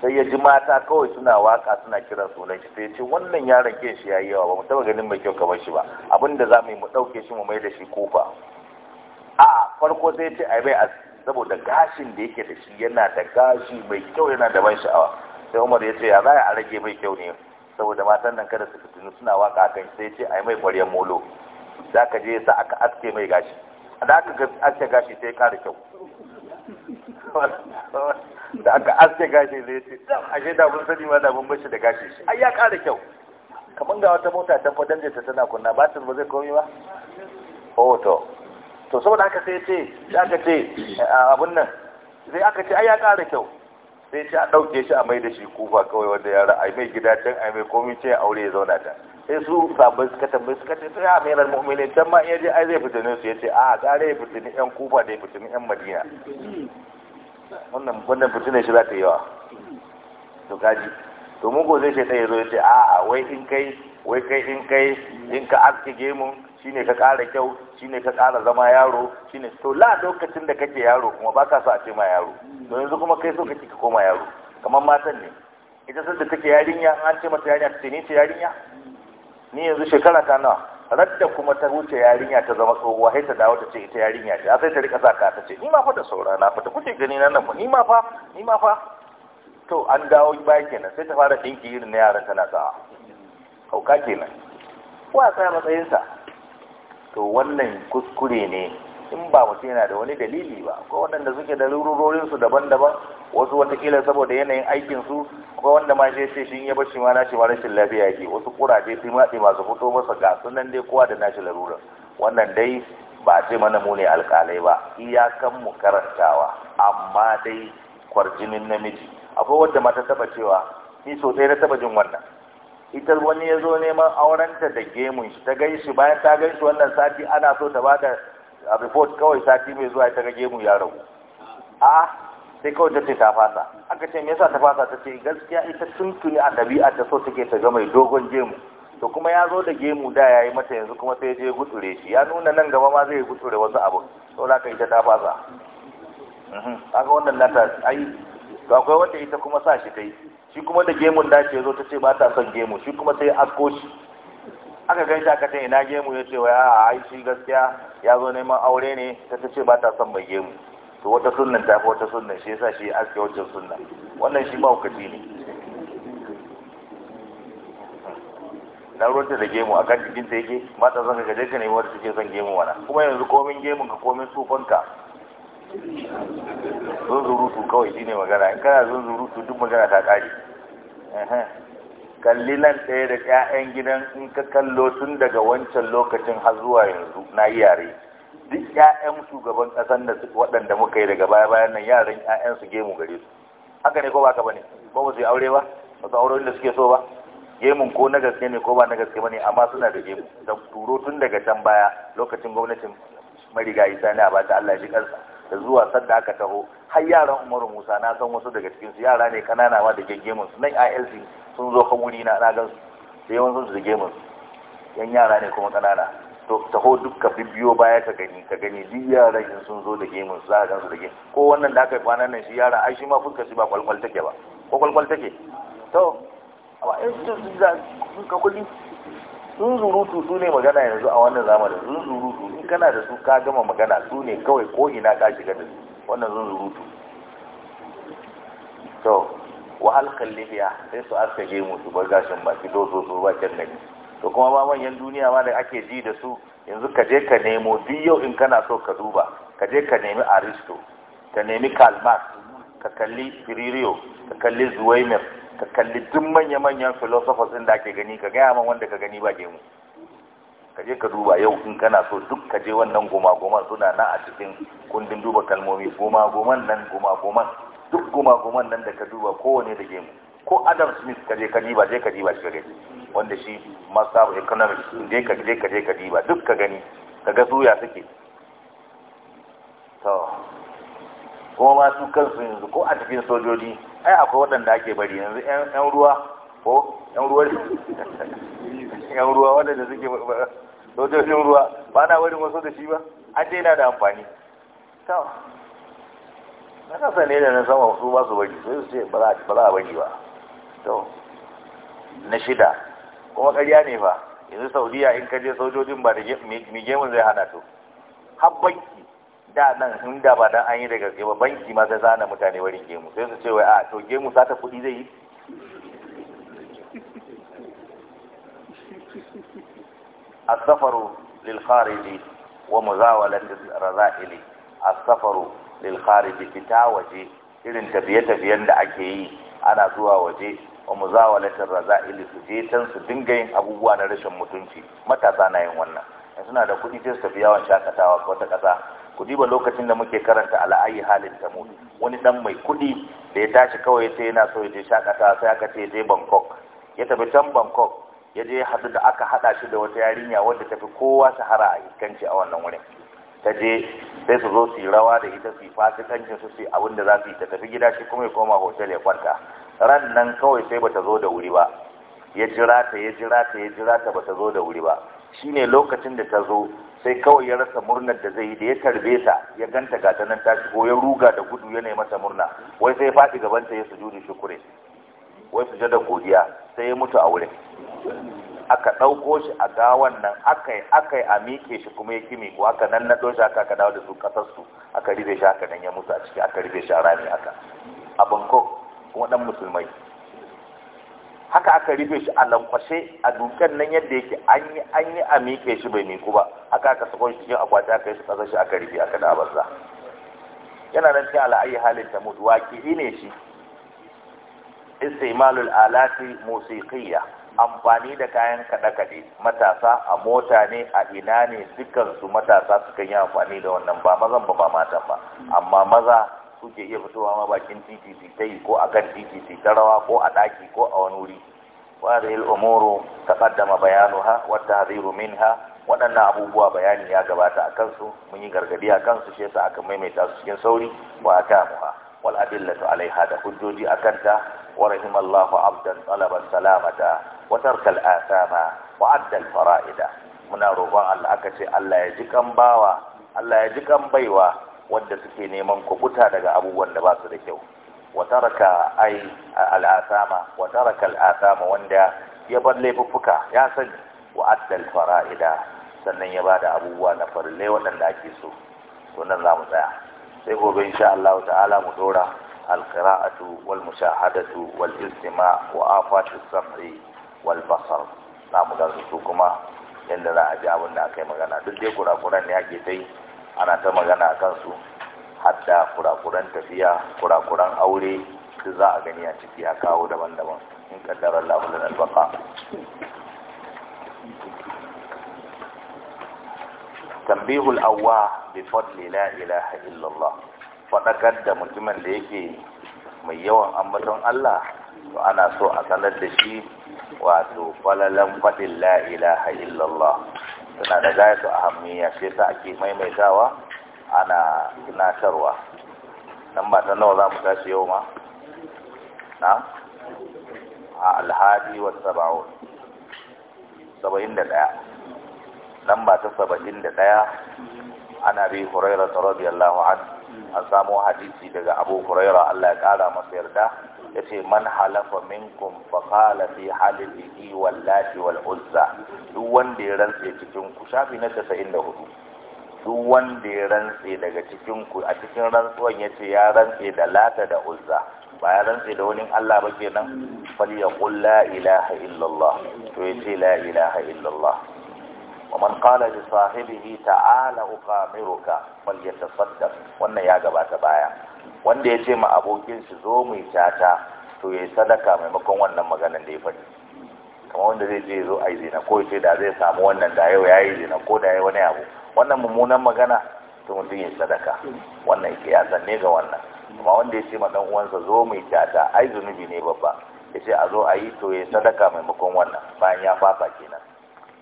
sai ya ji mata kawai suna waka suna kiran sunan shi sai ya ce wannan yaron ke shi yayi yawa ba mu taba ganin mai kyau kamar shi ba abinda za mu yi mu ɗauke shi mu mai da shi kofa a farko sai ya ce ai bai aski saboda gashin da yake da shi yana da gashi mai kyau yana da ban sha'awa sai Umar ya ce ya za a rage mai kyau ne saboda matan nan kada su fitinu suna waka kan sai ya ce ai mai ƙwaryen molo za ka je sa aka aske mai gashi da aka aske gashi sai ya kara kyau da aka aske gashin ya ce ashe da mun sani ma da mun bashi da gashin shi ai ya ƙara kyau kamar ga wata mota ta fadan da ta tana kunna ba ta ba zai komi ba oh to to saboda aka sai ce ya ka ce abun nan zai aka ce ai ya ƙara kyau sai ce a ɗauke shi a mai da shi kufa kawai wanda yara ra'ayi mai gida can ai mai komai ce aure ya zauna ta sai su sabon suka tambayi suka ce sai a amiral mu'mini can ma iya je ai zai fitinin su ya ce a ƙara ya fitinin yan kufa da ya fitinin yan madina wannan wannan ne shi za ta yi wa to kaji to mugu zai sai ɗaya zo ya a a'a wai in kai wai kai in kai in ka aske gemun shine ka ƙara kyau shine ka ƙara zama yaro shine to la lokacin da kake yaro kuma baka so a ce ma yaro to yanzu kuma kai so kake ka koma yaro kamar matan ne ita da take yarinya an ce mata yarinya ta ce ni ce yarinya ni yanzu shekara ta nawa radda kuma ta wuce yarinya ta zama tsohuwa sai ta dawo ta ce ita yarinya ce sai ta rika saka ta ce ni ma fa da saurana fa ta kuke gani nan mu ni ma fa ni ma fa to an dawo ba kenan sai ta fara dinki irin na yaran tana sa hauka kenan wa tsaya matsayinsa to wannan kuskure ne in ba mu yana da wani dalili ba ko waɗanda suke da rurorin su daban-daban wasu watakila saboda yanayin aikin su ko wanda ma shi sai shi ya shi ma nashi ma rashin lafiya yake wasu kuraje sai ma masu fito masa ga sunan dai kowa da nashi larurar wannan dai ba ce mana mu ne alƙalai ba iyakan mu karantawa amma dai kwarjinin namiji akwai wanda mata taba cewa ni so ɗaya na taba jin wannan ita wani ya zo neman aurenta da gemun shi ta gaishi bayan ta gaishi wannan sati ana so ta bada a report kawai sati mai zuwa ta rage mu ya rabu a sai kawai ta ce ta fasa aka ce me yasa ta fasa ta ce gaskiya ita tuni a ɗabi'a ta so take ta ga mai dogon gemu to kuma ya zo da gemu da ya yi mata yanzu kuma sai je gutsure shi ya nuna nan gaba ma zai gutsure wasu abu to za ka ita ta fasa mhm. kaga wannan nata ai to akwai wanda ita kuma sa shi ta yi shi kuma da gemun da ce zo ta ce ba ta son gemu shi kuma sai asko shi aka gai aka ce ina gemu ya ce wa ya ai gaskiya ya zo neman aure ne ta ta ce ba ta son mai gemu to wata sunnan ta fi wata sunnan shi yasa shi aske wancan sunna wannan shi ba hukaci ne na ruwanta da gemu a kan jikinta yake ba ta son ka ka nemi wata suke son gemu wana kuma yanzu komin gemun ka komin tsufanka zunzurutu kawai shine magana in kana zunzurutu duk magana ta kare kalli nan ɗaya da 'ya'yan gidan in ka kallo tun daga wancan lokacin har zuwa yanzu na yi yare duk 'ya'yan shugaban ƙasar da waɗanda muka yi daga baya bayan nan yaran ƴaƴan su gemu gare su haka ne ko ba ka bane ko ba su yi aure ba ba su aure da suke so ba gemun ko na gaske ne ko ba na gaske bane amma suna da gemu da turo tun daga can baya lokacin gwamnatin marigayi sani a bata Allah ya ji kansa da zuwa sanda aka taho har yaran umaru musa na san wasu daga cikin su yara ne kanana ma da geggemin su nan ilc sun zo ka wuri na na gansu da yawan su da gemin su yan yara ne kuma kanana to taho dukka bibiyo baya ka gani ka gani duk yaran in sun zo da gemin su za ka gansu da gemin ko wannan da aka yi kwanan nan shi yara ai shi ma fuskar shi ba kwalkwal take ba ko kwalkwal take to amma in su za ka kuɗi zunzurutu su ne magana yanzu a wannan zamanin zunzurutu in kana da su ka gama magana su ne kawai ko ina ka shiga da su wannan zunzurutu to wahal kallibiya sai su aska mu su bar gashin baki doso su bakin to kuma ba manyan duniya ma da ake ji da su yanzu ka je ka nemo duk yau in kana so ka duba ka je ka nemi aristo ka nemi karl ka kalli fiririyo ka kalli zuwaimir ka kalli duk manya-manyan filosofas din da ake gani ka gaya man wanda ka gani ba gemu ka je ka duba yau in kana so duk ka je wannan goma-goman suna na a cikin kundin duba kalmomi goma-goman nan goma-goman duk goma-goman nan da ka duba kowane da gemu ko adam smith ka je ka diba je ka diba shi ka gani wanda shi masu economics je ka je ka je ka diba duk ka gani ka ga suya suke to kuma masu kansu yanzu ko a cikin sojoji ai akwai waɗanda ake bari yanzu yan ruwa ko yan ruwa yan ruwa waɗanda suke sojojin ruwa ba na wani wasu da shi ba an daina da amfani na kasa ne da na sama su ba su bari sai su ce ba za a bari ba to na shida kuma karya ne fa yanzu saudiya in kaje sojojin ba da gemun zai hana to habbanki da nan sun da ba dan an yi daga gaske ba banki ma sai zana mutane wurin gemu sai su ce wai a to gemu sata kuɗi zai yi Lil السفر للخارج razaili الرذائل السفر للخارج fita waje irin tafiye-tafiyen da ake yi ana zuwa waje wa muzawalatin raza'ili su je can su dinga yin abubuwa na rashin mutunci matasa na yin wannan suna da kuɗi sai su tafi yawon shakatawa wata ƙasa kudi ba lokacin da muke karanta ala ayi halin tamud wani dan mai kudi da ya tashi kawai ce yana so ya je shakata sai aka ce je Bangkok ya tafi can Bangkok ya je haɗu da aka haɗa shi da wata yarinya wadda fi kowa sahara a hikanci a wannan wurin ta je sai su zo su yi rawa da ita su yi fasikancin su su yi abin da za su yi ta tafi gida shi kuma ya koma hotel ya kwanta ran nan kawai sai bata zo da wuri ba ya jira ta ya jira ta ya jira ta bata zo da wuri ba shine lokacin da ta zo sai kawai ya rasa murnar da zai yi da ya tarbe ta ya ganta ga ta nan ta shigo ya ruga da gudu ya mata murna wai sai ya faɗi gabanta ya sujudi shukure wai da godiya sai ya mutu a wurin aka ɗauko shi a gawan nan akai akai a miƙe shi kuma ya kimi ko aka nan na naɗo shi aka dawo da su su aka ribe shi aka nan ya mutu a ciki aka ribe shi a rami aka a kuma ɗan musulmai haka aka rufe shi a lankwashe a dukan nan yadda yake an yi an yi a miƙe shi bai miƙu ba haka aka sako shi cikin akwati aka yi shi ƙasar shi aka rufe aka da abarza yana nan cikin ala'ayi halin ta mutu waƙi ne shi istimalul alati musiqiyya amfani da kayan kaɗe-kaɗe matasa a mota ne a ina ne dukkan su matasa suka yi amfani da wannan ba mazan ba ba matan ba amma maza suke iya fitowa ma bakin titi su ko a kan titi ta rawa ko a ɗaki ko a wani wuri wadda il umuru ta kaddama bayanuha wata haziru minha waɗannan abubuwa bayani ya gabata a kansu mun yi gargadi a kansu shi yasa aka maimaita su cikin sauri wa atamuha wal adillatu alaiha da hujjoji akan ta wa rahimallahu abdan talaba salamata wa tarkal asama wa addal fara'ida muna roƙon Allah aka ce Allah ya ji kan bawa Allah ya ji kan baiwa wadda suke neman kubuta daga abubuwan da ba su da kyau wataraka ai al'asama wataraka al'asama wanda ya bar laifuffuka ya sani wa addal fara'ida sannan ya bada abubuwa na farille waɗanda ake so to nan za mu tsaya sai gobe insha Allah ta'ala mu dora alqira'atu wal mushahadatu wal istima' wa afatu sam'i wal basar za mu ga su kuma yanda za a ji abin da aka yi magana duk dai kurakuran ne ake ta yi ana ta magana a kansu hadda kurakuran tafiya kurakuran aure su za a gani a ciki a kawo daban-daban in kaddarar lamunan albaka tambihul awwa bi fadli la ilaha illallah fadakar da mutumin da yake mai yawan ambaton Allah to ana so a sanar da shi wato falalan fadin la ilaha illallah suna da gayatu ya sai sa ake maimaitawa ana tunatarwa nan ba ta nawa za mu tashi yau ma na a alhadi wa saba'un saba'in da ɗaya nan ba ta saba'in da ɗaya ana bi hurairah radiyallahu an an samo hadisi daga abu hurairar Allah ya kara masu yarda Ya yace man halafa minkum fa qala fi halihi wallati wal uzza duk wanda ya rantse cikin ku shafi na 94 duk wanda ya rantse daga cikin ku a cikin rantsuwan ya ce ya rantse da lata da uzza ba ya rantse da wani Allah ba kenan fal yaqul la ilaha illallah to ya ce, la ilaha illallah ومن قال لصاحبه تعالى أقامرك فليتصدق wannan ya gabata baya wanda ya ce ma abokin shi zo mu tata to ya sadaka maimakon wannan maganar da ya faɗi kuma wanda zai ce zo a yi zina ko ce da zai samu wannan da yau ya yi zina ko da ya wani abu wannan mummunan magana to mutum ya sadaka wannan ya sanne ga wannan kuma wanda ya ce ma dan uwansa zo mu tata ai zunubi ne babba ya ce a zo a yi to ya sadaka maimakon wannan bayan ya fafa kenan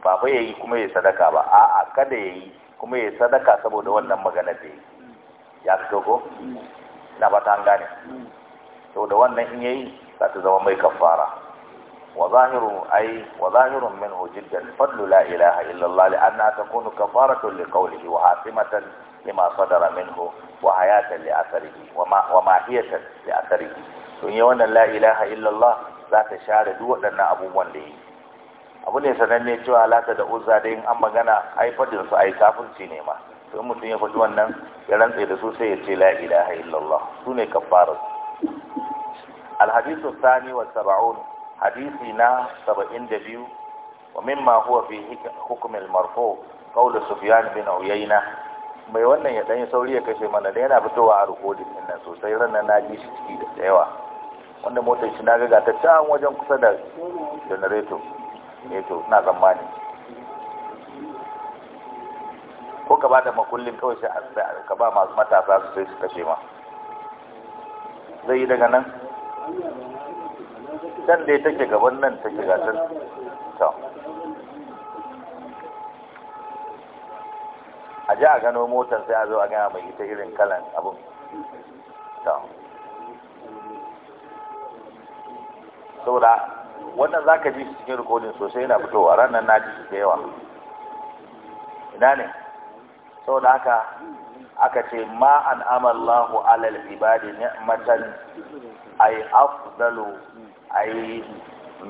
ba fa ya yi kuma ya sadaka ba a'a kada ya yi kuma ya sadaka saboda wannan magana da ya yi ya fito ko ina ba ta an gane da wannan in yayi za ta zama mai kafara wa zahiru ai wa zahirun minhu jiddan fadlu la ilaha illa Allah li anna takunu kafaratan li qawlihi wa hatimatan lima sadara minhu wa hayatan li atharihi wa ma wa mahiyatan li atharihi to yi wannan la ilaha illa Allah za ta share duk waɗannan abubuwan da yi abu ne sananne cewa lata da uzza da in an magana ai fadin su ai kafirci ne ma sai mutum ya faɗi wannan ya rantse da su sai ya ce la ilaha illallah su ne kafarar alhadisu sani wa saba'un hadisi na saba'in da biyu wa mimma huwa fi hukumin marfo kaula sufiyan bin uyayna mai wannan ya ɗanyi sauri ya kashe mana da yana fitowa a rikodin ɗin nan sosai ranar na ji shi ciki da yawa wanda motar shi na ga ta can wajen kusa da janareto ne eh to na tsammani ko ka ba da makullin kawai sai ka ba masu matasa su sai su kashe ma zai yi daga nan can dai take gaban nan take gasar to a ji a gano motar sai a zo a gana mai ita irin kalan abin to saboda wannan za ka ji cikin rikodin sosai yana fitowa ranar na ji da yawa ina ne saboda haka aka ce ma an amallahu alal ibadi ni'matan ay afdalu ay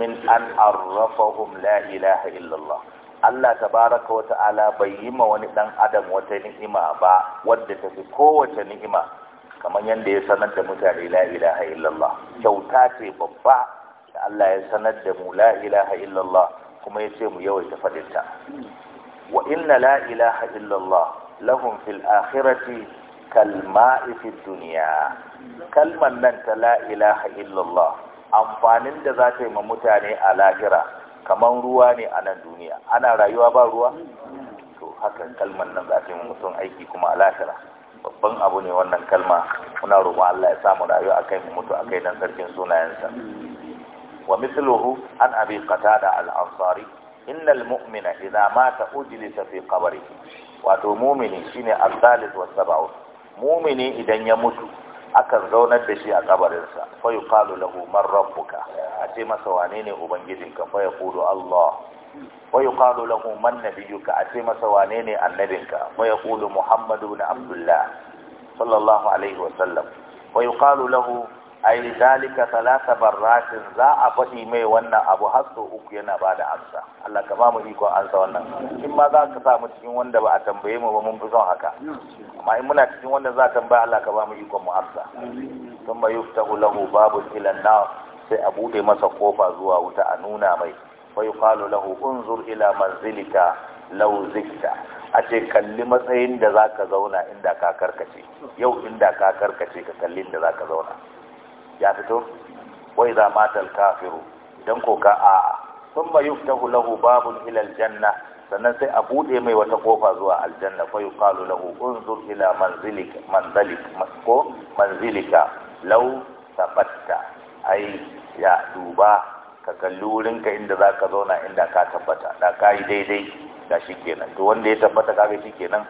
min an arrafahum la ilaha illallah Allah tabaraka wa ta'ala bai yi ma wani dan adam wata ni'ima ba wadda ta fi kowace ni'ima kamar yadda ya sanar da mutane la ilaha illallah kyauta ce babba da Allah ya sanar da mu la ilaha illallah kuma ya ce mu yawaita fadinta wa inna la ilaha illallah lahum fil akhirati kalma'i duniya kalman nan ta la ilaha illallah amfanin da za ta yi ma mutane a lahira kamar ruwa ne a nan duniya ana rayuwa ba ruwa to haka kalman nan za ta yi mutum aiki kuma a lahira babban abu ne wannan kalma muna roƙo Allah ya samu rayuwa akai mu mutu akai nan sarkin sunayensa wa mithluhu an abi qatada al-ansari innal mu'mina idza mata ujlisa fi qabrihi wato mumini shine as-salis wa sab'un mumini idan ya mutu akan zaunar da shi a kabarinsa fa yuqalu lahu man rabbuka a ce masa wane ne ubangijinka fa yaqulu Allah wa yuqalu lahu man nabiyyuka a ce masa wane ne annabinka fa yaqulu Muhammadu ibn Abdullah sallallahu alaihi wa sallam wa yuqalu lahu ai dalika salasa barratin za a faɗi mai wannan abu har sau uku yana ba da amsa Allah ka ba mu ikon amsa wannan in ma za ka samu cikin wanda ba a tambaye mu ba mun fi son haka amma in muna cikin wanda za ka tambaya Allah ka ba mu ikon mu amsa sun ba yufta lahu babu ilan na sai a buɗe masa kofa zuwa wuta a nuna mai fa yuqalu lahu unzur ila manzilika law zikta a ce kalli matsayin da za ka zauna inda ka karkace yau inda ka karkace ka kalli inda za ka zauna ya fito wai za matal kafiru idan ko ka a sun bayu ta hulahu babun ilal janna sannan sai a buɗe mai wata kofa zuwa aljanna fa yuqalu lahu unzur ila manzilika law tabatta ai ya duba ka kalli wurinka inda zaka zauna inda ka tabbata da kai daidai da shikenan to wanda ya tabbata kaga shikenan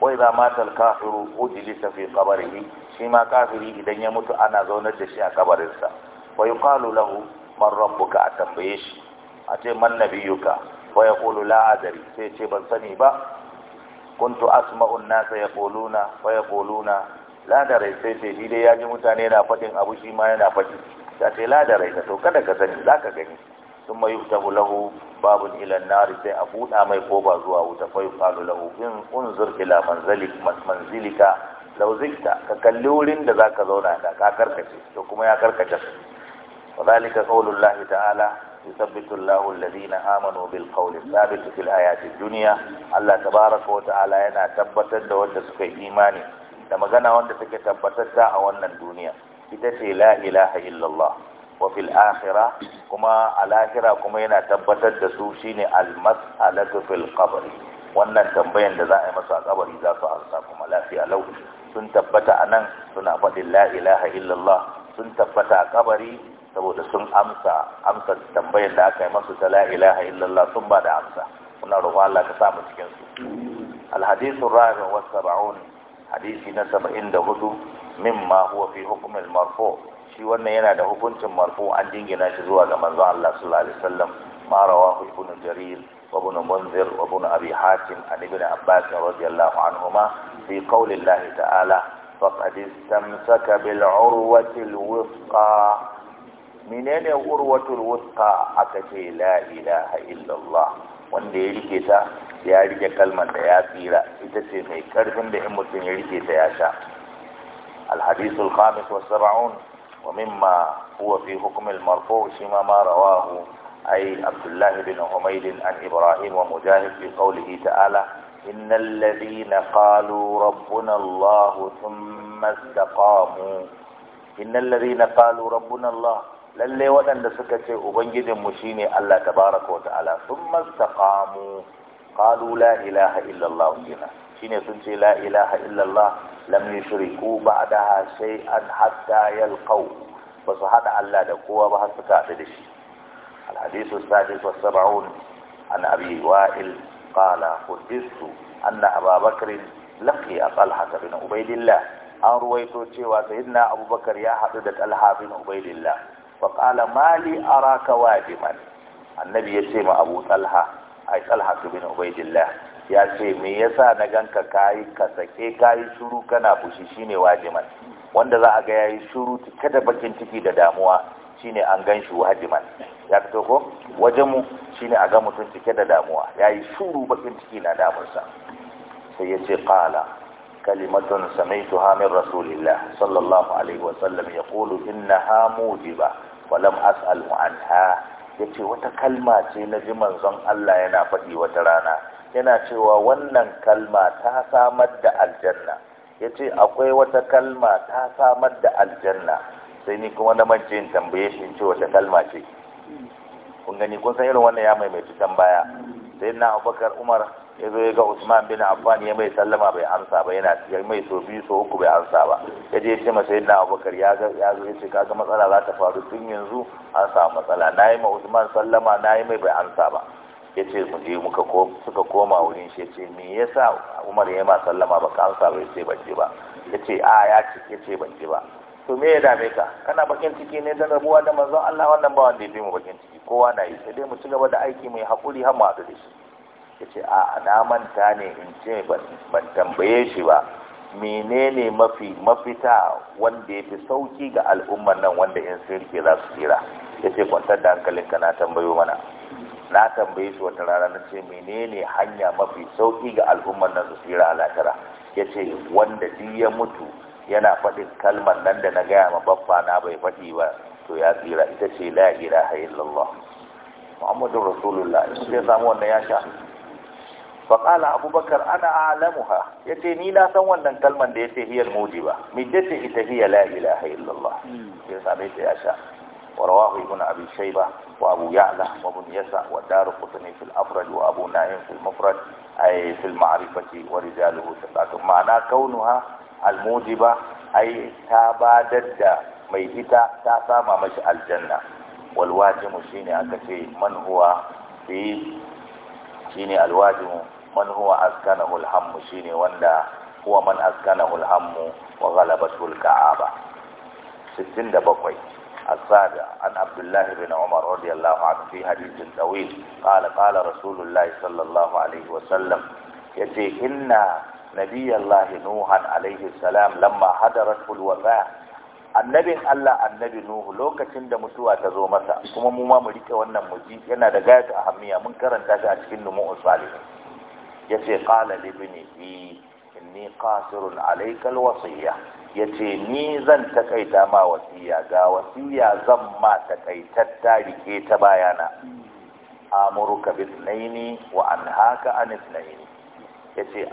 wa idza mata al-kafiru ujlisa fi qabrihi shi ma kafiri idan ya mutu ana zaunar da shi a kabarinsa wa kwalo lahu man rabbuka a tambaye shi a ce man nabiyuka wa ya kwalo la'adari sai ce ban sani ba kuntu asma'u an-nasa yaquluna wa yaquluna la la'adari sai ce shi dai ji mutane na fadin abu shi ma yana fadi ta ce la dare ka to kada ka sani za ka gani thumma yuftahu lahu babun ilan nari sai a buɗa mai ko ba zuwa wuta fa kwalo lahu in unzur ila manzilika lauzikta ka kalli wurin da zaka zauna da ka karkace to kuma ya karkace وذلك ta'ala الله تعالى يثبت amanu الذين آمنوا بالقول الثابت في الآيات الدنيا الله تبارك ta'ala yana tabbatar da wanda suka yi imani da magana wanda take tabbatatta a wannan duniya ita ce la ilaha illallah wa fil akhirah kuma al akhirah kuma yana tabbatar da su shine al mas'alatu fil qabr wannan tambayan da za a yi masa a kabari za su amsa kuma lafiya lau sun tabbata a nan suna faɗin la ilaha illallah sun tabbata a kabari saboda sun amsa amsa tambayar da aka yi masu ta la ilaha illallah sun ba da amsa suna roƙon Allah ka samu cikinsu su alhadisu rabi Wasu sab'un hadisi na saba'in 74 mimma huwa fi hukm marfo shi wannan yana da hukuncin marfo an dingina shi zuwa ga manzon Allah sallallahu alaihi wasallam ma rawahu ibn jarir وابن منذر وابن أبي حاتم عن ابن عباس رضي الله عنهما في قول الله تعالى فقد استمسك بالعروة الوثقى منين عروة الوثقى أكتي لا إله إلا الله wanda ya rike ta ya rike kalmar da ya tsira ita ce mai karfin da in mutum ya rike ta ya sha alhadisul khamis wa sab'un wa mimma huwa fi hukm al marfu' shi ma ma rawahu ay abdullah bin humayd an ibrahim wa mujahid fi qawlihi ta'ala إن الذين قالوا ربنا الله ثم استقاموا إن الذين قالوا ربنا الله lalle waɗanda suka ce ubangijinmu shine Allah tabaraka wata'ala sun mastaqamu qalu la ilaha illallah kina shine sun ce la ilaha illallah lam yushriku ba'daha shay'an hatta yalqaw ba su hada Allah da kowa ba har suka da shi الحديث السادس والسبعون عن أبي وائل قال حدثت أن أبا بكر لقي طلحة بن عبيد الله an ruwaito cewa sayyidina abubakar ya haɗu da talha bin ubaidillah wa qala mali araka wadiman annabi ya ce ma abu talha ai bin ubaidillah ya ce me yasa na ganka kai ka sake kayi shiru kana fushi shine wadiman wanda za a ga yayi shiru cike da bakin ciki da damuwa shine an gan shi wajiman ya fito ko wajen mu shine a ga mutum cike da damuwa yi shuru bakin ciki na damarsa sai ya ce qala kalimatun samaituha min rasulillah sallallahu alaihi wa sallam yaqulu innaha mujiba wa an ha. Ya yace wata kalma ce na ji manzon Allah yana faɗi wata rana yana cewa wannan kalma ta samar da aljanna yace akwai wata kalma ta samar da aljanna sai ni kuma na mace in tambaye shi in ce wata kalma ce kun gani kun san irin wannan ya maimaitu can baya sai na abubakar umar ya zo ya ga usman bin affan ya mai sallama bai amsa ba yana ya mai so biyu so uku bai amsa ba ya je ya ce sai na abubakar ya ga ya zo ya ce kaga matsala za ta faru tun yanzu an samu matsala na yi ma usman sallama na yi mai bai amsa ba ya ce mu je muka suka koma wurin shi ya ce me yasa umar ya yi ma sallama ba ka amsa ba ya ce ban je ba ya ce a ya ce ya ce ban je ba to me ya dame ka kana bakin ciki ne da rabuwa da manzon Allah wannan ba wanda ya bi mu bakin ciki kowa na yi sai dai mu ci gaba da aiki mai hakuri har mu haɗu da shi yace a na manta ne in ce ban tambaye shi ba menene mafi mafita wanda ya fi sauki ga al'umman nan wanda in sai yake za su tsira yace kwantar da ka na tambayo mana na tambaye shi wata rana nace menene hanya mafi sauki ga al'umman nan su tsira a lahira yace wanda duk ya mutu yana faɗin kalmar nan da na gaya ma baffa na bai faɗi ba to ya tsira ita ce la ilaha illallah muhammadun rasulullah shi ya samu wannan ya sha faƙala abubakar ana alamu ha ya ce ni na san wannan kalmar da ya ce hiyar muji ba ce ita hiya la ilaha illallah ya same ta ya sha ورواه ابن wa شيبة وأبو يعلى وابن يسع والدار قطني في الأفرد وأبو نعيم في المفرد أي في المعرفة ورجاله ثقات معنى كونها almujiba ai ta badar da mai ita ta sama mashi aljanna walwajimu shine aka ce man huwa fi shine alwajimu man huwa askanahu alhammu shine wanda huwa man askanahu alhammu wa ghalabatu alka'aba 67 السابع عن عبد الله بن عمر رضي الله عنه في حديث طويل قال قال رسول الله صلى الله عليه نبي الله نوح عليه السلام لما حضرته الوفاة annabin Allah annabi Nuhu lokacin da mutuwa ta zo masa kuma mu ma mu rike wannan muji yana da a ahammiya mun karanta shi a cikin numu'u salih yace qala li ibnihi inni qasirun alayka alwasiya yace ni zan takaita ma wasiya ga wasiya zan ma takaitatta rike ta bayana amuruka bi wa anhaka an ithnaini ya ce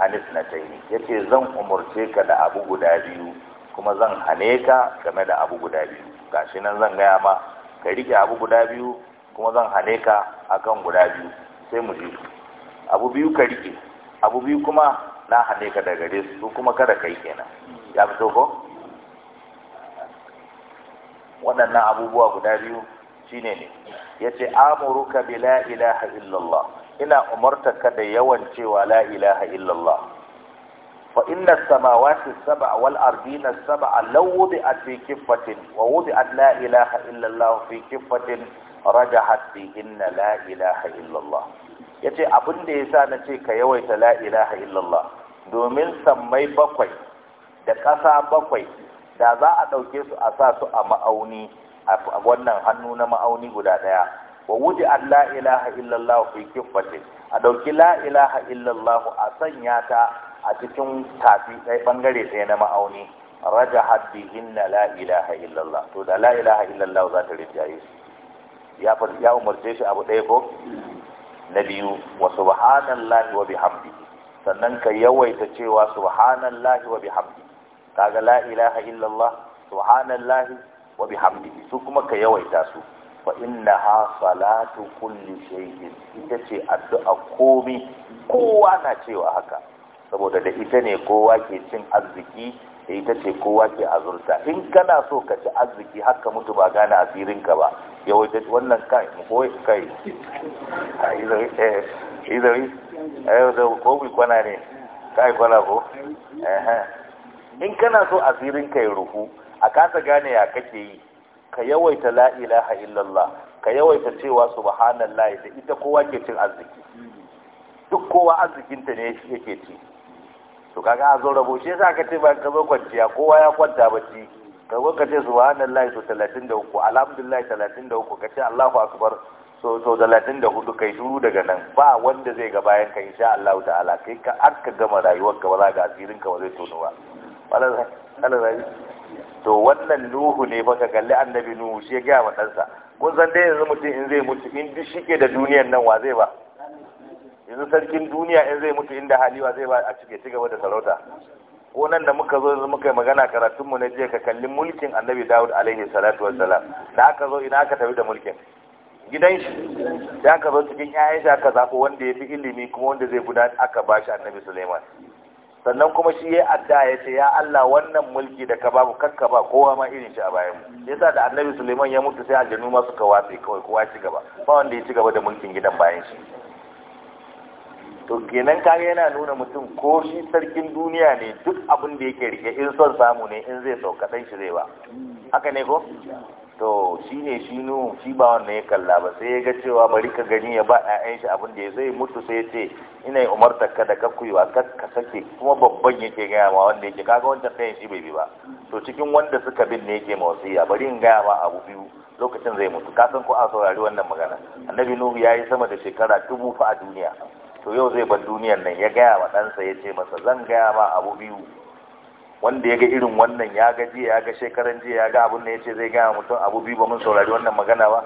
anis na taini ya ce zan umarce ka da abu guda biyu kuma zan hane ka game da abu guda biyu gashi nan zan gaya ma ka rike abu guda biyu kuma zan hane ka akan guda biyu sai mu ji abu biyu ka rike abu biyu kuma na hane ka daga gare su kuma kada kai kenan ya fito ko waɗannan abubuwa guda biyu shine ne ya ce amuruka bila ilaha illallah ina umartaka da yawan cewa la ilaha illallah fa inna samawati sab'a wal ardina sab'a law wudi'at fi kiffatin wa wudi'at la ilaha illallah fi kiffatin rajahat bihinna la ilaha illallah yace abin da yasa ce ka yawaita la ilaha illallah domin sammai bakwai da ƙasa bakwai da za a ɗauke su a sa su a ma'auni a wannan hannu na ma'auni guda ɗaya wa wuji Allah ilaha illallah fi kiffatin a dauki la ilaha illallah a sanya ta a cikin tafi ɗaya bangare ɗaya na ma'auni raja haddihin na la ilaha illallah to da la ilaha illallah za ta rinjaye ya ya umarce shi abu ɗaya ko na biyu wa subhanallahi wa bihamdihi sannan ka yawaita cewa subhanallahi wa bihamdihi kaga la ilaha illallah subhanallahi wa bihamdihi su kuma ka yawaita su fa inna ha salatu kulli shay'in ita ce addu'a komi kowa na cewa haka saboda da ita ne kowa ke cin arziki da ita ce kowa ke azurta in kana so ka ci arziki haka mutu ba gane asirinka ba waje wannan kai koyi kai a izari a yau da kowi kwana ne kai kwana ko in kana so asirinka ya rufu a kasa gane ya kake yi ka yawaita la ilaha illallah ka yawaita cewa subhanallahi da ita kowa ke cin arziki duk kowa arzikinta ne yake ci to kaga a zo rabo shi yasa ka ce ba ka zo kwanciya kowa ya kwanta bacci ka zo ka ce subhanallahi to 33 alhamdulillah 33 ka ce Allahu akbar so so 34 kai duru daga nan ba wanda zai ga bayan ka insha Allah ta'ala kai ka aka gama rayuwar ka ba za ka asirin ka ba zai tono ba to wannan nuhu ne baka kalli annabi nuhu shi ya gaya wa ɗansa kun san dai yanzu mutum in zai mutu in duk shike da duniyan nan wa zai ba yanzu sarkin duniya in zai mutu inda hali wa zai ba a cike cigaba da sarauta ko nan da muka zo yanzu muka yi magana karatun mu na jiya ka kalli mulkin annabi dawud alaihi salatu wassalam da aka zo ina aka tafi da mulkin gidan shi da aka zo cikin 'ya'yan shi aka zafo wanda ya fi ilimi kuma wanda zai gudanar aka bashi annabi suleiman sannan kuma shi ya adda ya ce ya Allah wannan mulki da ka ba mu kakka ba kowa ma irin shi a bayan mu yasa da annabi Suleiman ya mutu sai aljanu ma suka wace kawai kowa ci gaba ba wanda ya ci gaba da mulkin gidan bayan shi to kenan kaga yana nuna mutum ko shi sarkin duniya ne duk abin da yake rike in son samu ne in zai sauka dan shi zai ba haka ne ko to shi ne shi nuhun shi ba wannan ya kalla ba sai ya ga cewa bari ka gani ya ba ƴaƴan shi abin da ya zai mutu sai ya ce ina umartar ka da ka kuiwa ka ka sake kuma babban yake gaya ma wanda yake kaga wancan sayan shi bai bi ba to cikin wanda suka bin ne yake mawasiya bari in gaya ma abu biyu lokacin zai mutu ka san ko a saurari wannan magana annabi nuhu ya yi sama da shekara dubu fa a duniya to yau zai bar duniyar nan ya gaya wa ɗansa ya ce masa zan gaya ma abu biyu wanda ya ga irin wannan ya ga jiya ya ga shekaran jiya ya ga abin da ya ce zai gaya mutum abu biyu ba mun saurari wannan magana ba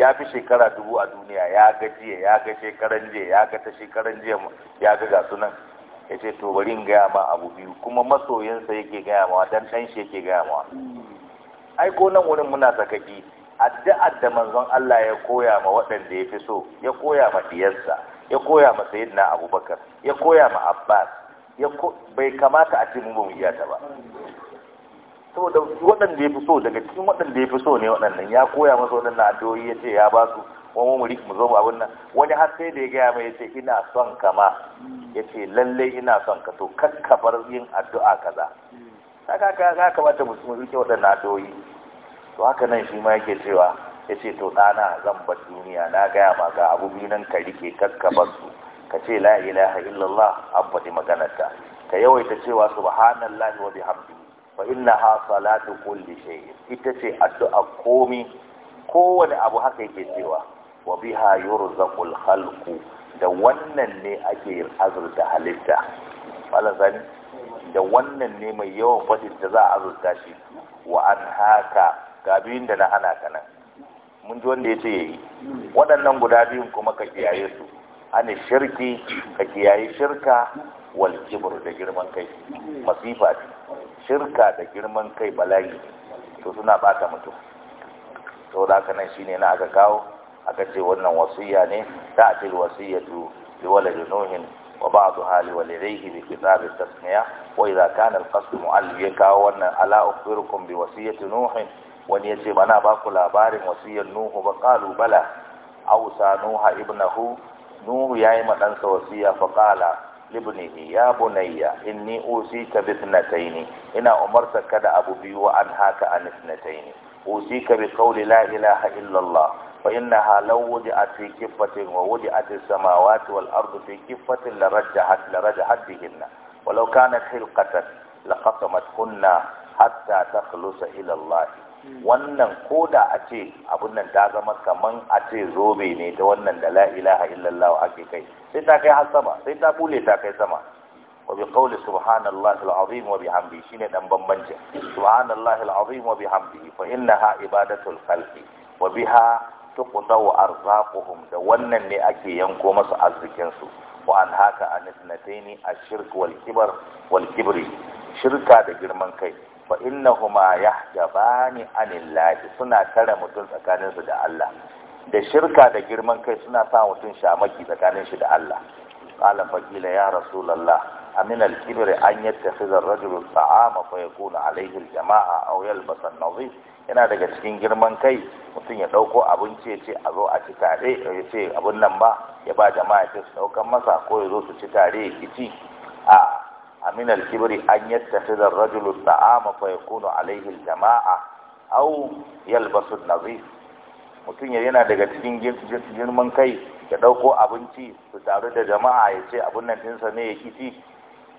ya fi shekara dubu a duniya ya ga jiya ya ga shekaran jiya ya ga ta shekaran jiya ya ga ga sunan ya ce to bari in gaya ma abu biyu kuma masoyinsa yake gaya ma dan dan shi yake gaya ma ai ko nan wurin muna sakaki addu'ar da manzon Allah ya koya ma waɗanda ya fi so ya koya ma diyarsa ya koya ma sayyidina Abubakar ya koya ma Abbas bai kamata a ce mu ba iya ta ba saboda waɗanda ya fi so daga cikin waɗanda ya fi so ne waɗannan ya koya masa waɗannan addu'o'i ya ce ya ba su wani muri mu zo abin nan wani har sai da ya gaya mai ya ce ina son ka ma ya ce lallai ina son ka to bar yin addu'a kaza haka ka kamata mu rike waɗannan addu'o'i to haka nan shi ma yake cewa ya ce to ɗana zan bar duniya na gaya ma ga abu biyu nan ka rike bar su ka ce la ilaha illallah an faɗi maganarta ka yawaita cewa subhanallahi wa bihamdihi fa innaha salatu kulli shay'in ita ce addu'a komi kowane abu haka yake cewa wa biha yurzaqul khalqu da wannan ne ake azurta halitta falazani da wannan ne mai yawan fadin da za a azurta shi wa an haka ga biyun da na hana ka nan mun ji wanda ya ce yayi waɗannan guda biyun kuma ka kiyaye su Ani shirki ka kiyaye shirka wal kibr da girman kai masifa ce shirka da girman kai bala'i to suna bata mutum to da haka nan shine na aka kawo aka ce wannan wasiya ne ta ta'til wasiyatu li walad nuhin wa ba'daha li walidayhi bi kitab at-tasmiya wa idha kana al-qasd kawo wannan ala ukhbirukum bi wasiyati nuhin wani yace bana ba ku labarin wasiyar nuhu ba qalu bala awsa nuha ibnahu نور يا إما دان سوسيا فقال لابنه يا بني اني اوصيك باثنتين إن امرتك كذا ابو بيو ان هاك ان اثنتين اوصيك بقول لا اله الا الله فانها لو وضعت في كفة ووضعت السماوات والارض في كفة لرجحت لرجحت بهن ولو كانت حلقة لقسمتهن حتى تخلص الى الله wannan ko da a ce abin nan ta zama kaman a ce zobe ne ta wannan da la ilaha illallah ake kai sai ta kai har sama sai ta bule ta kai sama wa bi qawli subhanallahi alazim wa bihamdi shine dan bambanci subhanallahi alazim wa bihamdi fa innaha ibadatul khalqi wa biha tuqdaw arzaquhum da wannan ne ake yanko masu arzikin su wa an haka an ithnataini ash-shirk wal kibr wal kibri shirka da girman kai fa innahuma yahjabani anillahi suna tare mutum tsakaninsu da Allah da shirka da girman kai suna sa mutum shamaki tsakanin shi da Allah qala fakila ya rasulullah amin al-kibri an yattakhidha ar-rajulu ta'ama fa yakuna alayhi al-jama'a aw yalbasa an-nadhif yana daga cikin girman kai mutum ya ɗauko abun ce ce a zo a ci tare ya ce abun nan ba ya ba jama'a ya ce su ɗaukan masa ko ya zo su ci tare ya ci a من الكبر أن يتخذ الرجل الطعام فيكون عليه الجماعة أو يلبس النظيف mutum ya yana daga cikin girman kai ya ɗauko abinci su taru da jama'a ya ce abin nan dinsa ne ya kiti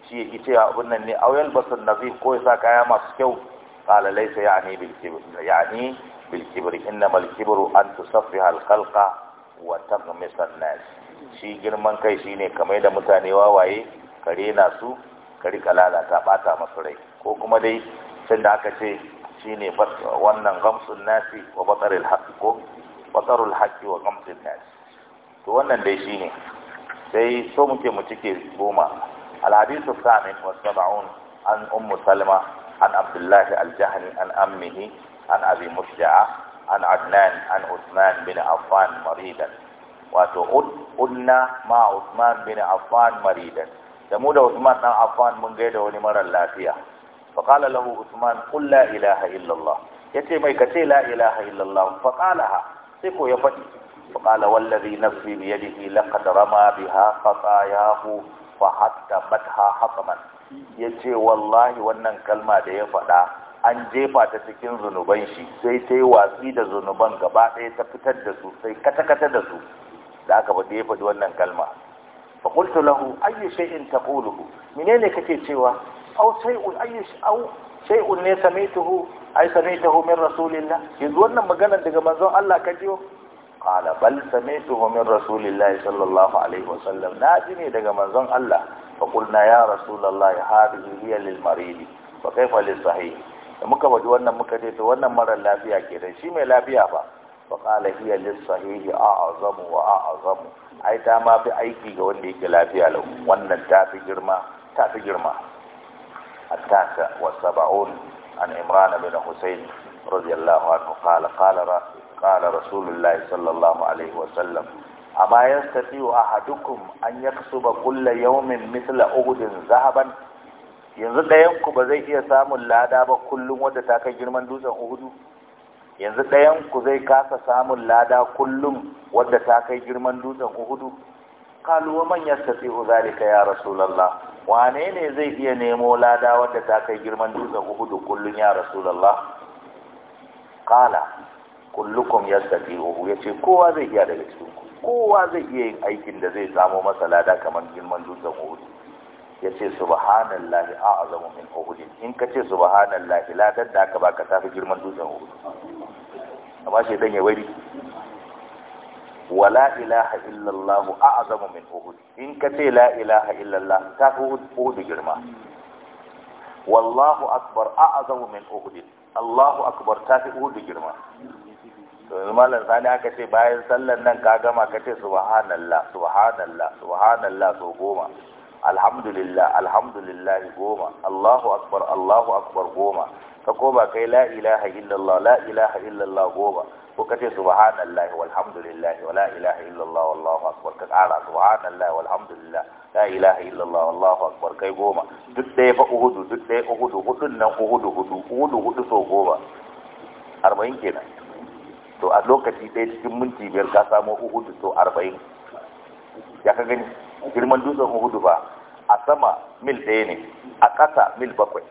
shi ya kiti abin nan ne auyal basun nazif ko ya sa kaya masu kyau qala laysa ya'ni Bilkibiru. kibr ya'ni bil an tusaffiha safi halkalka, wa taghmisa misan nas shi girman kai shi ne kamar da mutane wawaye kare na su ka rika lalata bata masu rai ko kuma dai tun da aka ce shi ne wannan gamsun nasi wa batarul haƙi ko batarul haƙi wa gamsun nasi to wannan dai shi ne, sai so muke mu cike goma al-hadithu samin wa an ummu salma an abdullahi al an ammihi an abi musja'a an adnan an usman bin affan maridan wato udna ma usman bin affan maridan da mu da Usman dan Affan mun gaida wani marar lafiya fa qala lahu Usman qul la ilaha illa Allah yace mai kace la ilaha illa Allah fa qalaha sai ko ya faɗi fa qala wallazi nafsi bi yadihi laqad rama biha qatayahu fa hatta batha hatman yace wallahi wannan kalma da ya faɗa an jefa ta cikin zunuban shi sai ta yi watsi da zunuban gaba ɗaya ta fitar da su sai kata-kata da su da aka faɗi ya faɗi wannan kalma fa qultu lahu ayyu shay'in taquluhu menene kake cewa aw shay'un ayyu aw shay'un ne samaituhu ay samaituhu yanzu wannan maganar daga manzon Allah ka jiyo qala bal samaituhu min rasulillah sallallahu alaihi wasallam na ji ne daga manzon Allah fa qulna ya rasulullah hadhihi hiya lil fa muka faɗi wannan muka ce wannan marar lafiya da shi mai lafiya ba faƙala hiya lissahihi a azamu wa a azamu ai ta ma aiki ga wanda yake lafiya lau wannan ta fi girma ta fi girma attasa wa saba'un an imran bin husayn radiyallahu anhu qala qala qala rasulullahi sallallahu alaihi wa sallam amma yastati'u ahadukum an yaksuba kulla yawmin mithla uhudin zahaban yanzu dayan ku ba zai iya samun lada ba kullum wadda ta kai girman dutsen uhudu yanzu ɗayan ku zai kasa samun lada kullum wadda ta kai girman dutsen uhudu kaluwa manyan tafi uzalika ya rasulallah wane ne zai iya nemo lada wadda ta kai girman dutsen uhudu kullum ya rasulallah kala kullukum Ya ce kowa zai iya daga cikin kowa zai iya yin aikin da zai samo masa lada kamar girman dutsen uhudu ya ce subhanallahi a azamu min uhudin in ka ce subhanallahi ladar da aka baka tafi girman dutsen uhud amma shi dan ya wari wala ilaha illallah a azamu min uhud in ka ce la ilaha illallah tafi uhud girma wallahu akbar a azamu min uhud allahu akbar tafi uhud girma to malam sani aka ce bayan sallan nan ka gama ka ce subhanallah subhanallah subhanallah so goma alhamdulillah alhamdulillah goma Allahu akbar Allahu akbar goma ka koma kai la ilaha illallah la ilaha illallah goma ko ka ce subhanallahi walhamdulillah wa la ilaha illallah wallahu akbar ka kara subhanallahi walhamdulillah la ilaha illallah wallahu akbar kai goma duk ɗaya fa uhudu duk ɗaya uhudu hudun nan uhudu hudu uhudu hudu so goma arba'in kenan to a lokaci ɗaya cikin minti biyar ka samo uhudu so arba'in ya ka gani girman dutsen uhudu ba a sama mil ɗaya ne a ƙasa mil bakwai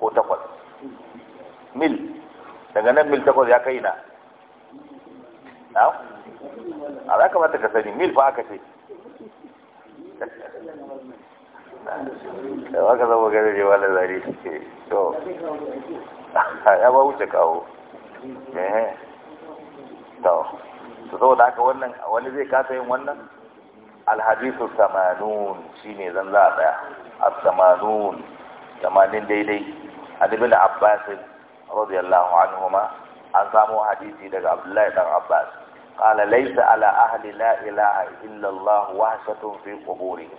ko takwas mil daga nan mil takwas ya kai na a za ka kamata ka sani mil ba aka ce da ba ka zama gane ne da zari suke to ya ba wuce kawo eh. to saboda haka wannan wani zai kasa yin wannan alhadisu shi ne zan za a tsaya as-samanun tamanin daidai hadibin abbas radiyallahu anhuma an samu hadisi daga abdullahi dan abbas qala laysa ala ahli la ilaha illa allah wahshatun fi quburihim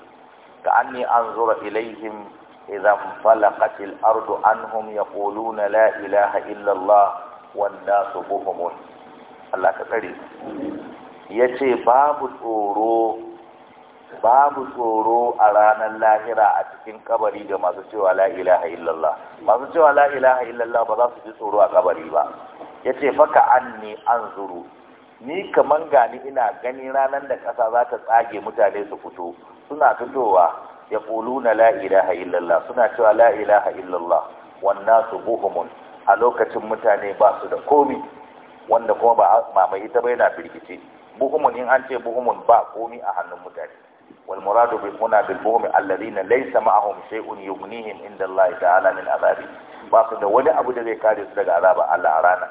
ka'anni anzura ilayhim idha falaqatil ardu anhum yaquluna la ilaha illa allah wan nasu buhumun Allah ka tsare yace babu tsoro babu tsoro a ranar lahira a cikin kabari da masu cewa la ilaha illallah masu cewa la ilaha illallah ba za su ji tsoro a kabari ba ya ce faka an an zuru ni kaman gani ina gani ranar da ƙasa za ta tsage mutane su fito suna fitowa ya na la ilaha illallah suna cewa la ilaha illallah wannan su buhumun a lokacin mutane ba su da komi wanda kuma ba mamaye ta bai na firgice buhumun in an ce buhumun ba komi a hannun mutane والمراد بالمنى بالبهم الذين ليس معهم شيء يغنيهم عند الله تعالى من عذابه باقي ده ولا ابو ده زي kare su daga azaba Allah a rana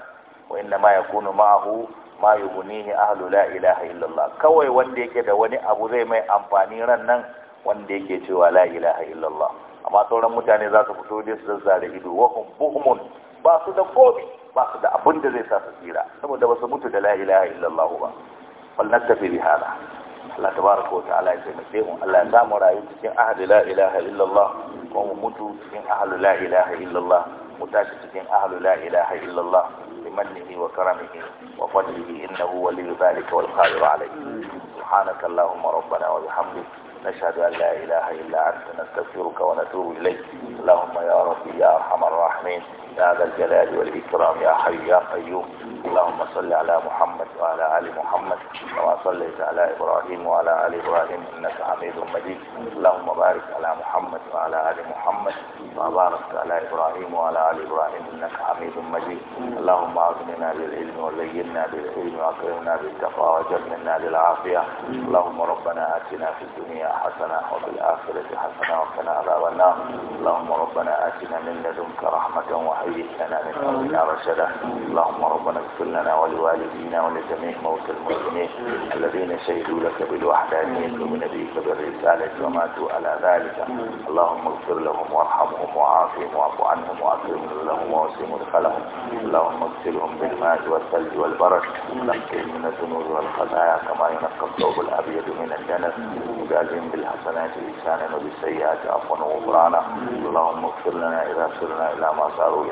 wa inna ma yakunu ma'ahu ma yughnihi ahlu la ilaha kawai wanda yake da wani abu zai mai amfani ran nan wanda yake cewa la ilaha amma sauran mutane za su fito dai su zazzare ido wa hum ba su da kobi ba su da abin da zai sa su tsira saboda ba su mutu da la ilaha ba fal naktafi Allah tabaraka wa ta'ala ya taimake mu Allah ya samu rayu cikin ahli la ilaha illallah ko mu mutu cikin ahli la ilaha illallah mu tashi cikin ahli la ilaha illallah bimannihi wa karamihi wa fadlihi innahu waliyyu dhalika wal qadiru alayh subhanaka allahumma rabbana wa bihamdika نشهد أن لا إله إلا أنت نستغفرك ونتوب إليك اللهم يا ربي يا أرحم الراحمين يا ذا الجلال والإكرام يا حي يا قيوم اللهم صل على محمد وعلى آل محمد كما صليت على إبراهيم وعلى آل إبراهيم إنك حميد مجيد اللهم بارك على محمد وعلى آل محمد كما باركت على إبراهيم وعلى آل إبراهيم إنك حميد مجيد اللهم أغننا بالعلم وزينا بالعلم وأكرمنا بالتقوى وجبنا بالعافية اللهم ربنا آتنا في الدنيا حسنة وفي الآخرة حسنة وقنا عذاب النار اللهم ربنا آتنا من لدنك رحمة وحسنة أيدنا من أمرنا رشدا اللهم ربنا اغفر لنا ولوالدينا ولجميع موتى المسلمين الذين شهدوا لك بالوحدانية وبنبيك بالرسالة وماتوا على ذلك اللهم اغفر لهم وارحمهم وعافهم واعف عنهم واكرم لهم ووسع مدخلهم اللهم اغسلهم بالماء والثلج والبرد نقهم من الذنوب والخطايا كما ينقى الثوب الابيض من الدنس وجازهم بالحسنات لسانا وبالسيئات عفوا وغفرانا اللهم اغفر لنا اذا سرنا الى ما ساروا